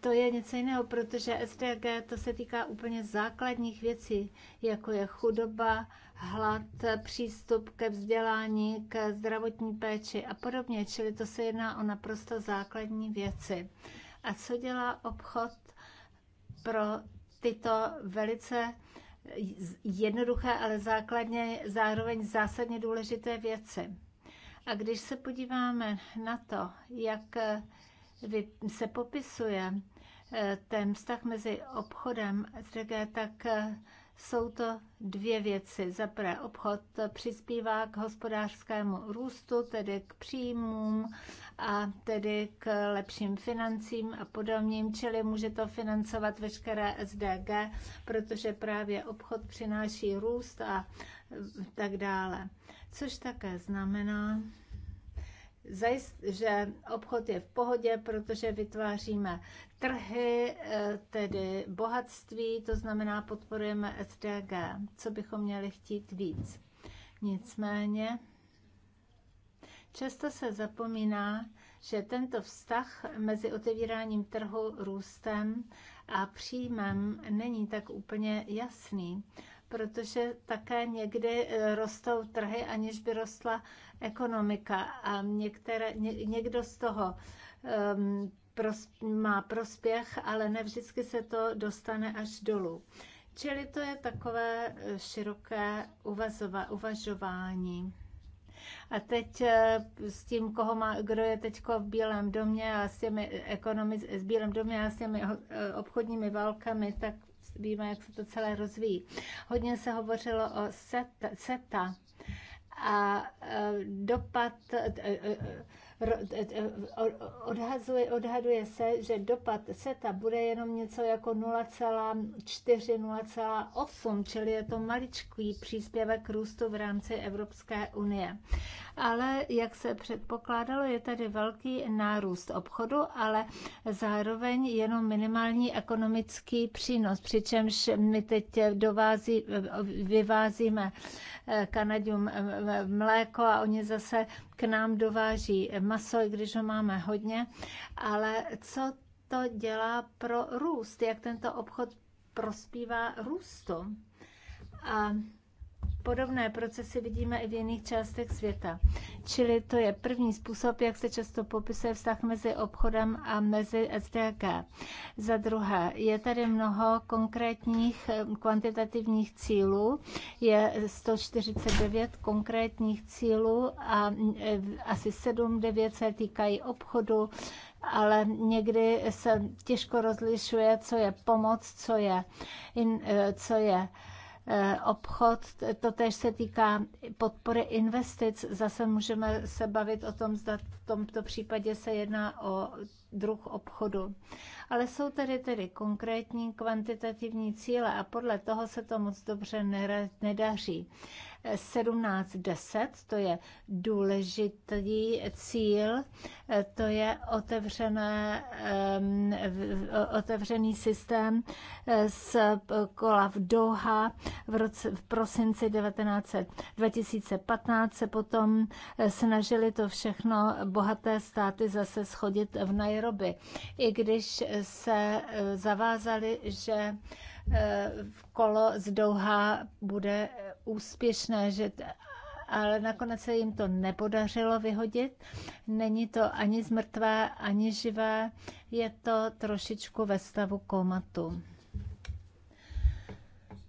to je něco jiného, protože SDG to se týká úplně základních věcí, jako je chudoba, hlad, přístup ke vzdělání, k zdravotní péči a podobně. Čili to se jedná o naprosto základní věci. A co dělá obchod pro tyto velice jednoduché, ale základně, zároveň zásadně důležité věci? A když se podíváme na to, jak se popisuje eh, ten vztah mezi obchodem a SDG, tak eh, jsou to dvě věci. Za prvé, obchod přispívá k hospodářskému růstu, tedy k příjmům a tedy k lepším financím a podobným, čili může to financovat veškeré SDG, protože právě obchod přináší růst a eh, tak dále. Což také znamená, že obchod je v pohodě, protože vytváříme trhy, eh, tedy bohatství, to znamená podporujeme SDG, co bychom měli chtít víc. Nicméně často se zapomíná, že tento vztah mezi otevíráním trhu, růstem a příjmem není tak úplně jasný protože také někdy eh, rostou trhy, aniž by rostla ekonomika. A některé, ně, někdo z toho um, pros, má prospěch, ale ne vždycky se to dostane až dolů. Čili to je takové eh, široké uvazova, uvažování. A teď eh, s tím, koho má, kdo je teď v Bílém domě a s těmi ekonomi, s Bílém domě a s těmi obchodními válkami, tak víme, jak se to celé rozvíjí. Hodně se hovořilo o SETA, a e, dopad e, e, odhazuje, odhaduje se, že dopad SETA bude jenom něco jako 0,4-0,8, čili je to maličký příspěvek růstu v rámci Evropské unie ale jak se předpokládalo, je tady velký nárůst obchodu, ale zároveň jenom minimální ekonomický přínos, přičemž my teď dovází, vyvázíme eh, Kanadium eh, eh, mléko a oni zase k nám dováží maso, i když ho máme hodně, ale co to dělá pro růst, jak tento obchod prospívá růstu. A Podobné procesy vidíme i v jiných částech světa. Čili to je první způsob, jak se často popisuje vztah mezi obchodem a mezi SDG. Za druhé, je tady mnoho konkrétních eh, kvantitativních cílů. Je 149 konkrétních cílů a eh, asi 7-9 se týkají obchodu, ale někdy se těžko rozlišuje, co je pomoc, co je, eh, co je Eh, obchod, to tež se týká podpory investic. Zase můžeme se bavit o tom, zda v tomto případě se jedná o druh obchodu. Ale jsou tady tedy konkrétní kvantitativní cíle a podle toho se to moc dobře nedaří. 1710, to je důležitý cíl, to je otevřené, otevřený systém eh, z kola v Doha v, roce, v prosinci 19, 2015 se potom eh, snažili to všechno bohaté státy zase schodit v Nairobi, i když se eh, zavázali, že Eh, kolo z Doha bude úspěšné, že ale nakonec se jim to nepodařilo vyhodit. Není to ani zmrtvé, ani živé, je to trošičku ve stavu komatu.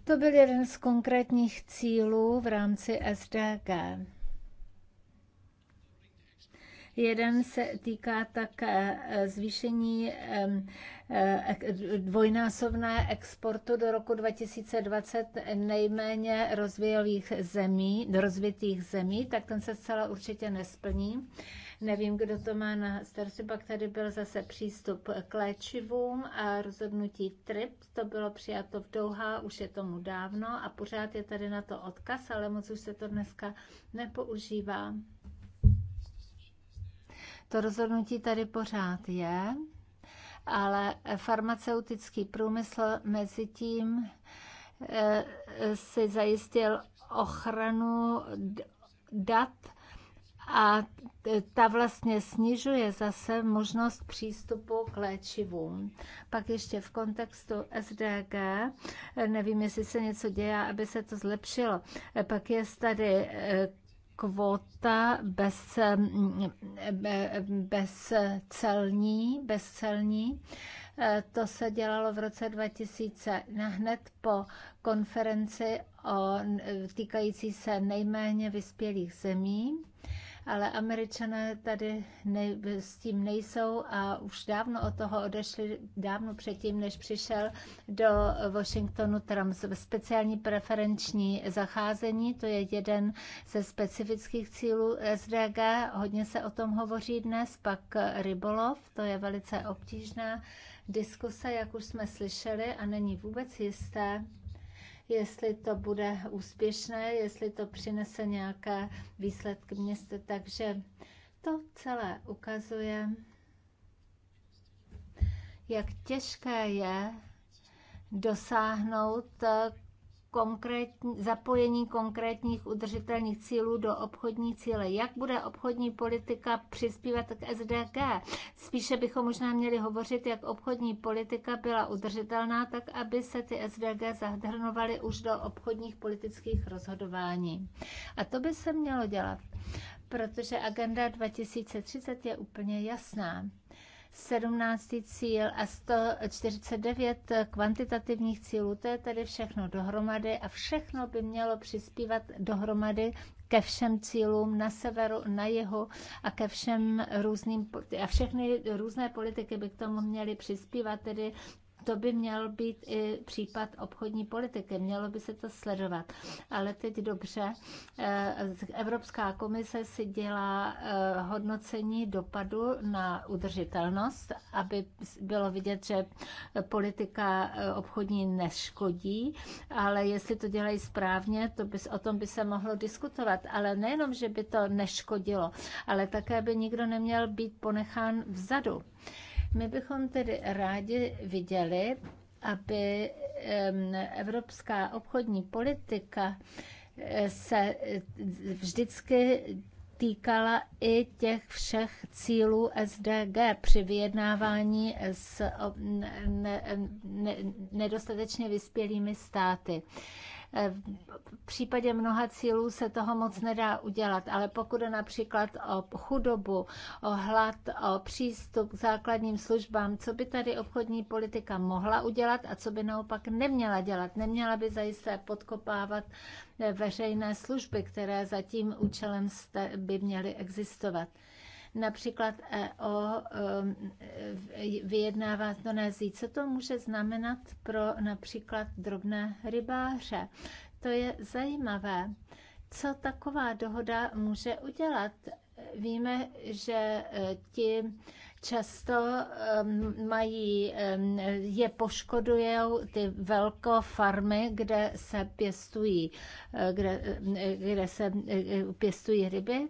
To byl jeden z konkrétních cílů v rámci SDG. Jeden se týká tak eh, zvýšení eh, dvojnásobné exportu do roku 2020 nejméně rozvíjových zemí, do rozvitých zemí, tak ten se zcela určitě nesplní. Nevím, kdo to má na starosti, pak tady byl zase přístup k léčivům a rozhodnutí TRIP, to bylo přijato v Douha, už je tomu dávno a pořád je tady na to odkaz, ale moc už se to dneska nepoužívá. To rozhodnutí tady pořád je, ale farmaceutický průmysl mezi tím eh, si zajistil ochranu dat a ta vlastně snižuje zase možnost přístupu k léčivům. Pak ještě v kontextu SDG, eh, nevím, jestli se něco děje, aby se to zlepšilo. Eh, pak je tady kvota bez, mm, bez celní, bez celní. Eh, to se dělalo v roce 2000 hned po konferenci o, týkající se nejméně vyspělých zemí ale američané tady ne, s tím nejsou a už dávno od toho odešli, dávno předtím, než přišel do Washingtonu Trump. Speciální preferenční zacházení, to je jeden ze specifických cílů SDG, hodně se o tom hovoří dnes, pak rybolov, to je velice obtížná diskuse, jak už jsme slyšeli, a není vůbec jisté, jestli to bude úspěšné, jestli to přinese nějaké výsledky městu. Takže to celé ukazuje, jak těžké je dosáhnout konkrétní, zapojení konkrétních udržitelných cílů do obchodní cíle. Jak bude obchodní politika přispívat k SDG? Spíše bychom možná měli hovořit, jak obchodní politika byla udržitelná, tak aby se ty SDG zahrnovaly už do obchodních politických rozhodování. A to by se mělo dělat, protože agenda 2030 je úplně jasná. 17. cíl a 149 kvantitativních cílů. To je tedy všechno dohromady a všechno by mělo přispívat dohromady ke všem cílům na severu, na jihu a ke všem různým a všechny různé politiky by k tomu měly přispívat, tedy to by měl být i případ obchodní politiky, mělo by se to sledovat. Ale teď dobře, eh, Evropská komise si dělá eh, hodnocení dopadu na udržitelnost, aby bylo vidět, že politika eh, obchodní neškodí, ale jestli to dělají správně, to by, o tom by se mohlo diskutovat. Ale nejenom, že by to neškodilo, ale také by nikdo neměl být ponechán vzadu. My bychom tedy rádi viděli, aby evropská obchodní politika eh, se eh, vždycky týkala i těch všech cílů SDG při vyjednávání s nedostatečně vyspělými státy. Eh, v případě mnoha cílů se toho moc nedá udělat, ale pokud je například o chudobu, o hlad, o přístup k základním službám, co by tady obchodní politika mohla udělat a co by naopak neměla dělat. Neměla by zajisté podkopávat eh, veřejné služby, které za tím účelem by měly existovat. Například EO um, vyjednává s Donezí. Co to může znamenat pro například drobné rybáře? To je zajímavé. Co taková dohoda může udělat? Víme, že eh, ti často ehm, mají, ehm, je poškodují ty velké farmy, kde se pěstují, eh, kde, eh, kde se pěstují ryby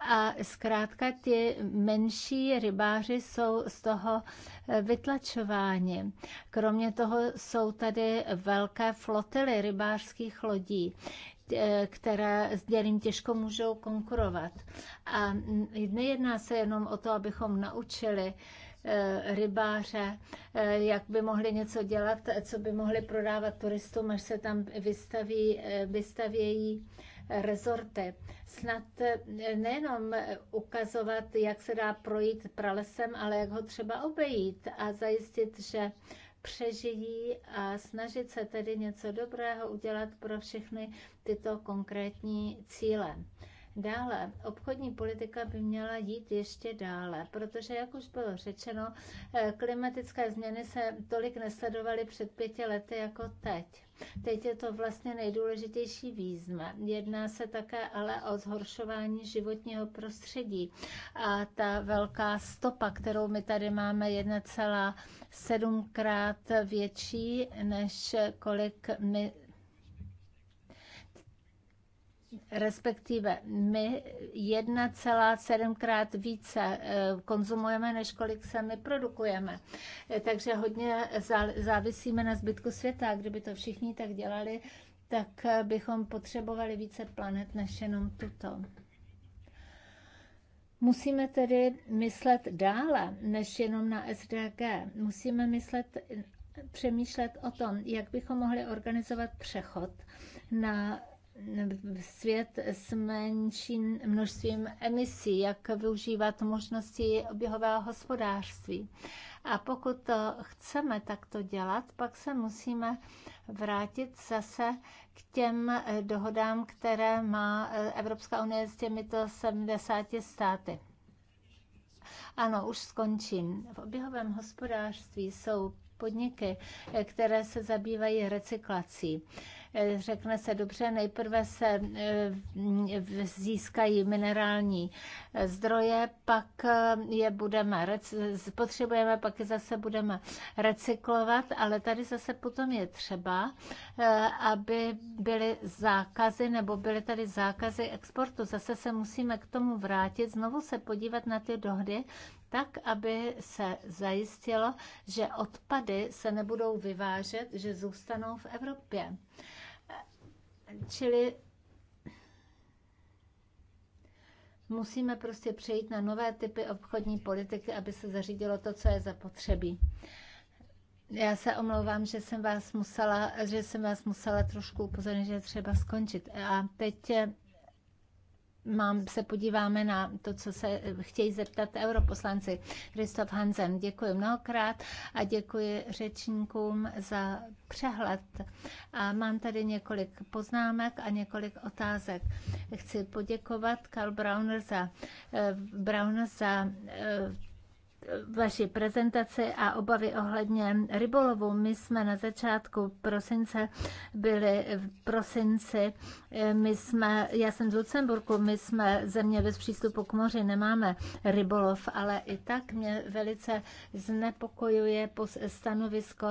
a zkrátka ty menší rybáři jsou z toho eh, vytlačováni. Kromě toho jsou tady velké flotily rybářských lodí eh, které s dělím těžko můžou konkurovat. A nejedná se jenom o to, abychom naučili eh, rybáře, jak by mohli něco dělat, co by mohli prodávat turistům, až se tam vystaví, vystavějí rezorty. Snad eh, nejenom ukazovat, jak se dá projít pralesem, ale jak ho třeba obejít a zajistit, že přežijí a snažit se tedy něco dobrého udělat pro všechny tyto konkrétní cíle. Dále, obchodní politika by měla jít ještě dále, protože, jak už bylo řečeno, eh, klimatické změny se tolik nesledovaly před pěti lety jako teď. Teď je to vlastně nejdůležitější výzva. Jedná se také ale o zhoršování životního prostředí. A ta velká stopa, kterou my tady máme, 1,7krát větší, než kolik my respektive my 1,7 krát více eh, konzumujeme, než kolik sami produkujeme. Eh, takže hodně závisíme na zbytku světa. Kdyby to všichni tak dělali, tak eh, bychom potřebovali více planet než jenom tuto. Musíme tedy myslet dále než jenom na SDG. Musíme myslet, přemýšlet o tom, jak bychom mohli organizovat přechod na svět s menším množstvím emisí, jak využívat možnosti oběhového hospodářství. A pokud to chceme takto dělat, pak se musíme vrátit zase k těm dohodám, které má Evropská unie s těmito 70 státy. Ano, už skončím. V oběhovém hospodářství jsou podniky, které se zabývají recyklací. Eh, řekne se dobře, nejprve se eh, získají minerální eh, zdroje, pak je budeme, potřebujeme, pak je zase budeme recyklovat, ale tady zase potom je třeba, aby byly zákazy nebo byly tady zákazy exportu. Zase se musíme k tomu vrátit, znovu se podívat na ty dohody, tak, aby se zajistilo, že odpady se nebudou vyvážet, že zůstanou v Evropě. Čili musíme prostě přejít na nové typy obchodní politiky, aby se zařídilo to, co je zapotřebí. Já se omlouvám, že jsem vás musela, že jsem vás musela trošku upozornit, že je třeba skončit. A teď mám, se podíváme na to, co se eh, chtějí zeptat europoslanci. Kristof Hansen, děkuji mnohokrát a děkuji řečníkům za přehled. A mám tady několik poznámek a několik otázek. Chci poděkovat Karl Brauner za, eh, Brauner za eh, vaši prezentaci a obavy ohledně rybolovu. My jsme na začátku prosince byli v prosinci, my jsme, já jsem z Lucemburku, my jsme země bez přístupu k moři, nemáme rybolov, ale i tak mě velice znepokojuje stanovisko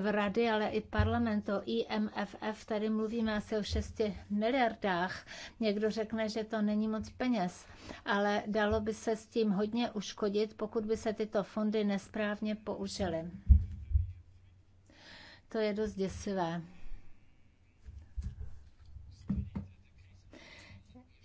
v rady, ale i parlamentu. IMFF, tady mluvíme asi o 6 miliardách. Někdo řekne, že to není moc peněz, ale dalo by se s tím hodně uškodit, pokud by se tyto fondy nesprávně použily. To je dost děsivé.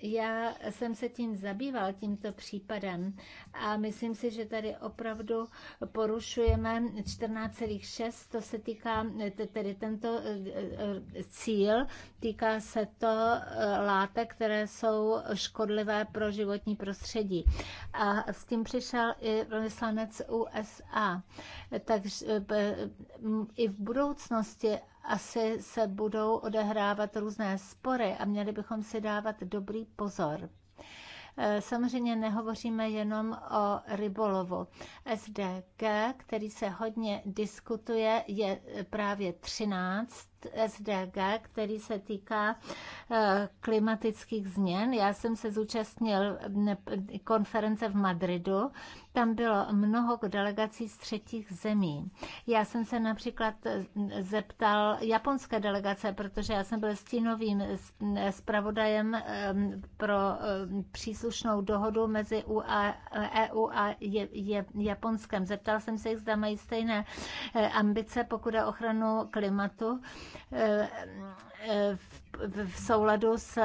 Já jsem se tím zabýval, tímto případem a myslím si, že tady opravdu porušujeme 14,6, to se týká, tedy tento e, e, cíl, týká se to e, látek, které jsou škodlivé pro životní prostředí. A s tím přišel i vyslanec USA. Takže i v budoucnosti asi se budou odehrávat různé spory a měli bychom si dávat dobrý pozor. E, samozřejmě nehovoříme jenom o rybolovu. SDK, který se hodně diskutuje, je právě 13 SDG, který se týká eh, klimatických změn. Já jsem se zúčastnil konference v Madridu, tam bylo mnoho delegací z třetích zemí. Já jsem se například eh, zeptal japonské delegace, protože já jsem byl stínovým zpravodajem ehm, pro ehm, příslušnou dohodu mezi EU a e Japonskem. Zeptal jsem se jich, zda mají stejné eh, ambice, pokud je ochranu klimatu Eh, eh, v souladu s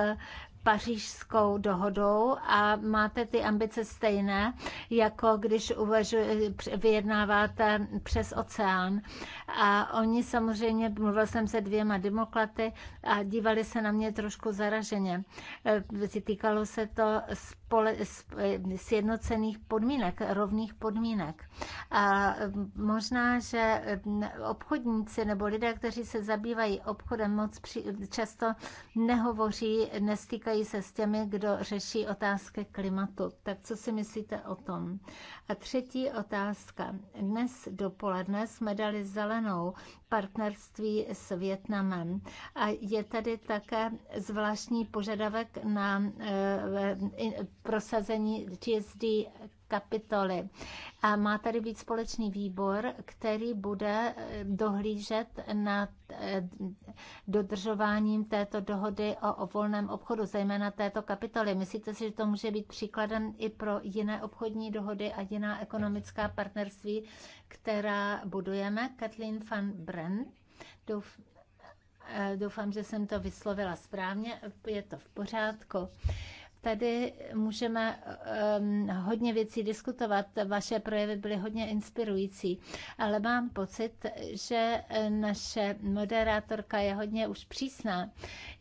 pařížskou dohodou a máte ty ambice stejné, jako když uvažuje, vyjednáváte přes oceán. A oni samozřejmě, mluvil jsem se dvěma demokraty a dívali se na mě trošku zaraženě. E, týkalo se to spole, e, sjednocených podmínek, rovných podmínek. A možná, že obchodníci nebo lidé, kteří se zabývají obchodem, moc při, často nehovoří, nestýkají setkají se s těmi, kdo řeší otázky klimatu. Tak co si myslíte o tom? A třetí otázka. Dnes dopoledne jsme dali zelenou partnerství s Větnamem. A je tady také zvláštní požadavek na eh, prosazení GSD kapitoly. A má tady být společný výbor, který bude eh, dohlížet nad eh, dodržováním této dohody o, o volném obchodu, zejména této kapitoly. Myslíte si, že to může být příkladem i pro jiné obchodní dohody a jiná ekonomická partnerství, která budujeme. Kathleen van Bren. douf, eh, doufám, že jsem to vyslovila správně, je to v pořádku tady můžeme um, hodně věcí diskutovat. Vaše projevy byly hodně inspirující, ale mám pocit, že eh, naše moderátorka je hodně už přísná.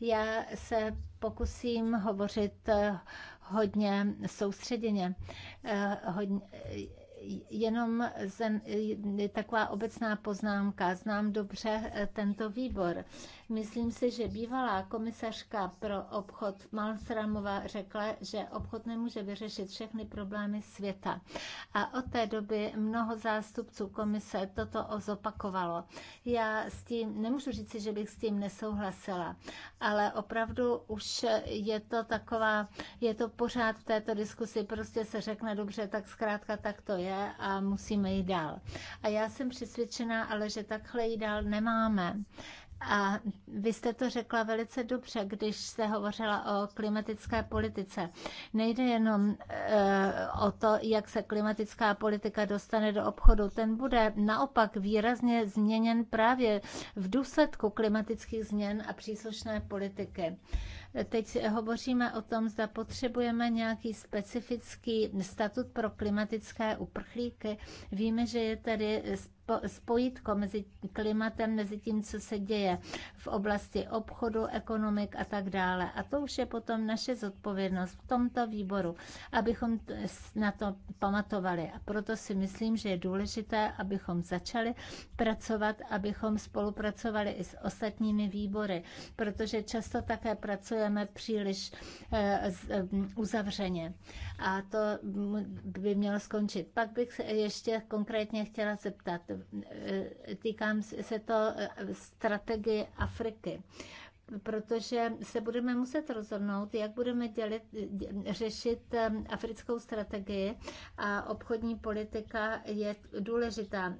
Já se pokusím hovořit eh, hodně soustředěně. Hodně, jenom zen, taková obecná poznámka. Znám dobře eh, tento výbor. Myslím si, že bývalá komisařka pro obchod Malmstramová řekla, že obchod nemůže vyřešit všechny problémy světa. A od té doby mnoho zástupců komise toto zopakovalo. Já s tím nemůžu říci, že bych s tím nesouhlasila, ale opravdu už je to taková, je to pořád v této diskusi, prostě se řekne dobře, tak zkrátka tak to je děje a musíme jít dál. A já jsem přesvědčená, ale že takhle jít dál nemáme. A vy jste to řekla velice dobře, když jste hovořila o klimatické politice. Nejde jenom eh, o to, jak se klimatická politika dostane do obchodu. Ten bude naopak výrazně změněn právě v důsledku klimatických změn a příslušné politiky. Teď hovoříme o tom, zda potřebujeme nějaký specifický statut pro klimatické uprchlíky. Víme, že je tady spojitko mezi klimatem, mezi tím, co se děje v oblasti obchodu, ekonomik a tak dále. A to už je potom naše zodpovědnost v tomto výboru, abychom na to pamatovali. A proto si myslím, že je důležité, abychom začali pracovat, abychom spolupracovali i s ostatními výbory, protože často také pracujeme příliš eh, eh, uzavřeně. A to mm, by mělo skončit. Pak bych ještě konkrétně chtěla zeptat. E, týkám se to e, strategie Afriky protože se budeme muset rozhodnout, jak budeme dělit, řešit e, africkou strategii a obchodní politika je důležitá.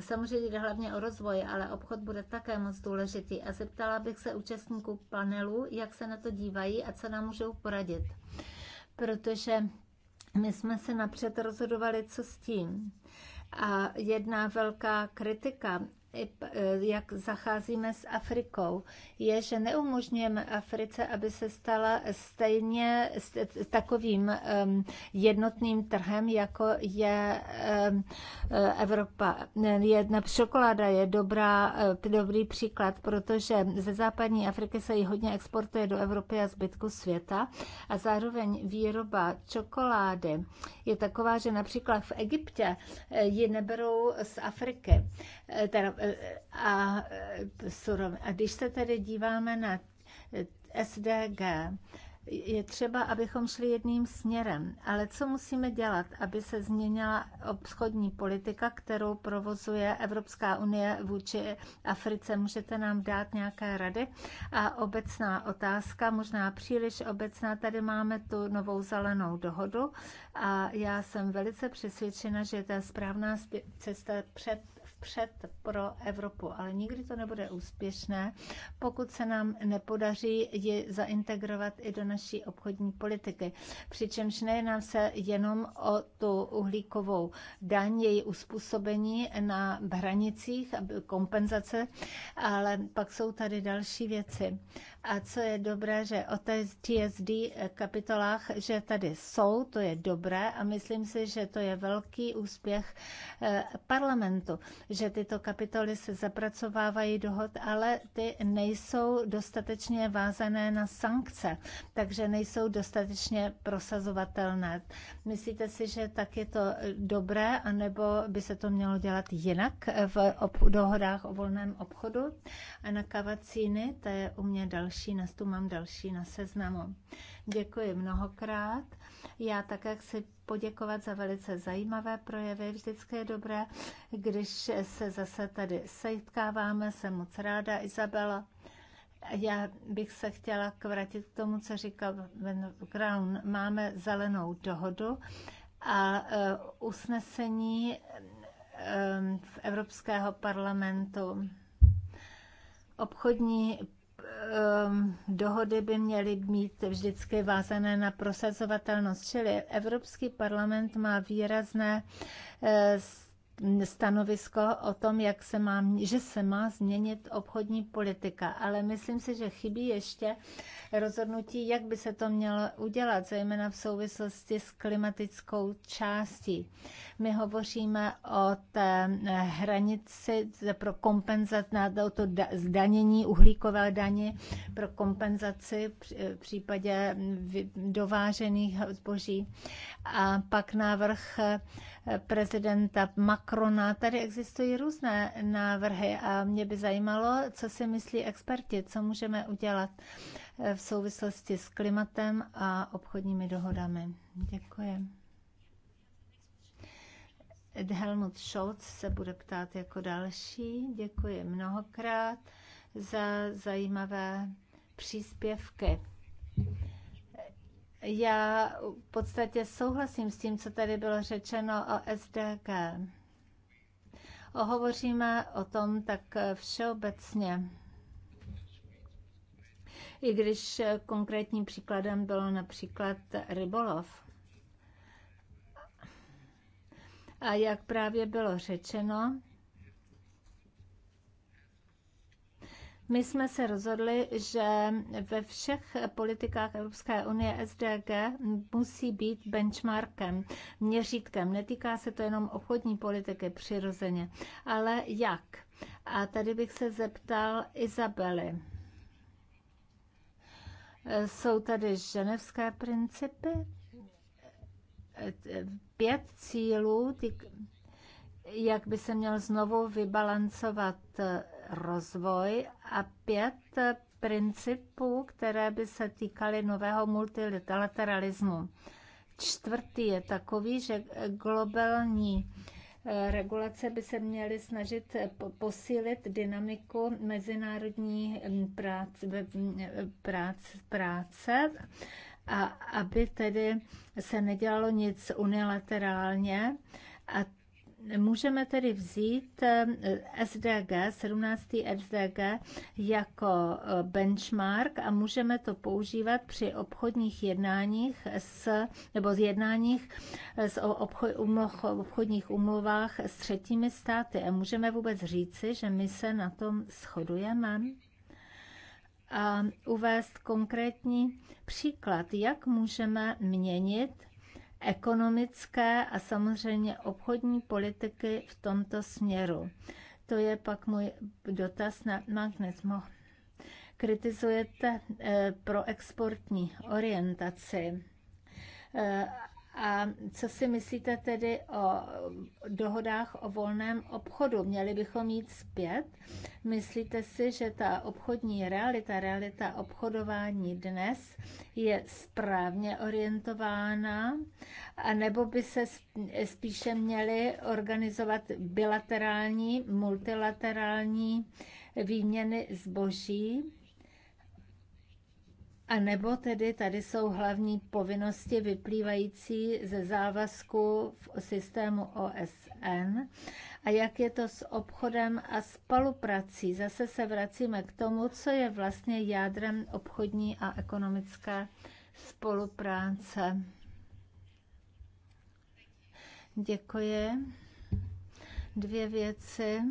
Samozřejmě jde hlavně o rozvoj, ale obchod bude také moc důležitý. A zeptala bych se účastníků panelu, jak se na to dívají a co nám můžou poradit. Protože my jsme se napřed rozhodovali, co s tím a jedna velká kritika E, jak zacházíme s Afrikou, je, že neumožňujeme Africe, aby se stala stejně takovým jednotným trhem, jako je e, Evropa. Jedna šokoláda je dobrá, e, dobrý příklad, protože ze západní Afriky se ji hodně exportuje do Evropy a zbytku světa a zároveň výroba čokolády je taková, že například v Egyptě ji neberou z Afriky, teda a, a, A když se tedy díváme na SDG, je třeba, abychom šli jedným směrem. Ale co musíme dělat, aby se změnila obchodní politika, kterou provozuje Evropská unie vůči Africe? Můžete nám dát nějaké rady? A obecná otázka, možná příliš obecná, tady máme tu novou zelenou dohodu a já jsem velice přesvědčena, že to je správná cesta před vpřed pro Evropu, ale nikdy to nebude úspěšné, pokud se nám nepodaří ji zaintegrovat i do naší obchodní politiky. Přičemž nejedná se jenom o tu uhlíkovou daň, její uspůsobení na hranicích, kompenzace, ale pak jsou tady další věci. A co je dobré, že o TSD kapitolách, že tady jsou, to je dobré a myslím si, že to je velký úspěch eh, parlamentu, že tyto kapitoly se zapracovávají dohod, ale ty nejsou dostatečně vázané na sankce, takže nejsou dostatečně prosazovatelné. Myslíte si, že tak je to dobré, anebo by se to mělo dělat jinak v dohodách o volném obchodu? A na Kavacíny, to je u mě další další, nás tu mám další na seznamu. Děkuji mnohokrát. Já také chci poděkovat za velice zajímavé projevy. Vždycky je dobré, když se zase tady setkáváme. Jsem moc ráda, Izabela. Já bych se chtěla vrátit k tomu, co říkal Ben Crown. Máme zelenou dohodu a e, usnesení e, v Evropského parlamentu. Obchodní Um, dohody by měly být vždycky vázané na prosazovatelnost, čili Evropský parlament má výrazné eh, stanovisko o tom, jak se má, že se má změnit obchodní politika, ale myslím si, že chybí ještě rozhodnutí, jak by se to mělo udělat, zejména v souvislosti s klimatickou částí. My hovoříme o té hranici pro kompenzat na to zdanění uhlíkové daně pro kompenzaci v případě dovážených zboží. A pak návrh prezidenta Macrona. Tady existují různé návrhy a mě by zajímalo, co si myslí experti, co můžeme udělat v souvislosti s klimatem a obchodními dohodami. Děkuji. Helmut Scholz se bude ptát jako další. Děkuji mnohokrát za zajímavé příspěvky. Já v podstatě souhlasím s tím, co tady bylo řečeno o SDG. Hovoříme o tom tak všeobecně i když konkrétním příkladem bylo například rybolov. A jak právě bylo řečeno, My jsme se rozhodli, že ve všech politikách Evropské unie SDG musí být benchmarkem, měřítkem. Netýká se to jenom obchodní politiky přirozeně, ale jak? A tady bych se zeptal Izabely. Jsou tady ženevské principy, pět cílů, jak by se měl znovu vybalancovat rozvoj a pět principů, které by se týkaly nového multilateralismu. Čtvrtý je takový, že globální Eh, regulace by se měly snažit eh, posílit dynamiku mezinárodní mm, práce, mm, eh, práce, práce a aby tedy se nedělalo nic unilaterálně, a Můžeme tedy vzít SDG, 17. SDG jako eh, benchmark a můžeme to používat při obchodních jednáních s, nebo z jednáních s obchod, umloch, obchodních umluvách s třetími státy. A můžeme vůbec říci, že my se na tom shodujeme? A uvést konkrétní příklad, jak můžeme měnit ekonomické a samozřejmě obchodní politiky v tomto směru. To je pak můj dotaz na magnet. Kritizujete eh, proexportní orientaci eh, a co si myslíte tedy o dohodách o volném obchodu? Měli bychom jít zpět? Myslíte si, že ta obchodní realita, realita obchodování dnes je správně orientována? A nebo by se spíše měly organizovat bilaterální, multilaterální výměny zboží? A nebo tedy tady jsou hlavní povinnosti vyplývající ze závazku v systému OSN a jak je to s obchodem a spoluprací. Zase se vracíme k tomu, co je vlastně jádrem obchodní a ekonomické spolupráce. Děkuji. Dvě věci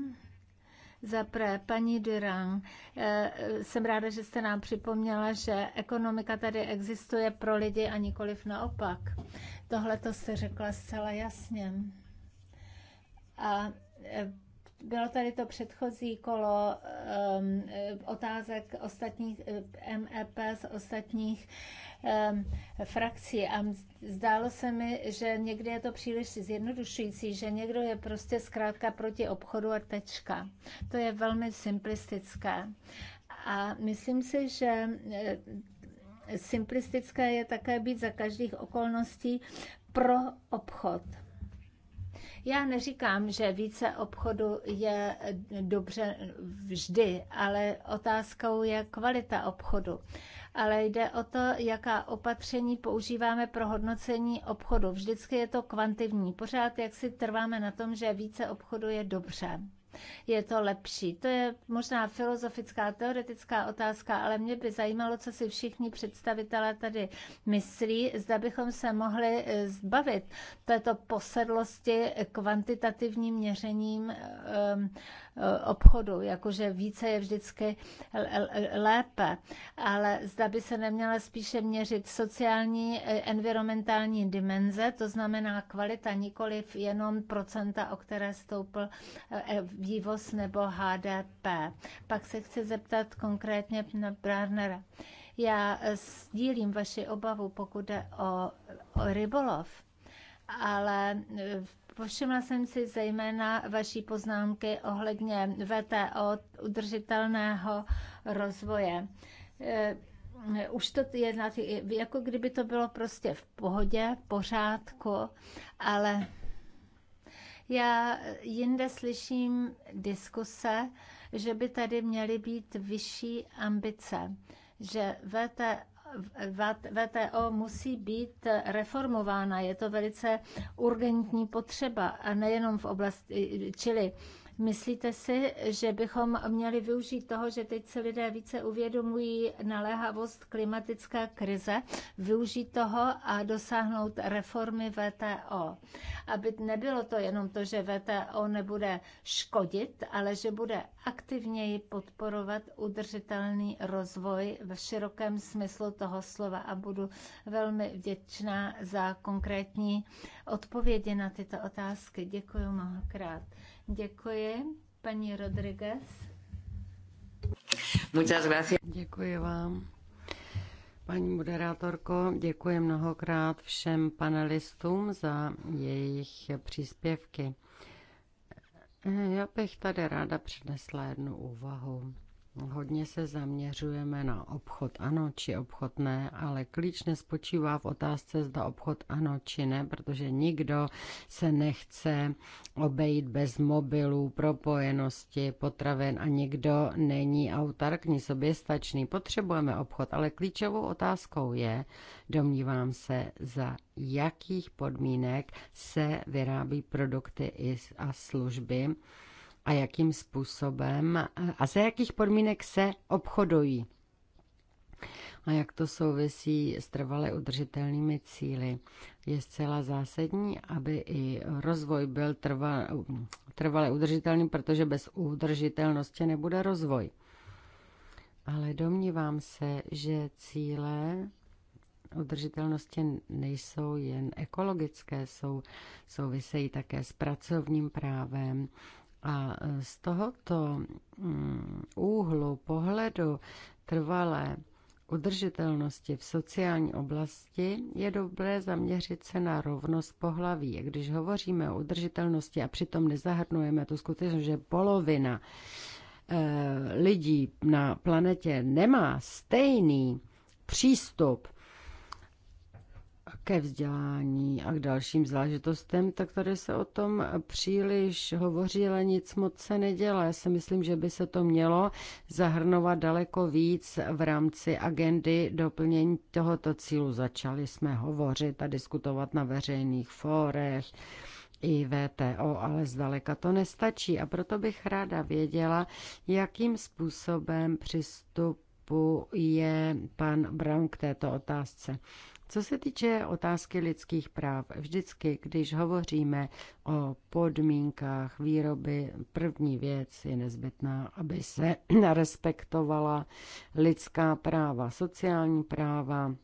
pré, paní Durang, eh, jsem ráda, že jste nám připomněla, že ekonomika tady existuje pro lidi a nikoliv naopak. Tohle to jste řekla zcela jasně. A eh, bylo tady to předchozí kolo um, eh, otázek ostatních eh, MEP z ostatních um, frakcí a zdálo se mi, že někdy je to příliš zjednodušující, že někdo je prostě zkrátka proti obchodu a tečka. To je velmi simplistické. A myslím si, že eh, simplistické je také být za každých okolností pro obchod. Já neříkám, že více obchodu je dobře vždy, ale otázkou je kvalita obchodu ale jde o to, jaká opatření používáme pro hodnocení obchodu. Vždycky je to kvantivní. Pořád jak si trváme na tom, že více obchodu je dobře je to lepší. To je možná filozofická, teoretická otázka, ale mě by zajímalo, co si všichni představitelé tady myslí, zda bychom se mohli eh, zbavit této posedlosti kvantitativním měřením um, Eh, obchodu, jakože více je vždycky lépe, ale zda by se neměla spíše měřit sociální, eh, environmentální dimenze, to znamená kvalita, nikoli jenom procenta, o které stoupl eh, vývoz nebo HDP. Pak se chci zeptat konkrétně na Bránera. Já sdílím vaši obavu, pokud jde o, o rybolov, ale v Všimla jsem si zejména vaší poznámky ohledně VTO udržitelného rozvoje eh, už to je jako kdyby to bylo prostě v pohodě, v pořádku, ale já jinde slyším diskuse, že by tady měly být vyšší ambice, že VTO VTO musí být reformována. Je to velice urgentní potřeba a nejenom v oblasti, čili Myslíte si, že bychom měli využít toho, že teď se lidé více uvědomují naléhavost klimatické krize, využít toho a dosáhnout reformy VTO? Aby nebylo to jenom to, že VTO nebude škodit, ale že bude aktivněji podporovat udržitelný rozvoj v širokém smyslu toho slova a budu velmi vděčná za konkrétní odpovědi na tyto otázky. Děkuji mnohokrát. Děkuji, paní Rodriguez. Muchas gracias. Děkuji vám. Paní moderátorko, děkuji mnohokrát všem panelistům za jejich příspěvky. Já bych tady ráda přinesla jednu úvahu. Hodně se zaměřujeme na obchod ano či obchod ne, ale klíč nespočívá v otázce, zda obchod ano či ne, protože nikdo se nechce obejít bez mobilů, propojenosti, potraven a nikdo není autarkní, soběstačný. Potřebujeme obchod, ale klíčovou otázkou je, domnívám se, za jakých podmínek se vyrábí produkty a služby, a jakým způsobem a za jakých podmínek se obchodují. A jak to souvisí s trvale udržitelnými cíly? Je zcela zásadní, aby i rozvoj byl trva, trvale udržitelný, protože bez udržitelnosti nebude rozvoj. Ale domnívám se, že cíle udržitelnosti nejsou jen ekologické, jsou, souvisejí také s pracovním právem, a z tohoto mm, úhlu pohledu trvalé udržitelnosti v sociální oblasti je dobré zaměřit se na rovnost pohlaví. Když hovoříme o udržitelnosti a přitom nezahrnujeme tu skutečnost, že polovina eh, lidí na planetě nemá stejný přístup ke vzdělání a k dalším záležitostem, tak tady se o tom příliš hovoří, ale nic moc se nedělá. Já si myslím, že by se to mělo zahrnovat daleko víc v rámci agendy doplnění tohoto cílu. Začali jsme hovořit a diskutovat na veřejných fórech i VTO, ale zdaleka to nestačí. A proto bych ráda věděla, jakým způsobem přistupuje je pan Brown k této otázce. Co se týče otázky lidských práv, vždycky, když hovoříme o podmínkách výroby, první věc je nezbytná, aby se respektovala lidská práva, sociální práva,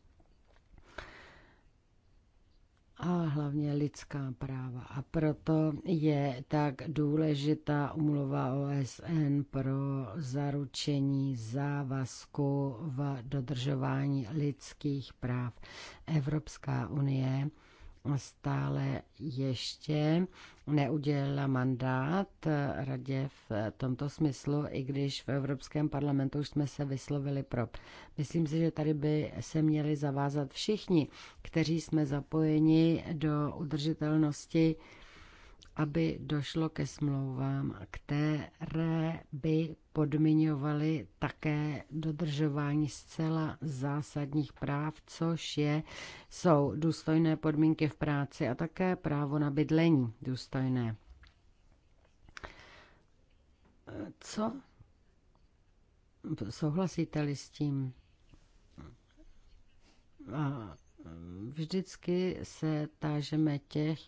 a hlavně lidská práva. A proto je tak důležitá umluva OSN pro zaručení závazku v dodržování lidských práv. Evropská unie stále ještě neudělila mandát radě v tomto smyslu, i když v Evropském parlamentu už jsme se vyslovili pro. Myslím si, že tady by se měli zavázat všichni, kteří jsme zapojeni do udržitelnosti aby došlo ke smlouvám, které by podmiňovaly také dodržování zcela zásadních práv, což je, jsou důstojné podmínky v práci a také právo na bydlení důstojné. Co? Souhlasíte-li s tím? A vždycky se tážeme těch,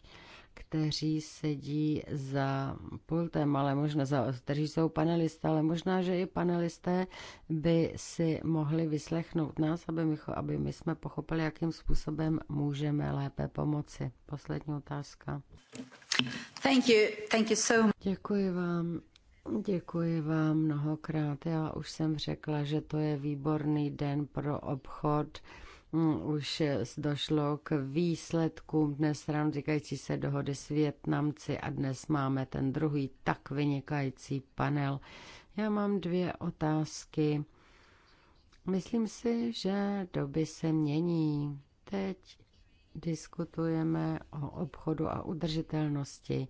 kteří sedí za pultem, ale možná, za, kteří jsou panelisté, ale možná, že i panelisté by si mohli vyslechnout nás, aby my, aby my jsme pochopili, jakým způsobem můžeme lépe pomoci. Poslední otázka. Thank you. Thank you so much. Děkuji vám. Děkuji vám mnohokrát. Já už jsem řekla, že to je výborný den pro obchod Mm, už eh, došlo k výsledkům dnes ráno říkající se dohody s Větnamci a dnes máme ten druhý tak vynikající panel. Já mám dvě otázky. Myslím si, že doby se mění. Teď diskutujeme o obchodu a udržitelnosti.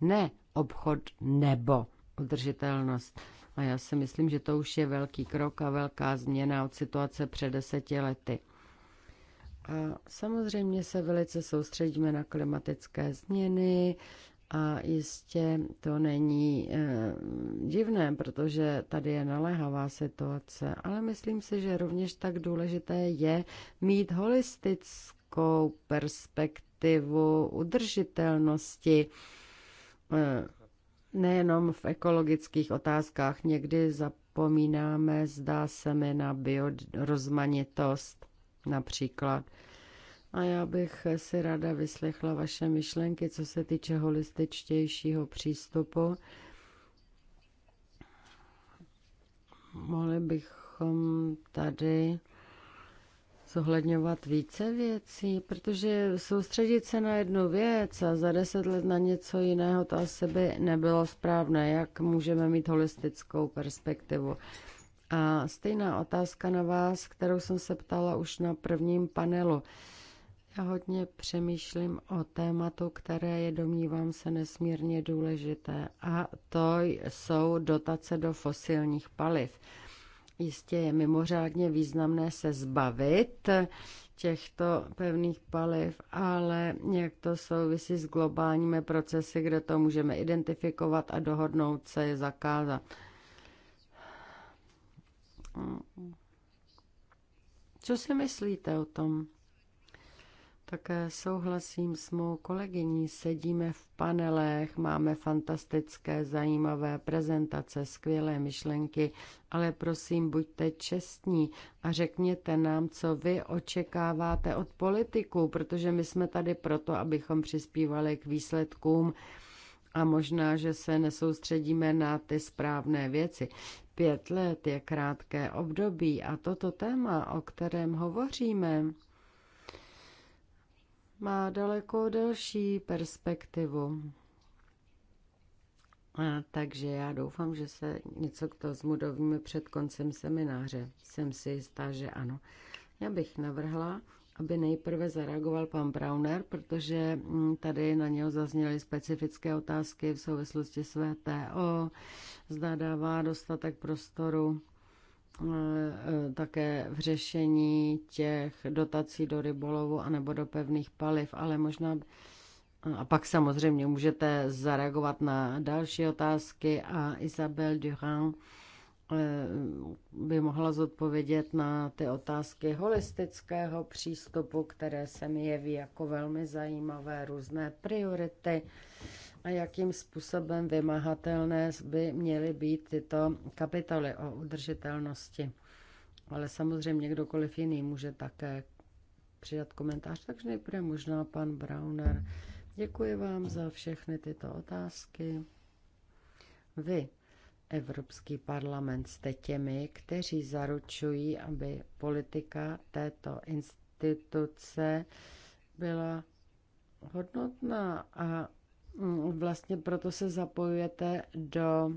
Ne obchod nebo udržitelnost. A já si myslím, že to už je velký krok a velká změna od situace před deseti lety. A samozřejmě se velice soustředíme na klimatické změny a jistě to není e, divné, protože tady je naléhavá situace, ale myslím si, že rovněž tak důležité je mít holistickou perspektivu udržitelnosti. E, nejenom v ekologických otázkách. Někdy zapomínáme, zdá se mi, na biorozmanitost například. A já bych si ráda vyslechla vaše myšlenky, co se týče holističtějšího přístupu. Mohli bychom tady zohledňovat více věcí, protože soustředit se na jednu věc a za deset let na něco jiného, to asi by nebylo správné. Jak můžeme mít holistickou perspektivu? A stejná otázka na vás, kterou jsem se ptala už na prvním panelu. Já hodně přemýšlím o tématu, které je, domnívám se, nesmírně důležité. A to jsou dotace do fosilních paliv. Jistě je mimořádně významné se zbavit těchto pevných paliv, ale jak to souvisí s globálními procesy, kde to můžeme identifikovat a dohodnout se je zakázat. Co si myslíte o tom? Také souhlasím s mou kolegyní. Sedíme v panelech, máme fantastické, zajímavé prezentace, skvělé myšlenky, ale prosím, buďte čestní a řekněte nám, co vy očekáváte od politiků, protože my jsme tady proto, abychom přispívali k výsledkům a možná, že se nesoustředíme na ty správné věci. Pět let je krátké období a toto téma, o kterém hovoříme, má daleko delší perspektivu. A, takže já doufám, že se něco k tomu zmudovíme před koncem semináře. Jsem si jistá, že ano. Já bych navrhla, aby nejprve zareagoval pan Browner, protože mm, tady na něho zazněly specifické otázky v souvislosti s VTO, zda dává dostatek prostoru eh, eh, také v řešení těch dotací do rybolovu anebo do pevných paliv, ale možná a pak samozřejmě můžete zareagovat na další otázky a Isabel Durand Eh, by mohla zodpovědět na ty otázky holistického přístupu, které se mi jeví jako velmi zajímavé, různé priority a jakým způsobem vymahatelné by měly být tyto kapitoly o udržitelnosti. Ale samozřejmě kdokoliv jiný může také přidat komentář, takže nejprve možná pan Browner. Děkuji vám za všechny tyto otázky. Vy Evropský parlament jste těmi, kteří zaručují, aby politika této instituce byla hodnotná a mm, vlastně proto se zapojujete do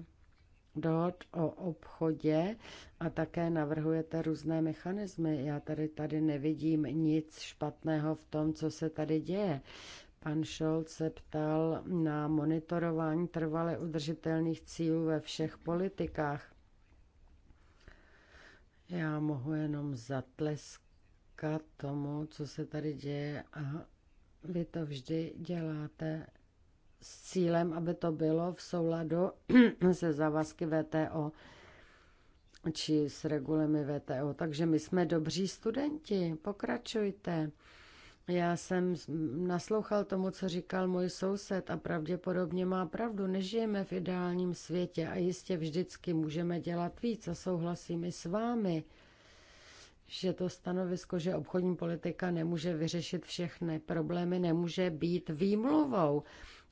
dohod o obchodě a také navrhujete různé mechanismy. Já tady tady nevidím nic špatného v tom, co se tady děje. Pan Scholz se ptal na monitorování trvale udržitelných cílů ve všech politikách. Já mohu jenom zatleskat tomu, co se tady děje a vy to vždy děláte s cílem, aby to bylo v souladu se závazky VTO či s regulemi VTO. Takže my jsme dobří studenti, pokračujte. Já jsem naslouchal tomu, co říkal můj soused a pravděpodobně má pravdu. Nežijeme v ideálním světě a jistě vždycky můžeme dělat víc a souhlasím i s vámi, že to stanovisko, že obchodní politika nemůže vyřešit všechny problémy, nemůže být výmluvou.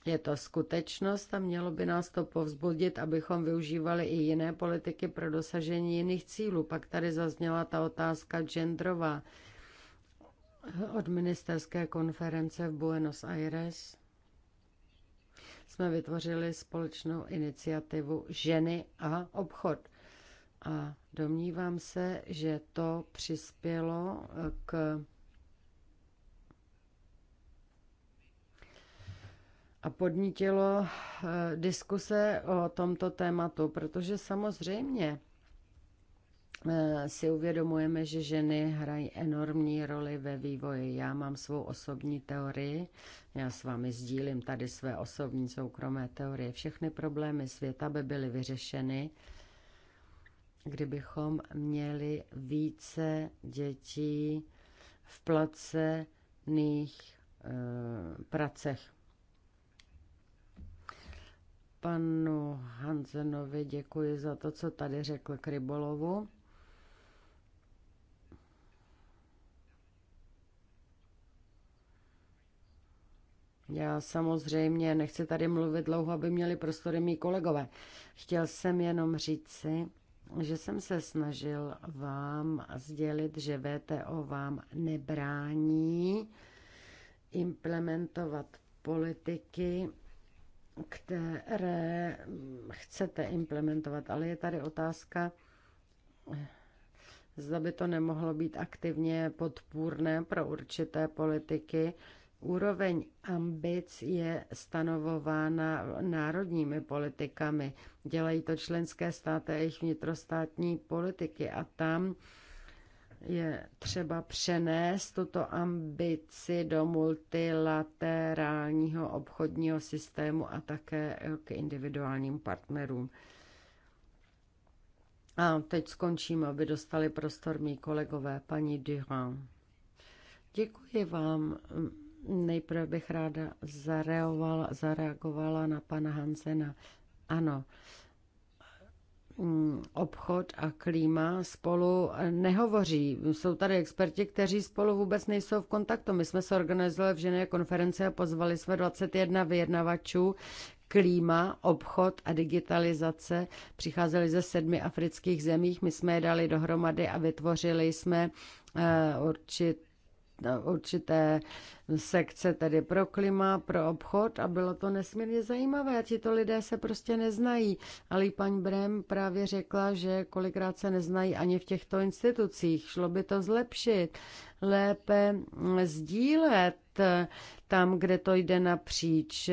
Je to skutečnost a mělo by nás to povzbudit, abychom využívali i jiné politiky pro dosažení jiných cílů. Pak tady zazněla ta otázka genderová od ministerské konference v Buenos Aires jsme vytvořili společnou iniciativu Ženy a obchod. A domnívám se, že to přispělo k a podnítilo eh, diskuse o tomto tématu, protože samozřejmě Eh, si uvědomujeme, že ženy hrají enormní roli ve vývoji. Já mám svou osobní teorii, já s vámi sdílím tady své osobní soukromé teorie. Všechny problémy světa by byly vyřešeny, kdybychom měli více dětí v placených e, pracech. Panu Hanzenovi děkuji za to, co tady řekl k rybolovu Já samozřejmě nechci tady mluvit dlouho, aby měli prostory mý kolegové. Chtěl jsem jenom říci, že jsem se snažil vám sdělit, že VTO vám nebrání implementovat politiky, které chcete implementovat. Ale je tady otázka, zda by to nemohlo být aktivně podpůrné pro určité politiky, Úroveň ambic je stanovována národními politikami. Dělají to členské státy a jejich vnitrostátní politiky a tam je třeba přenést tuto ambici do multilaterálního obchodního systému a také k individuálním partnerům. A teď skončím, aby dostali prostor mý kolegové, paní Durand. Děkuji vám Nejprve bych ráda zareagovala, zareagovala na pana Hansena. Ano, mm, obchod a klíma spolu nehovoří. Jsou tady experti, kteří spolu vůbec nejsou v kontaktu. My jsme se organizovali v Ženě konferenci a pozvali jsme 21 vyjednavačů, klíma, obchod a digitalizace. Přicházeli ze sedmi afrických zemích, my jsme je dali dohromady a vytvořili jsme eh, určit určité sekce tedy pro klima, pro obchod a bylo to nesmírně zajímavé. Ti to lidé se prostě neznají, ale i paní Brem právě řekla, že kolikrát se neznají ani v těchto institucích. Šlo by to zlepšit, lépe sdílet tam, kde to jde napříč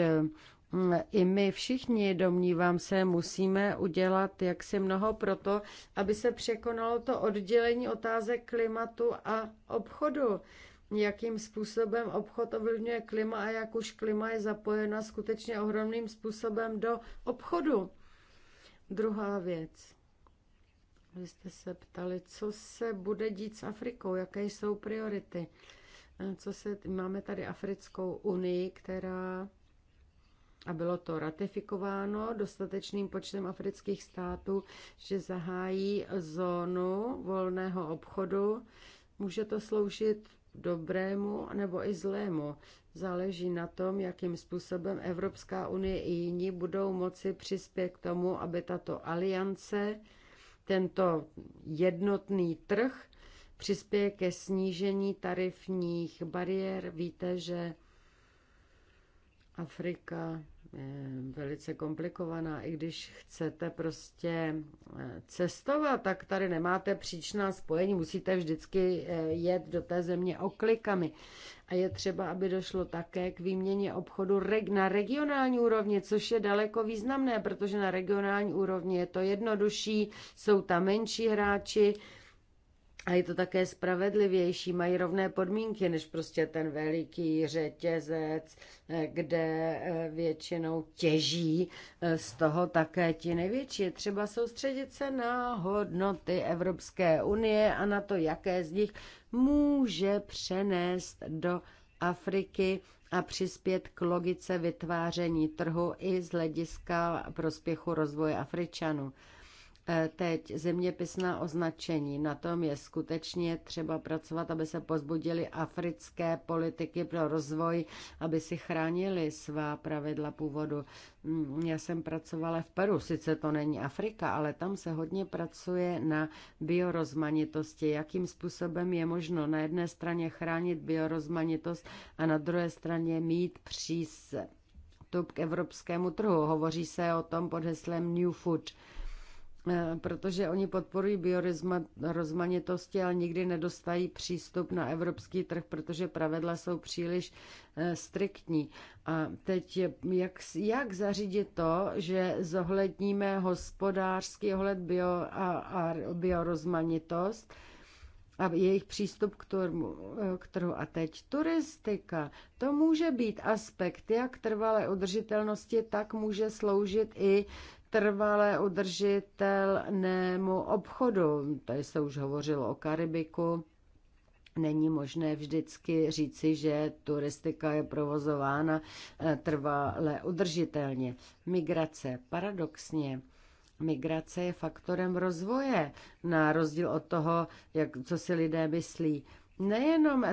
i my všichni, domnívám se, musíme udělat jaksi mnoho proto, aby se překonalo to oddělení otázek klimatu a obchodu jakým způsobem obchod ovlivňuje klima a jak už klima je zapojena skutečně ohromným způsobem do obchodu. Druhá věc. Vy jste se ptali, co se bude dít s Afrikou, jaké jsou priority. Co se, máme tady Africkou unii, která a bylo to ratifikováno dostatečným počtem afrických států, že zahájí zónu volného obchodu. Může to sloužit dobrému nebo i zlému. Záleží na tom, jakým způsobem Evropská unie i jiní budou moci přispět k tomu, aby tato aliance, tento jednotný trh, přispěje ke snížení tarifních bariér. Víte, že Afrika Eh, velice komplikovaná. I když chcete prostě eh, cestovat, tak tady nemáte příčná spojení, musíte vždycky eh, jet do té země oklikami. A je třeba, aby došlo také k výměně obchodu na regionální úrovni, což je daleko významné, protože na regionální úrovni je to jednodušší, jsou tam menší hráči, a je to také spravedlivější, mají rovné podmínky než prostě ten veliký řetězec, eh, kde eh, většinou těží eh, z toho také ti největší. Je třeba soustředit se na hodnoty Evropské unie a na to, jaké z nich může přenést do Afriky a přispět k logice vytváření trhu i z hlediska prospěchu rozvoje Afričanů. Eh, teď zeměpisná označení. Na tom je skutečně třeba pracovat, aby se pozbudili africké politiky pro rozvoj, aby si chránili svá pravidla původu. Mm, já jsem pracovala v Peru, sice to není Afrika, ale tam se hodně pracuje na biorozmanitosti. Jakým způsobem je možno na jedné straně chránit biorozmanitost a na druhé straně mít přístup k evropskému trhu. Hovoří se o tom pod heslem New Food – Eh, protože oni podporují biorozmanitosti, ale nikdy nedostají přístup na evropský trh, protože pravidla jsou příliš eh, striktní. A teď jak, jak zařídit to, že zohledníme hospodářský ohled bio, a, a biorozmanitost, a jejich přístup k, turmu, eh, k trhu. A teď turistika. To může být aspekt jak trvalé udržitelnosti, tak může sloužit i trvalé udržitelnému obchodu. Tady se už hovořilo o Karibiku. Není možné vždycky říci, že turistika je provozována eh, trvale udržitelně. Migrace. Paradoxně, migrace je faktorem rozvoje, na rozdíl od toho, jak, co si lidé myslí nejenom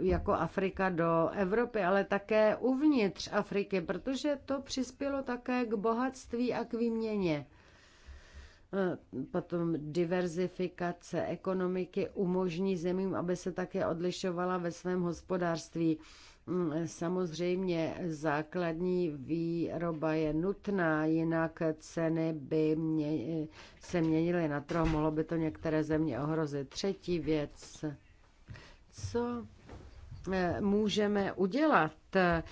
jako Afrika do Evropy, ale také uvnitř Afriky, protože to přispělo také k bohatství a k výměně. E, potom diverzifikace ekonomiky umožní zemím, aby se také odlišovala ve svém hospodářství. Mm, samozřejmě základní výroba je nutná, jinak ceny by se měnily na trhu, mohlo by to některé země ohrozit. Třetí věc – co eh, můžeme udělat. Eh,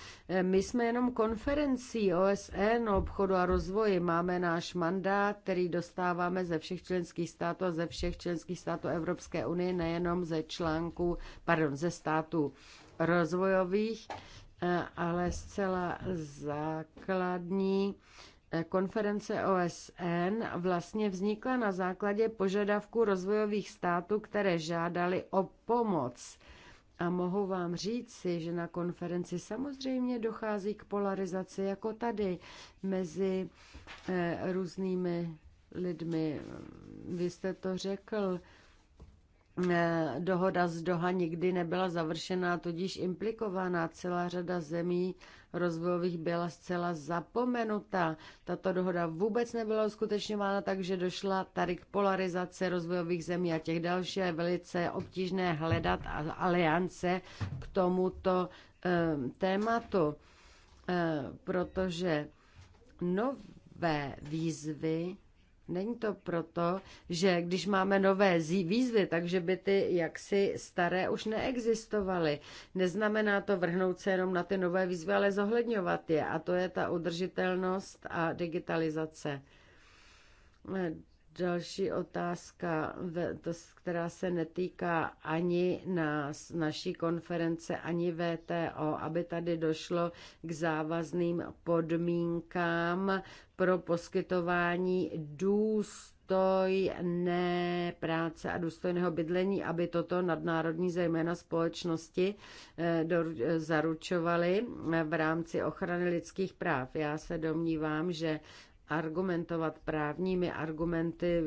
my jsme jenom konferencí OSN o obchodu a rozvoji. Máme náš mandát, který dostáváme ze všech členských států a ze všech členských států Evropské unie, nejenom ze článků, pardon, ze států rozvojových, eh, ale zcela základní konference OSN vlastně vznikla na základě požadavků rozvojových států, které žádali o pomoc. A mohu vám si, že na konferenci samozřejmě dochází k polarizaci, jako tady, mezi eh, různými lidmi. Vy jste to řekl, eh, dohoda z Doha nikdy nebyla završená, tudíž implikovaná celá řada zemí rozvojových byla zcela zapomenuta. Tato dohoda vůbec nebyla uskutečňována, takže došla tady k polarizaci rozvojových zemí a těch další je velice obtížné hledat aliance k tomuto ehm, tématu, ehm, protože nové výzvy Není to proto, že když máme nové výzvy, takže by ty jaksi staré už neexistovaly. Neznamená to vrhnout se jenom na ty nové výzvy, ale zohledňovat je. A to je ta udržitelnost a digitalizace. Další otázka, která se netýká ani nás, naší konference, ani VTO, aby tady došlo k závazným podmínkám pro poskytování důstojné práce a důstojného bydlení, aby toto nadnárodní zejména společnosti eh, zaručovaly v rámci ochrany lidských práv. Já se domnívám, že argumentovat právními argumenty,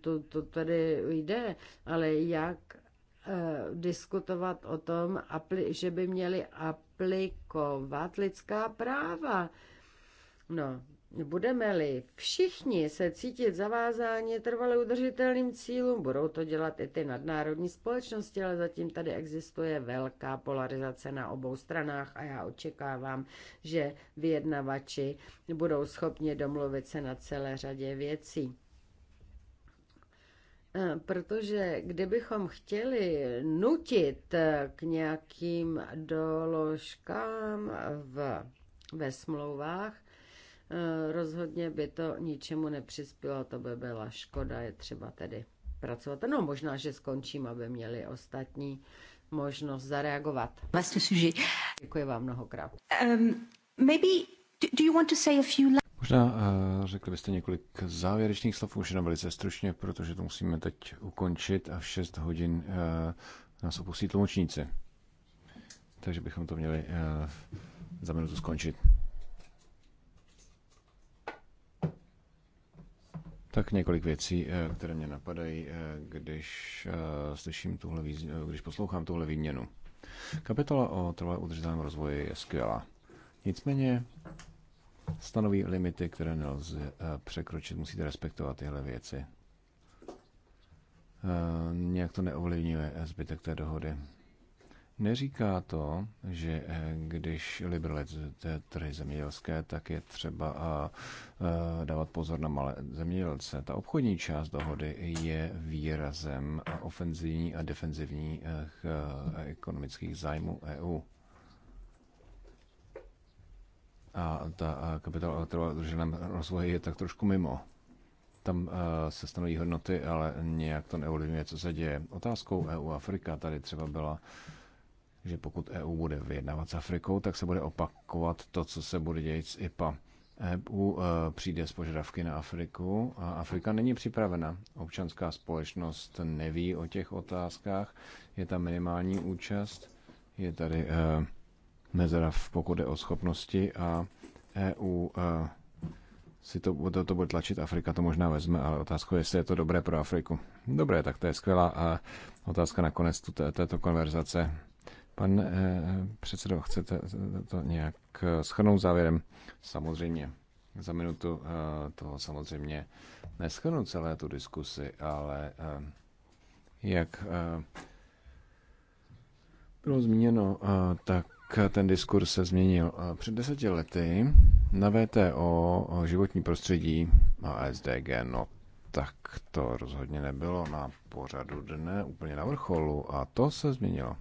to, to tady jde, ale jak eh, diskutovat o tom, že by měli aplikovat lidská práva. No, Budeme-li všichni se cítit zavázáni trvale udržitelným cílům, budou to dělat i ty nadnárodní společnosti, ale zatím tady existuje velká polarizace na obou stranách a já očekávám, že vyjednavači budou schopni domluvit se na celé řadě věcí. Eh, protože kdybychom chtěli nutit eh, k nějakým doložkám v, ve smlouvách, Eh, rozhodně by to ničemu nepřispělo, to by byla škoda, je třeba tedy pracovat. No možná, že skončím, aby měli ostatní možnost zareagovat. Děkuji vám mnohokrát. Um, maybe, do, you want to say a few... Možná eh, řekli byste několik závěrečných slov, už jenom velice stručně, protože to musíme teď ukončit a v 6 hodin eh, nás opustí tlumočníci. Takže bychom to měli za minutu skončit. Tak několik věcí, eh, které mě napadají, eh, když, eh, slyším tuhle, když poslouchám tuhle výměnu. Kapitola o trvalém udržitelném rozvoji je skvělá. Nicméně stanoví limity, které nelze překročit, musíte respektovat tyhle věci. Nějak to neovlivňuje zbytek té dohody. Neříká to, že eh, když liberalizujete zemědělské, tak je třeba eh, eh, dávat pozor na malé zemědělce. Ta obchodní část dohody je výrazem ofenzivní a defenzivních ekonomických zájmů EU. A ta kapitál o udrženém rozvoji je tak trošku mimo. Tam se stanoví hodnoty, ale nějak to neovlivňuje, co se děje. Otázkou EU Afrika tady třeba byla že pokud EU bude vyjednávat s Afrikou, tak se bude opakovat to, co se bude dělat s IPA. EU e, přijde z požadavky na Afriku a Afrika není připravena. Občanská společnost neví o těch otázkách, je tam minimální účast, je tady e, mezera v pokude o schopnosti a EU e, si to, to, to bude tlačit, Afrika to možná vezme, ale otázka je, jestli je to dobré pro Afriku. Dobré, tak to je skvělá a otázka na konec této konverzace. Pan eh, předsedo, chcete to nějak eh, schrnout závěrem? Samozřejmě. Za minutu eh, toho samozřejmě neschrnu celé tu diskusi, ale jak bylo zmíněno, tak ten diskurs se změnil. Před deseti lety na VTO o životní prostředí a SDG, no tak to rozhodně nebylo na pořadu dne úplně na vrcholu a to se změnilo.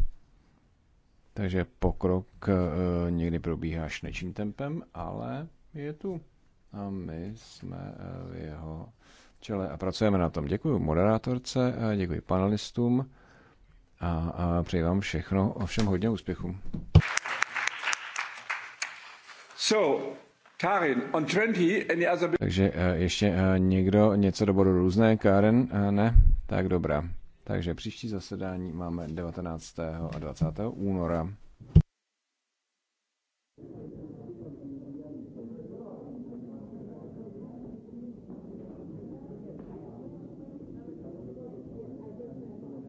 Takže pokrok eh, někdy probíhá šnečím tempem, ale je tu. A my jsme eh, v jeho čele a pracujeme na tom. Děkuji moderátorce, eh, děkuji panelistům a, a přeji vám všechno, ovšem hodně úspěchů. So, Karin, on 20, any other... Takže ještě někdo něco do bodu různé, Karen? Ne? Tak dobrá. Takže příští zasedání máme 19. a 20. února.